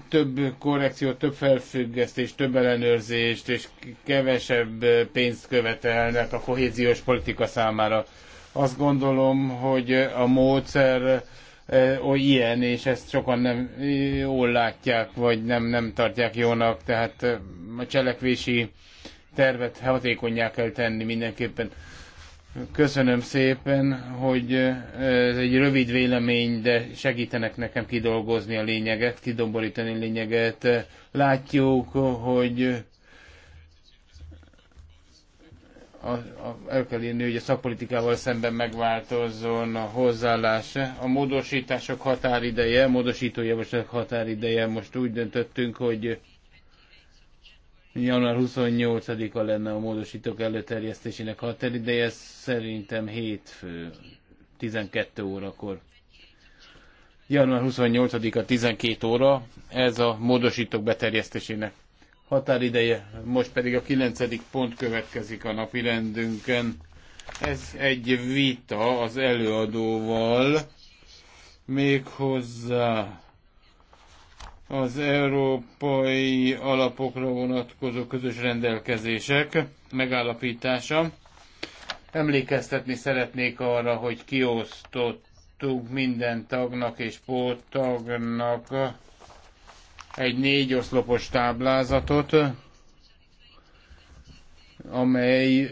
több korrekció, több felfüggesztés, több ellenőrzést és kevesebb pénzt követelnek a kohéziós politika számára. Azt gondolom, hogy a módszer ó, ilyen, és ezt sokan nem jól látják, vagy nem, nem tartják jónak, tehát a cselekvési tervet hatékonyá kell tenni mindenképpen. Köszönöm szépen, hogy ez egy rövid vélemény, de segítenek nekem kidolgozni a lényeget, kidomborítani a lényeget. Látjuk, hogy a, a, el kell írni, hogy a szakpolitikával szemben megváltozzon a hozzáállás. A módosítások határideje, módosítójavaslatok határideje, most úgy döntöttünk, hogy január 28-a lenne a módosítók előterjesztésének határideje, ez szerintem hétfő, 12 órakor. Január 28-a 12 óra, ez a módosítók beterjesztésének határideje. Most pedig a 9. pont következik a napi rendünkön. Ez egy vita az előadóval, méghozzá az európai alapokra vonatkozó közös rendelkezések megállapítása. Emlékeztetni szeretnék arra, hogy kiosztottuk minden tagnak és póttagnak egy négy oszlopos táblázatot, amely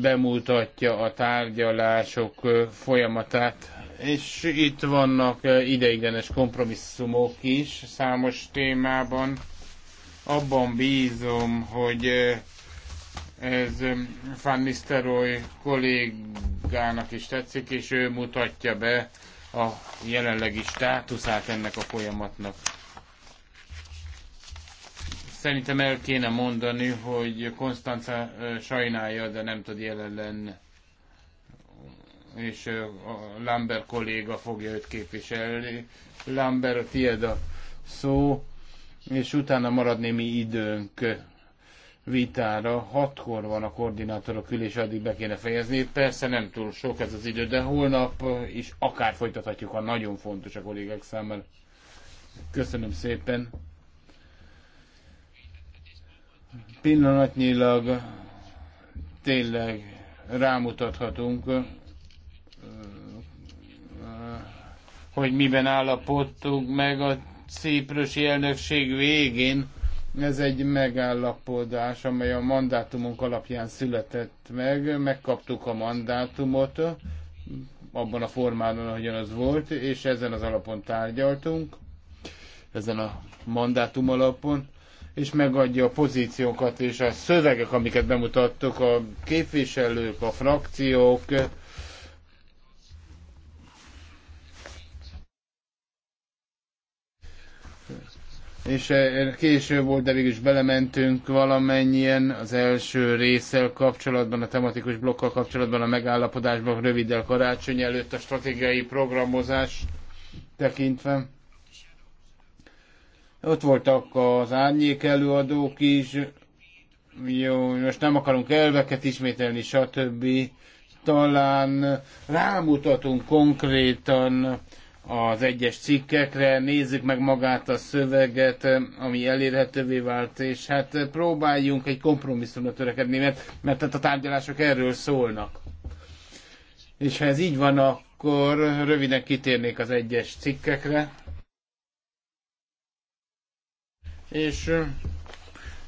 bemutatja a tárgyalások folyamatát és itt vannak eh, ideiglenes kompromisszumok is számos témában. Abban bízom, hogy eh, ez eh, Van Nistelrooy kollégának is tetszik, és ő mutatja be a jelenlegi státuszát ennek a folyamatnak. Szerintem el kéne mondani, hogy Konstanca sajnálja, de nem tud jelen lenni és a Lambert kolléga fogja őt képviselni. Lambert, tied a szó, és utána marad némi időnk vitára. Hatkor van a koordinátorok ülés, addig be kéne fejezni. Persze nem túl sok ez az idő, de holnap is akár folytathatjuk, ha nagyon fontos a kollégák számára. Köszönöm szépen. Pillanatnyilag tényleg rámutathatunk hogy miben állapodtunk meg a ciprusi elnökség végén. Ez egy megállapodás, amely a mandátumunk alapján született meg. Megkaptuk a mandátumot abban a formában, ahogyan az volt, és ezen az alapon tárgyaltunk, ezen a mandátum alapon, és megadja a pozíciókat és a szövegek, amiket bemutattuk, a képviselők, a frakciók, és eh, késő volt, de végül is belementünk valamennyien az első részsel kapcsolatban, a tematikus blokkal kapcsolatban, a megállapodásban röviddel karácsony előtt a stratégiai programozás tekintve. Ott voltak az árnyék előadók is, jó, most nem akarunk elveket ismételni, stb. Talán rámutatunk konkrétan az egyes cikkekre, nézzük meg magát a szöveget, ami elérhetővé vált, és hát próbáljunk egy kompromisszumra törekedni, mert, mert tehát a tárgyalások erről szólnak. És ha ez így van, akkor röviden kitérnék az egyes cikkekre. És eh,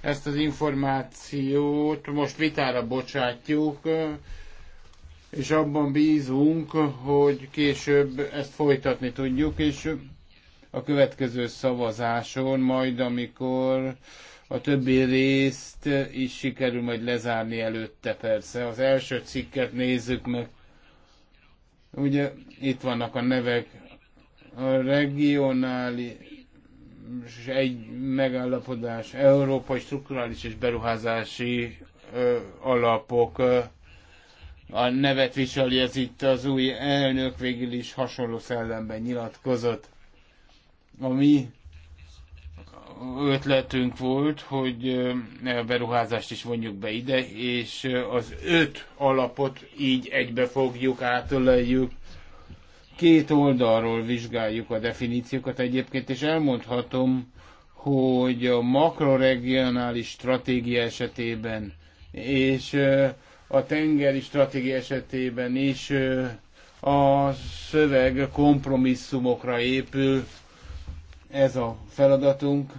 ezt az információt most vitára bocsátjuk, eh, és abban bízunk, hogy később ezt folytatni tudjuk, és a következő szavazáson, majd amikor a többi részt is sikerül majd lezárni előtte persze. Az első cikket nézzük meg. Ugye itt vannak a nevek. A regionális egy megállapodás, európai strukturális és beruházási ö, alapok. Ö, a nevet viseli, ez itt az új elnök végül is hasonló szellemben nyilatkozott. A mi ötletünk volt, hogy a beruházást is vonjuk be ide, és az öt alapot így egybe fogjuk, átöleljük, két oldalról vizsgáljuk a definíciókat egyébként, és elmondhatom, hogy a makroregionális stratégia esetében és a tengeri stratégia esetében is a szöveg kompromisszumokra épül. Ez a feladatunk.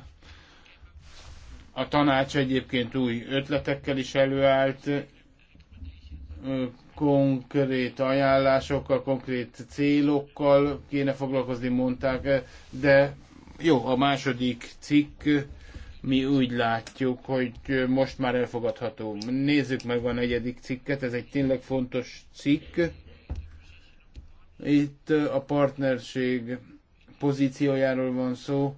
A tanács egyébként új ötletekkel is előállt, konkrét ajánlásokkal, konkrét célokkal kéne foglalkozni, mondták, de jó, a második cikk mi úgy látjuk, hogy most már elfogadható. Nézzük meg a negyedik cikket, ez egy tényleg fontos cikk. Itt a partnerség pozíciójáról van szó.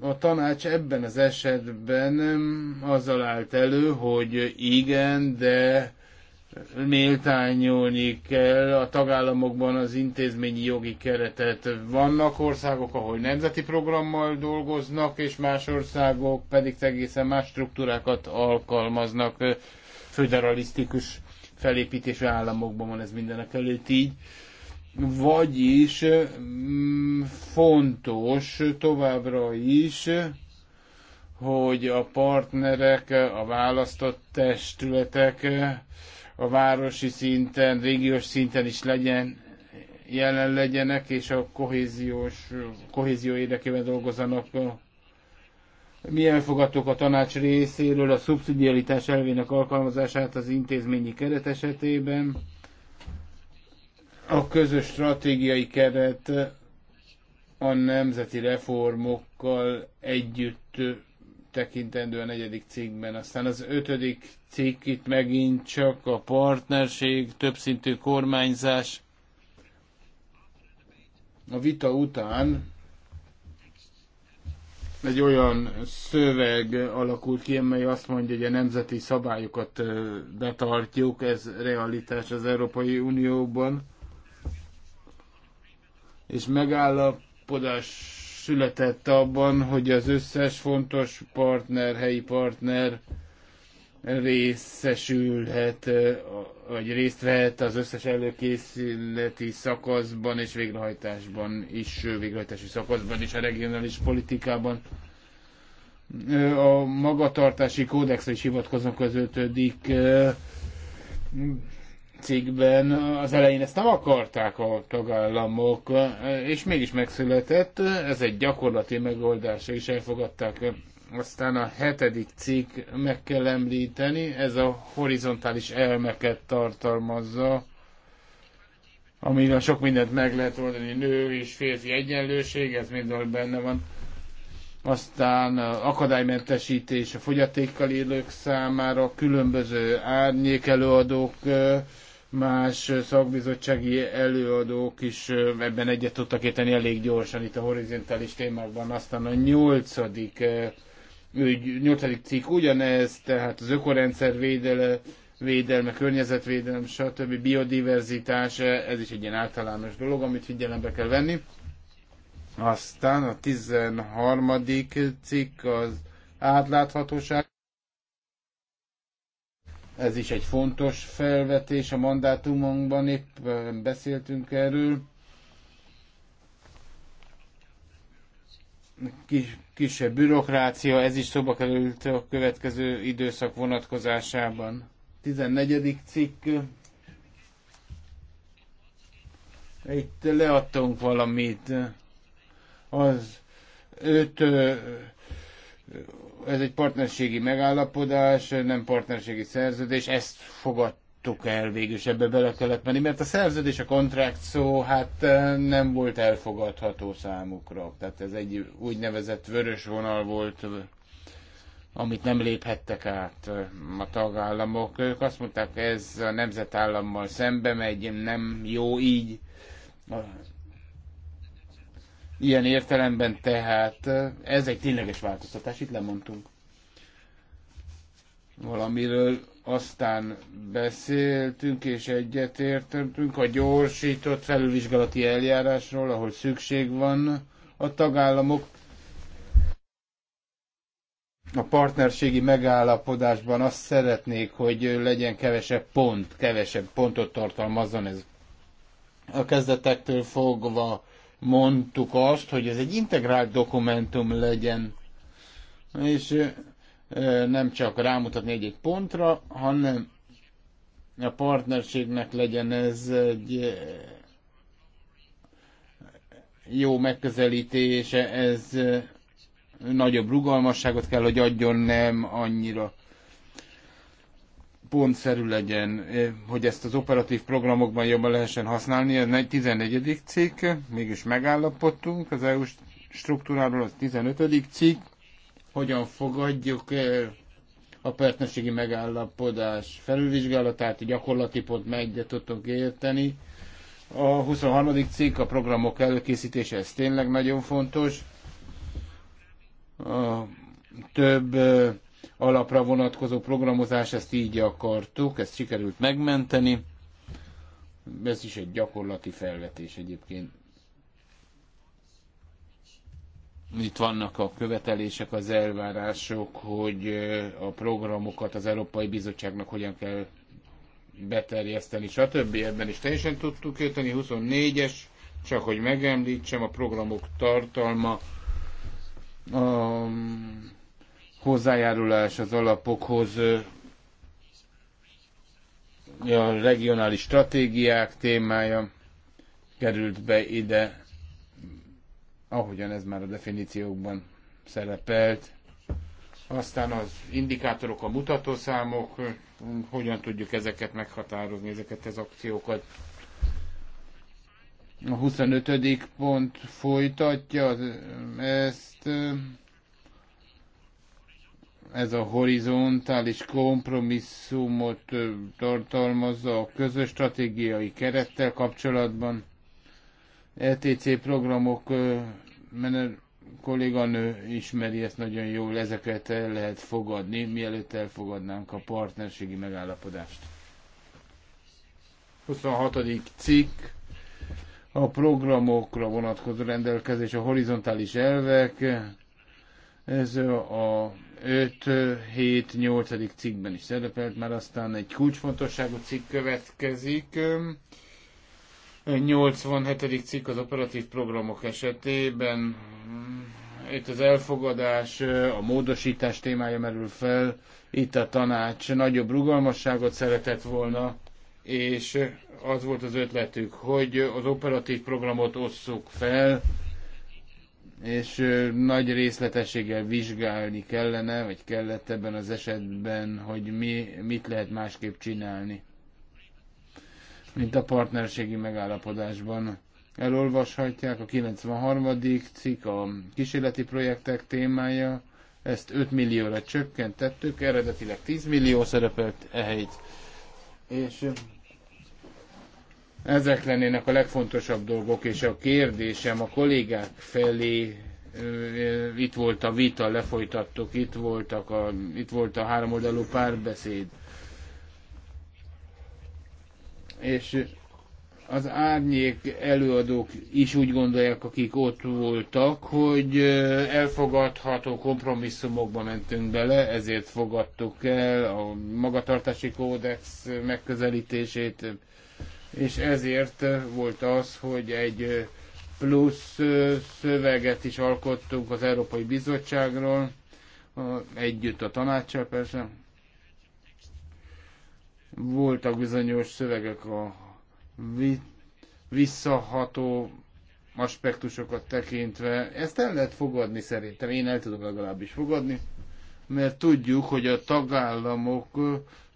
A tanács ebben az esetben azzal állt elő, hogy igen, de méltányolni kell a tagállamokban az intézményi jogi keretet. Vannak országok, ahol nemzeti programmal dolgoznak, és más országok pedig egészen más struktúrákat alkalmaznak. Föderalisztikus felépítésű államokban van ez mindenek előtt így. Vagyis mm, fontos továbbra is, hogy a partnerek, a választott testületek a városi szinten, régiós szinten is legyen, jelen legyenek, és a kohéziós, kohézió érdekében dolgozzanak. Milyen fogadtuk a tanács részéről a szubszidialitás elvének alkalmazását az intézményi keret esetében. A közös stratégiai keret a nemzeti reformokkal együtt tekintendő a negyedik cikkben. Aztán az ötödik cikk itt megint csak a partnerség, többszintű kormányzás. A vita után egy olyan szöveg alakult ki, amely azt mondja, hogy a nemzeti szabályokat betartjuk, ez realitás az Európai Unióban, és megállapodás született abban, hogy az összes fontos partner, helyi partner részesülhet, vagy részt vehet az összes előkészületi szakaszban és végrehajtásban is, végrehajtási szakaszban is a regionális politikában. A magatartási kódexre is hivatkoznak az ötödik cikkben. Az elején ezt nem akarták a tagállamok, és mégis megszületett. Ez egy gyakorlati megoldás, és elfogadták. Aztán a hetedik cikk, meg kell említeni, ez a horizontális elmeket tartalmazza, amivel sok mindent meg lehet oldani, nő és férfi egyenlőség, ez mindenhol benne van aztán akadálymentesítés a fogyatékkal élők számára, különböző árnyékelőadók más szakbizottsági előadók is ebben egyet tudtak érteni elég gyorsan itt a horizontális témákban. Aztán a nyolcadik, ügy, nyolcadik cikk ugyanez, tehát az ökorendszer védele, védelme, környezetvédelem, stb. biodiverzitás, ez is egy ilyen általános dolog, amit figyelembe kell venni. Aztán a 13. cikk az átláthatóság. Ez is egy fontos felvetés a mandátumunkban, épp beszéltünk erről. Kis, kisebb bürokrácia, ez is szoba került a következő időszak vonatkozásában. 14. cikk. Itt leadtunk valamit. Az öt ez egy partnerségi megállapodás, nem partnerségi szerződés, ezt fogadtuk el végül, és ebbe bele kellett menni, mert a szerződés, a kontrakt szó, hát eh, nem volt elfogadható számukra. Tehát ez egy úgynevezett vörös vonal volt, amit nem léphettek át eh, a tagállamok. Ők azt mondták, ez a nemzetállammal szembe megy, nem jó így. Ilyen értelemben tehát ez egy tényleges változtatás, itt lemondtunk valamiről, aztán beszéltünk és egyetértettünk a gyorsított felülvizsgálati eljárásról, ahol szükség van a tagállamok. A partnerségi megállapodásban azt szeretnék, hogy legyen kevesebb pont, kevesebb pontot tartalmazzon ez. A kezdetektől fogva mondtuk azt, hogy ez egy integrált dokumentum legyen, és nem csak rámutatni egy-egy pontra, hanem a partnerségnek legyen ez egy jó megközelítése, ez nagyobb rugalmasságot kell, hogy adjon, nem annyira pontszerű legyen, eh, hogy ezt az operatív programokban jobban lehessen használni. Ez 14. cikk, mégis megállapodtunk az EU struktúráról, az 15. cikk, hogyan fogadjuk a partnerségi megállapodás felülvizsgálatát, gyakorlati pont megyet tudtunk érteni. A 23. cikk, a programok előkészítése, ez tényleg nagyon fontos. A több eh, alapra vonatkozó programozás, ezt így akartuk, ezt sikerült megmenteni. Ez is egy gyakorlati felvetés egyébként. Itt vannak a követelések, az elvárások, hogy eh, a programokat az Európai Bizottságnak hogyan kell beterjeszteni, stb. Ebben is teljesen tudtuk érteni, 24-es, csak hogy megemlítsem, a programok tartalma a hozzájárulás az alapokhoz, a regionális stratégiák témája került be ide, ahogyan ez már a definíciókban szerepelt. Aztán az indikátorok, a mutatószámok, hogyan tudjuk ezeket meghatározni, ezeket az akciókat. A 25. pont folytatja ezt ez a horizontális kompromisszumot tartalmazza a közös stratégiai kerettel kapcsolatban. LTC e programok, mert kolléganő ismeri ezt nagyon jól, ezeket el lehet fogadni, mielőtt elfogadnánk a partnerségi megállapodást. 26. cikk a programokra vonatkozó rendelkezés, a horizontális elvek, ez a 5-7-8. cikkben is szerepelt, mert aztán egy kulcsfontosságú cikk következik. 87. cikk az operatív programok esetében. Itt az elfogadás, a módosítás témája merül fel. Itt a tanács nagyobb rugalmasságot szeretett volna, és az volt az ötletük, hogy az operatív programot osszuk fel, és nagy részletességgel vizsgálni kellene, vagy kellett ebben az esetben, hogy mi, mit lehet másképp csinálni, mint a partnerségi megállapodásban. Elolvashatják a 93. cikk, a kísérleti projektek témája, ezt 5 millióra csökkentettük, eredetileg 10 millió szerepelt ehelyt. És ezek lennének a legfontosabb dolgok, és a kérdésem a kollégák felé, itt volt a vita, lefolytattuk, itt, voltak a, itt volt a háromoldalú párbeszéd. És az árnyék előadók is úgy gondolják, akik ott voltak, hogy elfogadható kompromisszumokba mentünk bele, ezért fogadtuk el a magatartási kódex megközelítését, és ezért volt az, hogy egy plusz szöveget is alkottunk az Európai Bizottságról, együtt a tanácssal persze. Voltak bizonyos szövegek a visszaható aspektusokat tekintve. Ezt el lehet fogadni szerintem, én el tudom legalábbis fogadni, mert tudjuk, hogy a tagállamok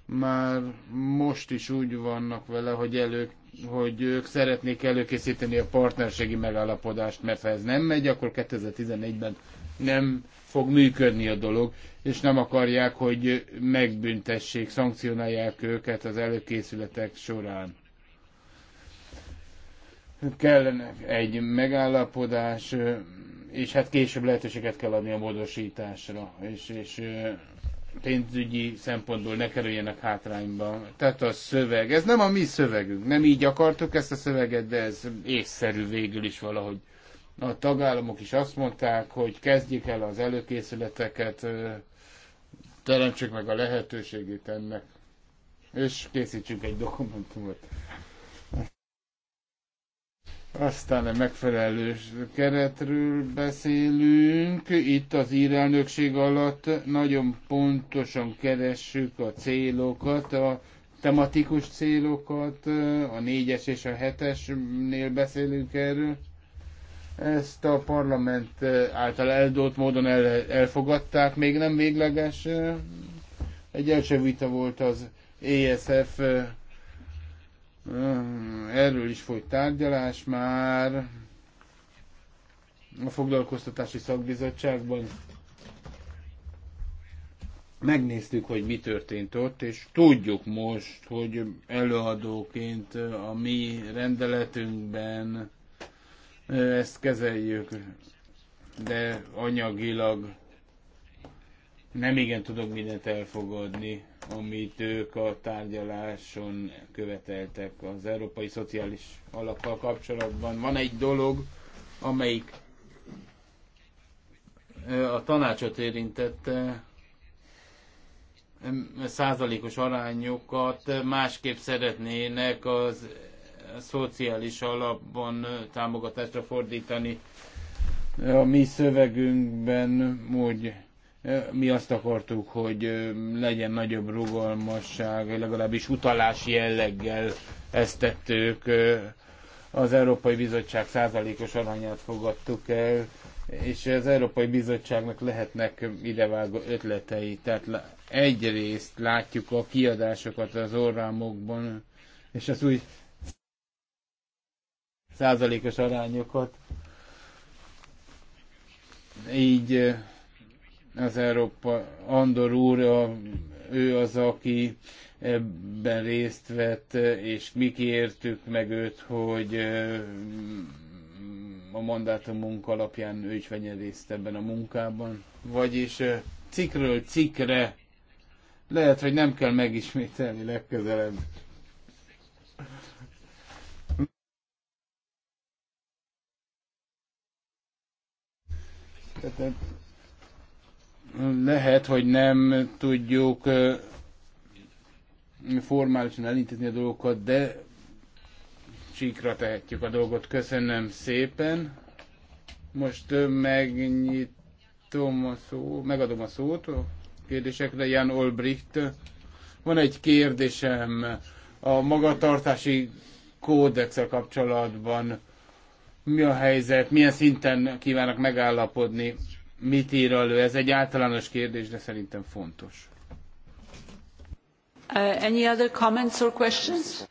már most is úgy vannak vele, hogy, elő, hogy ők szeretnék előkészíteni a partnerségi megállapodást, mert ha ez nem megy, akkor 2014-ben nem fog működni a dolog, és nem akarják, hogy megbüntessék, szankcionálják őket az előkészületek során. Kellene egy megállapodás, és hát később lehetőséget kell adni a módosításra, és, és pénzügyi szempontból ne kerüljenek hátrányba. Tehát a szöveg, ez nem a mi szövegünk, nem így akartuk ezt a szöveget, de ez észszerű végül is valahogy. A tagállamok is azt mondták, hogy kezdjék el az előkészületeket, teremtsük meg a lehetőségét ennek, és készítsünk egy dokumentumot. Aztán a megfelelő keretről beszélünk. Itt az írelnökség alatt nagyon pontosan keressük a célokat, a tematikus célokat, a négyes és a hetesnél beszélünk erről. Ezt a parlament által eldolt módon el, elfogadták, még nem végleges. Egy első vita volt az ESF Erről is folyt tárgyalás már a foglalkoztatási szakbizottságban. Megnéztük, hogy mi történt ott, és tudjuk most, hogy előadóként a mi rendeletünkben ezt kezeljük, de anyagilag nem igen tudok mindent elfogadni, amit ők a tárgyaláson követeltek az Európai Szociális Alappal kapcsolatban. Van egy dolog, amelyik a tanácsot érintette, százalékos arányokat másképp szeretnének az szociális alapban támogatásra fordítani. A mi szövegünkben úgy mi azt akartuk, hogy legyen nagyobb rugalmasság, legalábbis utalási jelleggel ezt tettük. Az Európai Bizottság százalékos arányát fogadtuk el, és az Európai Bizottságnak lehetnek idevágó ötletei. Tehát egyrészt látjuk a kiadásokat az orrámokban, és az új százalékos arányokat. Így az Európa Andor úr, a, ő az, aki ebben részt vett, és mi kértük meg őt, hogy a munka alapján ő is vegyen részt ebben a munkában. Vagyis cikről cikre lehet, hogy nem kell megismételni legközelebb. Tehát lehet, hogy nem tudjuk formálisan elintézni a dolgokat, de csíkra tehetjük a dolgot. Köszönöm szépen. Most megnyitom a szó, megadom a szót a kérdésekre. Jan Olbricht, van egy kérdésem a magatartási kódexel kapcsolatban. Mi a helyzet, milyen szinten kívánnak megállapodni? mit ír elő. Ez egy általános kérdés, de szerintem fontos. Uh, any other comments or questions?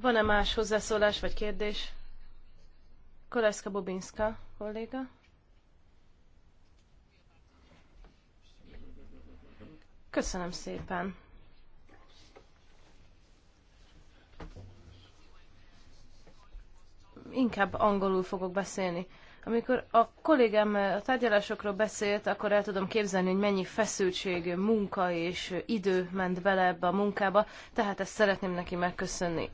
Van-e más hozzászólás vagy kérdés? Koleszka Bobinska kolléga. Köszönöm szépen. Inkább angolul fogok beszélni. Amikor a kollégám a tárgyalásokról beszélt, akkor el tudom képzelni, hogy mennyi feszültség, munka és idő ment bele ebbe a munkába, tehát ezt szeretném neki megköszönni.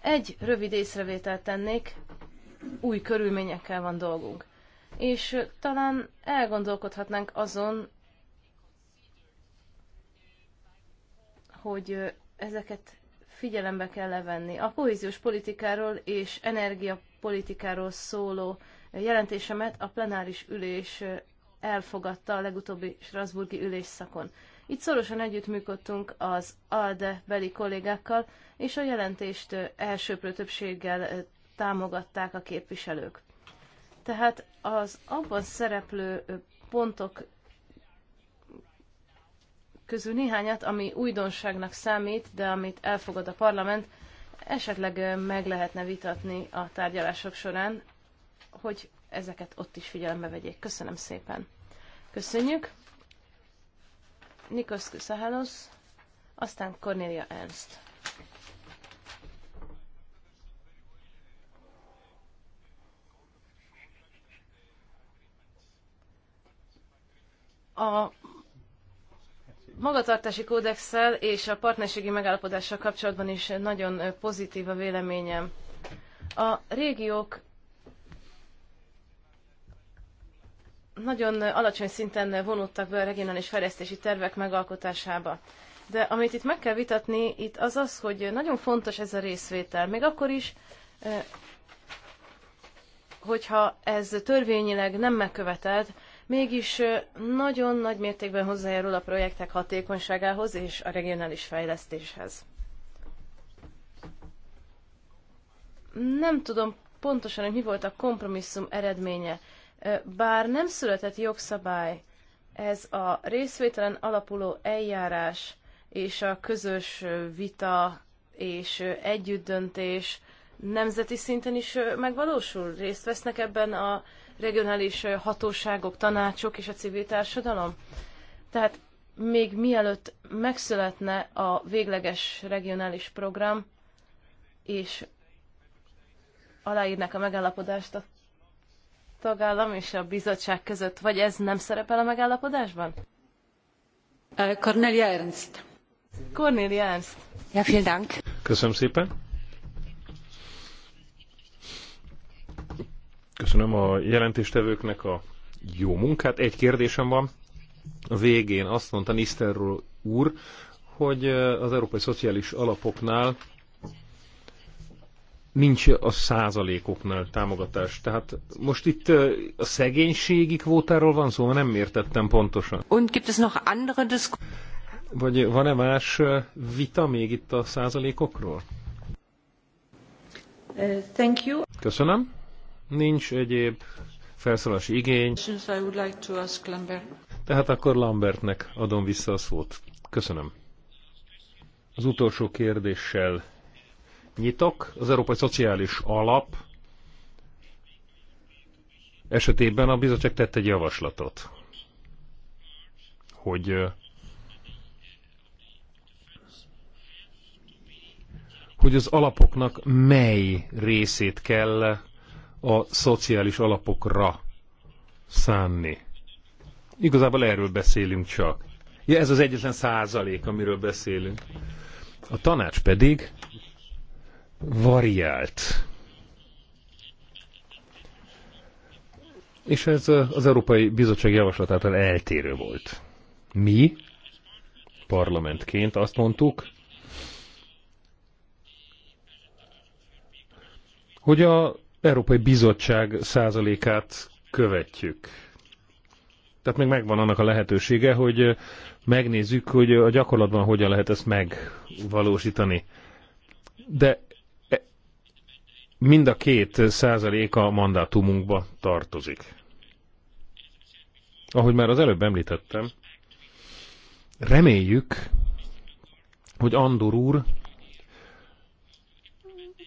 Egy rövid észrevételt tennék, új körülményekkel van dolgunk. És talán elgondolkodhatnánk azon, hogy ezeket figyelembe kell levenni. A kohéziós politikáról és energia politikáról szóló jelentésemet a plenáris ülés elfogadta a legutóbbi Strasburgi ülésszakon. Itt szorosan együttműködtünk az ALDE beli kollégákkal, és a jelentést elsőprő többséggel támogatták a képviselők. Tehát az abban szereplő pontok közül néhányat, ami újdonságnak számít, de amit elfogad a parlament, esetleg meg lehetne vitatni a tárgyalások során, hogy ezeket ott is figyelembe vegyék. Köszönöm szépen. Köszönjük. Nikos Kusahalos, aztán Cornelia Ernst. A magatartási kódexsel és a partnerségi megállapodással kapcsolatban is nagyon pozitív a véleményem. A régiók nagyon alacsony szinten vonultak be a regionális fejlesztési tervek megalkotásába. De amit itt meg kell vitatni, itt az az, hogy nagyon fontos ez a részvétel. Még akkor is, hogyha ez törvényileg nem megkövetelt, mégis nagyon nagy mértékben hozzájárul a projektek hatékonyságához és a regionális fejlesztéshez. Nem tudom pontosan, hogy mi volt a kompromisszum eredménye. Bár nem született jogszabály, ez a részvételen alapuló eljárás és a közös vita és együttdöntés nemzeti szinten is megvalósul? Részt vesznek ebben a regionális hatóságok, tanácsok és a civil társadalom? Tehát még mielőtt megszületne a végleges regionális program, és aláírnák a megállapodást a tagállam és a bizottság között, vagy ez nem szerepel a megállapodásban? Cornelia Ernst. Cornelia Ernst. Ja, vielen Dank. Köszönöm szépen. Köszönöm a jelentéstevőknek a jó munkát. Egy kérdésem van. A végén azt mondta Nisztelról úr, hogy az Európai Szociális Alapoknál nincs a százalékoknál támogatás. Tehát most itt a szegénységi kvótáról van szó, nem értettem pontosan. Und gibt es noch andere Vagy van-e más vita még itt a százalékokról? Uh, thank you. Köszönöm. Nincs egyéb felszólási igény. Tehát akkor Lambertnek adom vissza a szót. Köszönöm. Az utolsó kérdéssel nyitok. Az Európai Szociális Alap esetében a bizottság tett egy javaslatot, hogy hogy az alapoknak mely részét kell a szociális alapokra szánni. Igazából erről beszélünk csak. Ja, ez az egyetlen százalék, amiről beszélünk. A tanács pedig variált. És ez az Európai Bizottság javaslatától eltérő volt. Mi parlamentként azt mondtuk, hogy a Európai Bizottság százalékát követjük. Tehát még megvan annak a lehetősége, hogy megnézzük, hogy a gyakorlatban hogyan lehet ezt megvalósítani. De e- mind a két százalék a mandátumunkba tartozik. Ahogy már az előbb említettem, reméljük, hogy Andor úr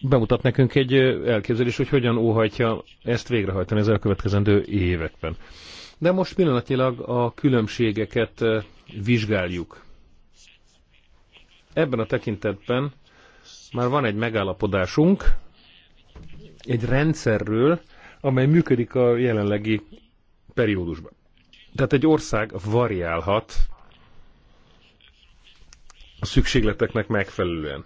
bemutat nekünk egy elképzelés, hogy hogyan óhajtja ezt végrehajtani az elkövetkezendő években. De most pillanatilag a különbségeket vizsgáljuk. Ebben a tekintetben már van egy megállapodásunk, egy rendszerről, amely működik a jelenlegi periódusban. Tehát egy ország variálhat a szükségleteknek megfelelően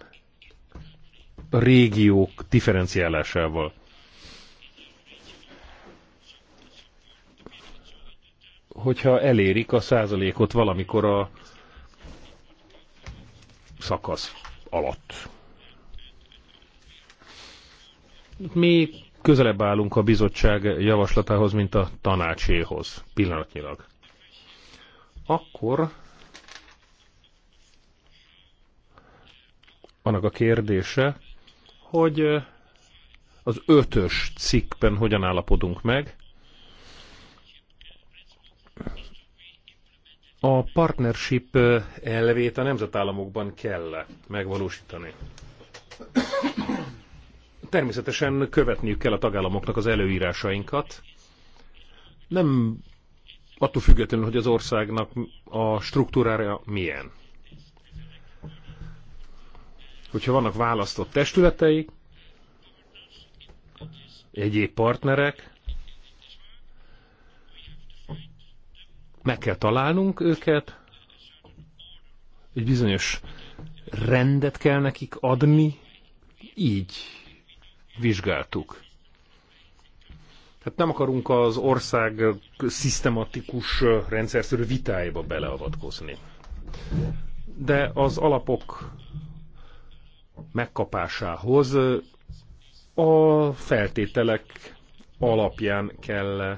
régiók differenciálásával. Hogyha elérik a százalékot valamikor a szakasz alatt. Mi közelebb állunk a bizottság javaslatához, mint a tanácséhoz pillanatnyilag. Akkor annak a kérdése, hogy az ötös cikkben hogyan állapodunk meg. A partnership elvét a nemzetállamokban kell megvalósítani. Természetesen követniük kell a tagállamoknak az előírásainkat. Nem attól függetlenül, hogy az országnak a struktúrája milyen hogyha vannak választott testületeik, egyéb partnerek, meg kell találnunk őket, egy bizonyos rendet kell nekik adni, így vizsgáltuk. Tehát nem akarunk az ország szisztematikus rendszerszerű vitájába beleavatkozni. De az alapok megkapásához a feltételek alapján kell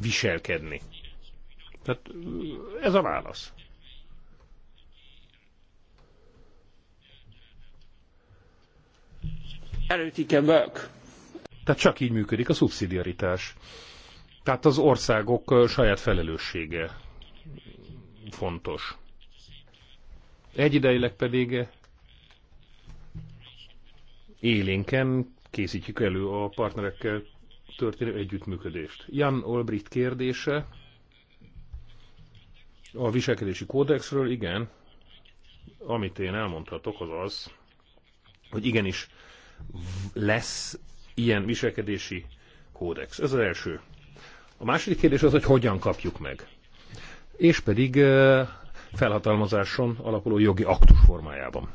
viselkedni. Tehát ez a válasz. Tehát csak így működik a szubszidiaritás. Tehát az országok saját felelőssége fontos. Egyidejileg pedig élénken készítjük elő a partnerekkel történő együttműködést. Jan Olbricht kérdése a viselkedési kódexről, igen, amit én elmondhatok, az az, hogy igenis lesz ilyen viselkedési kódex. Ez az első. A második kérdés az, hogy hogyan kapjuk meg. És pedig eh, felhatalmazáson alapuló jogi aktus formájában.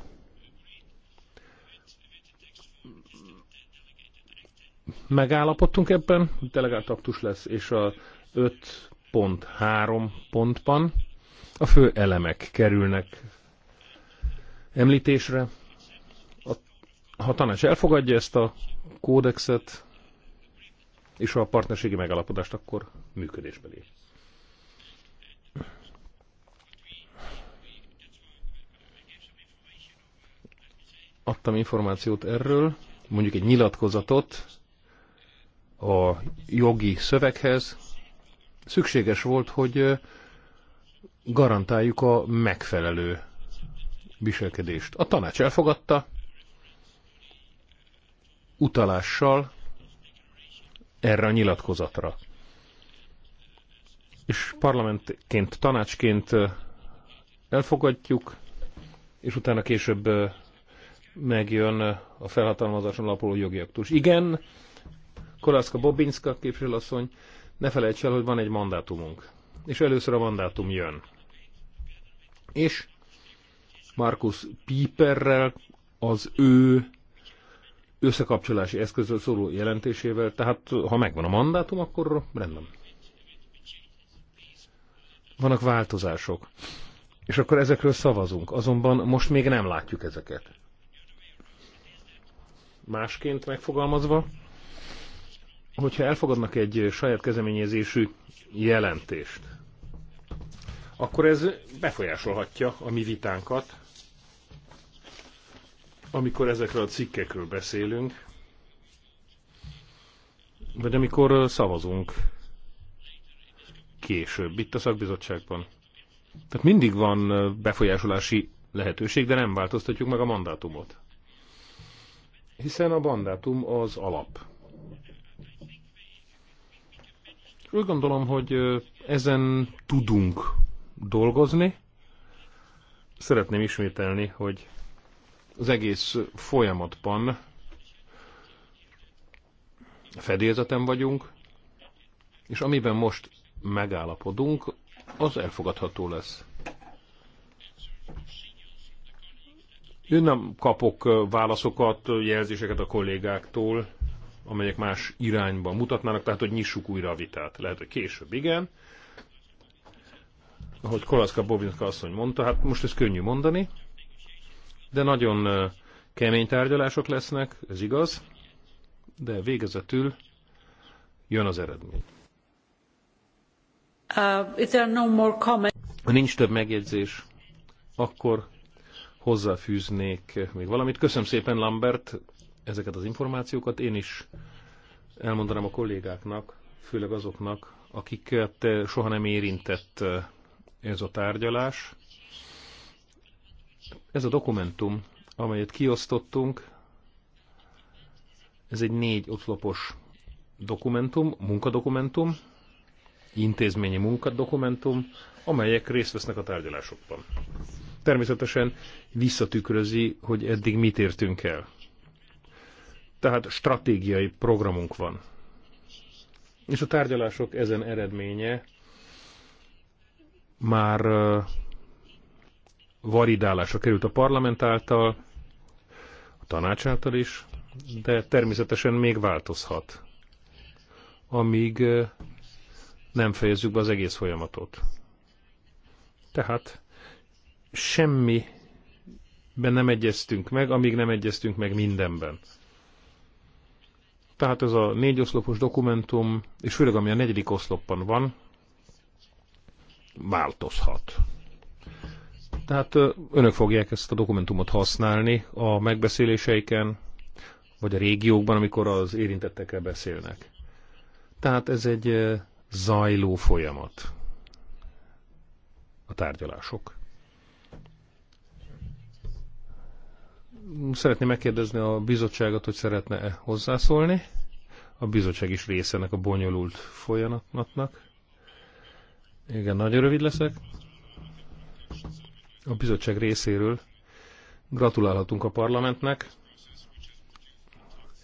megállapodtunk ebben, delegált aktus lesz, és a 5.3 pontban a fő elemek kerülnek említésre. A, ha a tanács elfogadja ezt a kódexet, és a partnerségi megállapodást akkor működésbe lép. Adtam információt erről, mondjuk egy nyilatkozatot, a jogi szöveghez, szükséges volt, hogy garantáljuk a megfelelő viselkedést. A tanács elfogadta, utalással erre a nyilatkozatra. És parlamentként, tanácsként elfogadjuk, és utána később megjön a felhatalmazáson alapuló jogi aktus. Igen, Kolaszka Bobinska képviselőasszony, ne felejts el, hogy van egy mandátumunk. És először a mandátum jön. És Markus Piperrel az ő összekapcsolási eszközről szóló jelentésével, tehát ha megvan a mandátum, akkor rendben. Vannak változások. És akkor ezekről szavazunk, azonban most még nem látjuk ezeket. Másként megfogalmazva, hogyha elfogadnak egy saját kezeményezésű jelentést, akkor ez befolyásolhatja a mi vitánkat, amikor ezekről a cikkekről beszélünk, vagy amikor szavazunk később itt a szakbizottságban. Tehát mindig van befolyásolási lehetőség, de nem változtatjuk meg a mandátumot. Hiszen a mandátum az alap. Úgy gondolom, hogy ezen tudunk dolgozni. Szeretném ismételni, hogy az egész folyamatban fedélzeten vagyunk, és amiben most megállapodunk, az elfogadható lesz. Én nem kapok válaszokat, jelzéseket a kollégáktól, amelyek más irányba mutatnának, tehát hogy nyissuk újra a vitát. Lehet, hogy később igen. Ahogy Kolaszka Bovinska asszony mondta, hát most ez könnyű mondani, de nagyon kemény tárgyalások lesznek, ez igaz, de végezetül jön az eredmény. Uh, no more comments. Ha nincs több megjegyzés, akkor hozzáfűznék még valamit. Köszönöm szépen Lambert ezeket az információkat. Én is elmondanám a kollégáknak, főleg azoknak, akiket soha nem érintett eh, ez a tárgyalás. Ez a dokumentum, amelyet kiosztottunk, ez egy négy oszlopos dokumentum, munkadokumentum, intézményi munkadokumentum, amelyek részt vesznek a tárgyalásokban. Természetesen visszatükrözi, hogy eddig mit értünk el. Tehát stratégiai programunk van. És a tárgyalások ezen eredménye már validálásra került a parlament által, a tanács által is, de természetesen még változhat, amíg nem fejezzük be az egész folyamatot. Tehát ben nem egyeztünk meg, amíg nem egyeztünk meg mindenben. Tehát ez a négy oszlopos dokumentum, és főleg ami a negyedik oszlopban van, változhat. Tehát önök fogják ezt a dokumentumot használni a megbeszéléseiken, vagy a régiókban, amikor az érintettekkel beszélnek. Tehát ez egy zajló folyamat. A tárgyalások. szeretném megkérdezni a bizottságot, hogy szeretne-e hozzászólni. A bizottság is részenek a bonyolult folyamatnak. Igen, nagyon rövid leszek. A bizottság részéről gratulálhatunk a parlamentnek,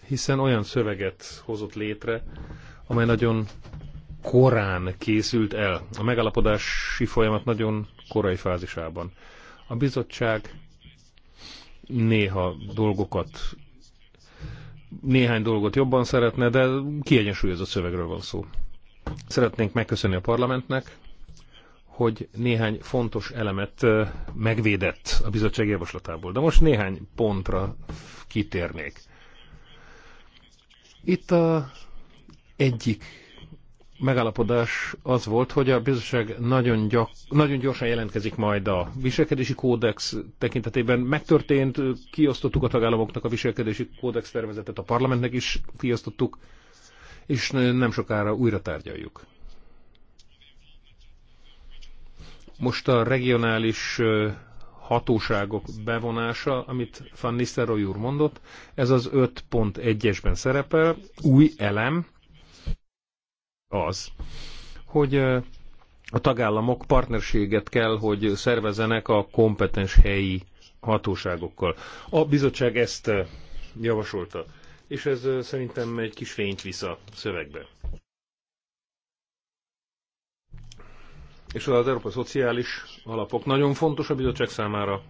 hiszen olyan szöveget hozott létre, amely nagyon korán készült el. A megalapodási folyamat nagyon korai fázisában. A bizottság néha dolgokat, néhány dolgot jobban szeretne, de kiegyensúlyozott szövegről van szó. Szeretnénk megköszönni a parlamentnek, hogy néhány fontos elemet megvédett a bizottság javaslatából. De most néhány pontra kitérnék. Itt a egyik megállapodás az volt, hogy a bizottság nagyon, gyak, nagyon gyorsan jelentkezik majd a viselkedési kódex tekintetében. Megtörtént, kiosztottuk a tagállamoknak a viselkedési kódex tervezetet, a parlamentnek is kiosztottuk, és nem sokára újra tárgyaljuk. Most a regionális hatóságok bevonása, amit Van Nistelrooy úr mondott, ez az 5.1-esben szerepel, új elem, az, hogy a tagállamok partnerséget kell, hogy szervezenek a kompetens helyi hatóságokkal. A bizottság ezt javasolta, és ez szerintem egy kis fényt visz a szövegbe. És az Európa Szociális Alapok nagyon fontos a bizottság számára.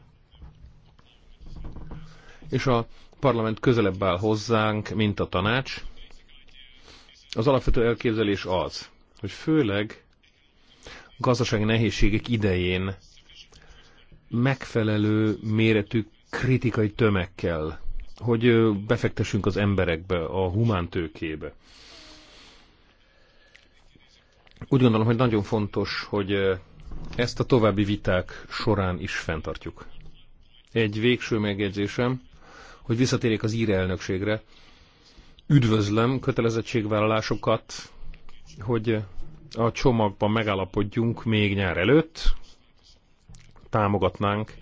És a parlament közelebb áll hozzánk, mint a tanács, az alapvető elképzelés az, hogy főleg gazdasági nehézségek idején megfelelő méretű kritikai tömeg kell, hogy befektessünk az emberekbe, a humántőkébe. Úgy gondolom, hogy nagyon fontos, hogy ezt a további viták során is fenntartjuk. Egy végső megjegyzésem, hogy visszatérjek az ír elnökségre, Üdvözlöm kötelezettségvállalásokat, hogy a csomagban megállapodjunk még nyár előtt, támogatnánk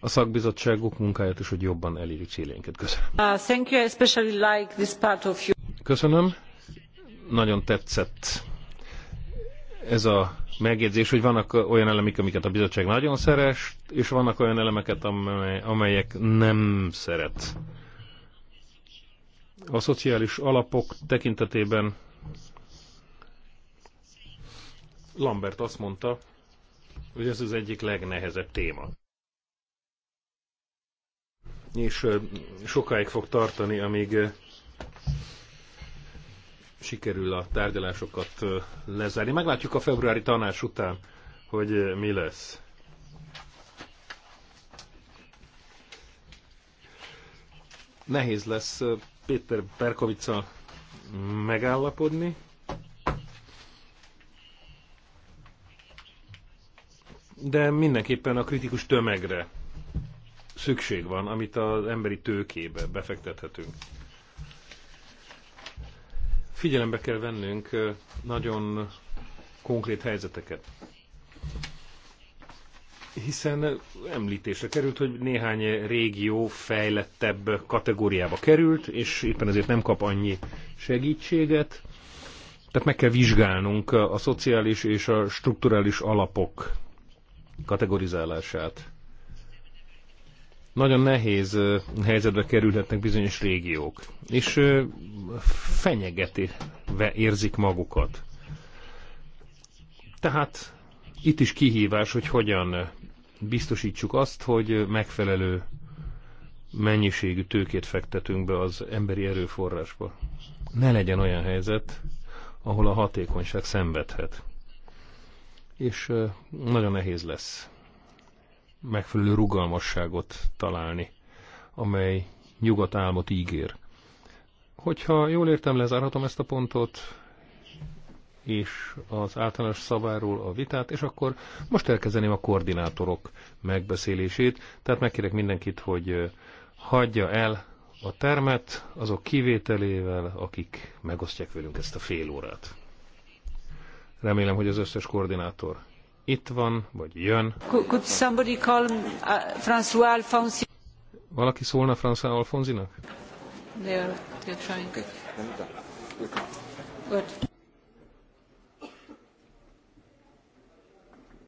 a szakbizottságok munkáját is, hogy jobban elérjük célénket. Köszönöm. Uh, thank you, especially like this part of you. Köszönöm. Nagyon tetszett ez a megjegyzés, hogy vannak olyan elemek, amiket a bizottság nagyon szeret, és vannak olyan elemeket, amelyek nem szeret a szociális alapok tekintetében Lambert azt mondta, hogy ez az egyik legnehezebb téma. És sokáig fog tartani, amíg sikerül a tárgyalásokat lezárni. Meglátjuk a februári tanács után, hogy mi lesz. Nehéz lesz Péter Perkovica megállapodni. De mindenképpen a kritikus tömegre szükség van, amit az emberi tőkébe befektethetünk. Figyelembe kell vennünk nagyon konkrét helyzeteket hiszen említésre került, hogy néhány régió fejlettebb kategóriába került, és éppen ezért nem kap annyi segítséget. Tehát meg kell vizsgálnunk a szociális és a strukturális alapok kategorizálását. Nagyon nehéz helyzetbe kerülhetnek bizonyos régiók, és fenyegeti érzik magukat. Tehát itt is kihívás, hogy hogyan biztosítsuk azt, hogy megfelelő mennyiségű tőkét fektetünk be az emberi erőforrásba. Ne legyen olyan helyzet, ahol a hatékonyság szenvedhet. És nagyon nehéz lesz megfelelő rugalmasságot találni, amely nyugat álmot ígér. Hogyha jól értem, lezárhatom ezt a pontot, és az általános szabáról a vitát, és akkor most elkezdeném a koordinátorok megbeszélését. Tehát megkérek mindenkit, hogy hagyja el a termet azok kivételével, akik megosztják velünk ezt a fél órát. Remélem, hogy az összes koordinátor itt van, vagy jön. Could somebody call uh, François Alfonsi? Valaki szólna François Alfonsinak? They are, they are trying. Okay. Good.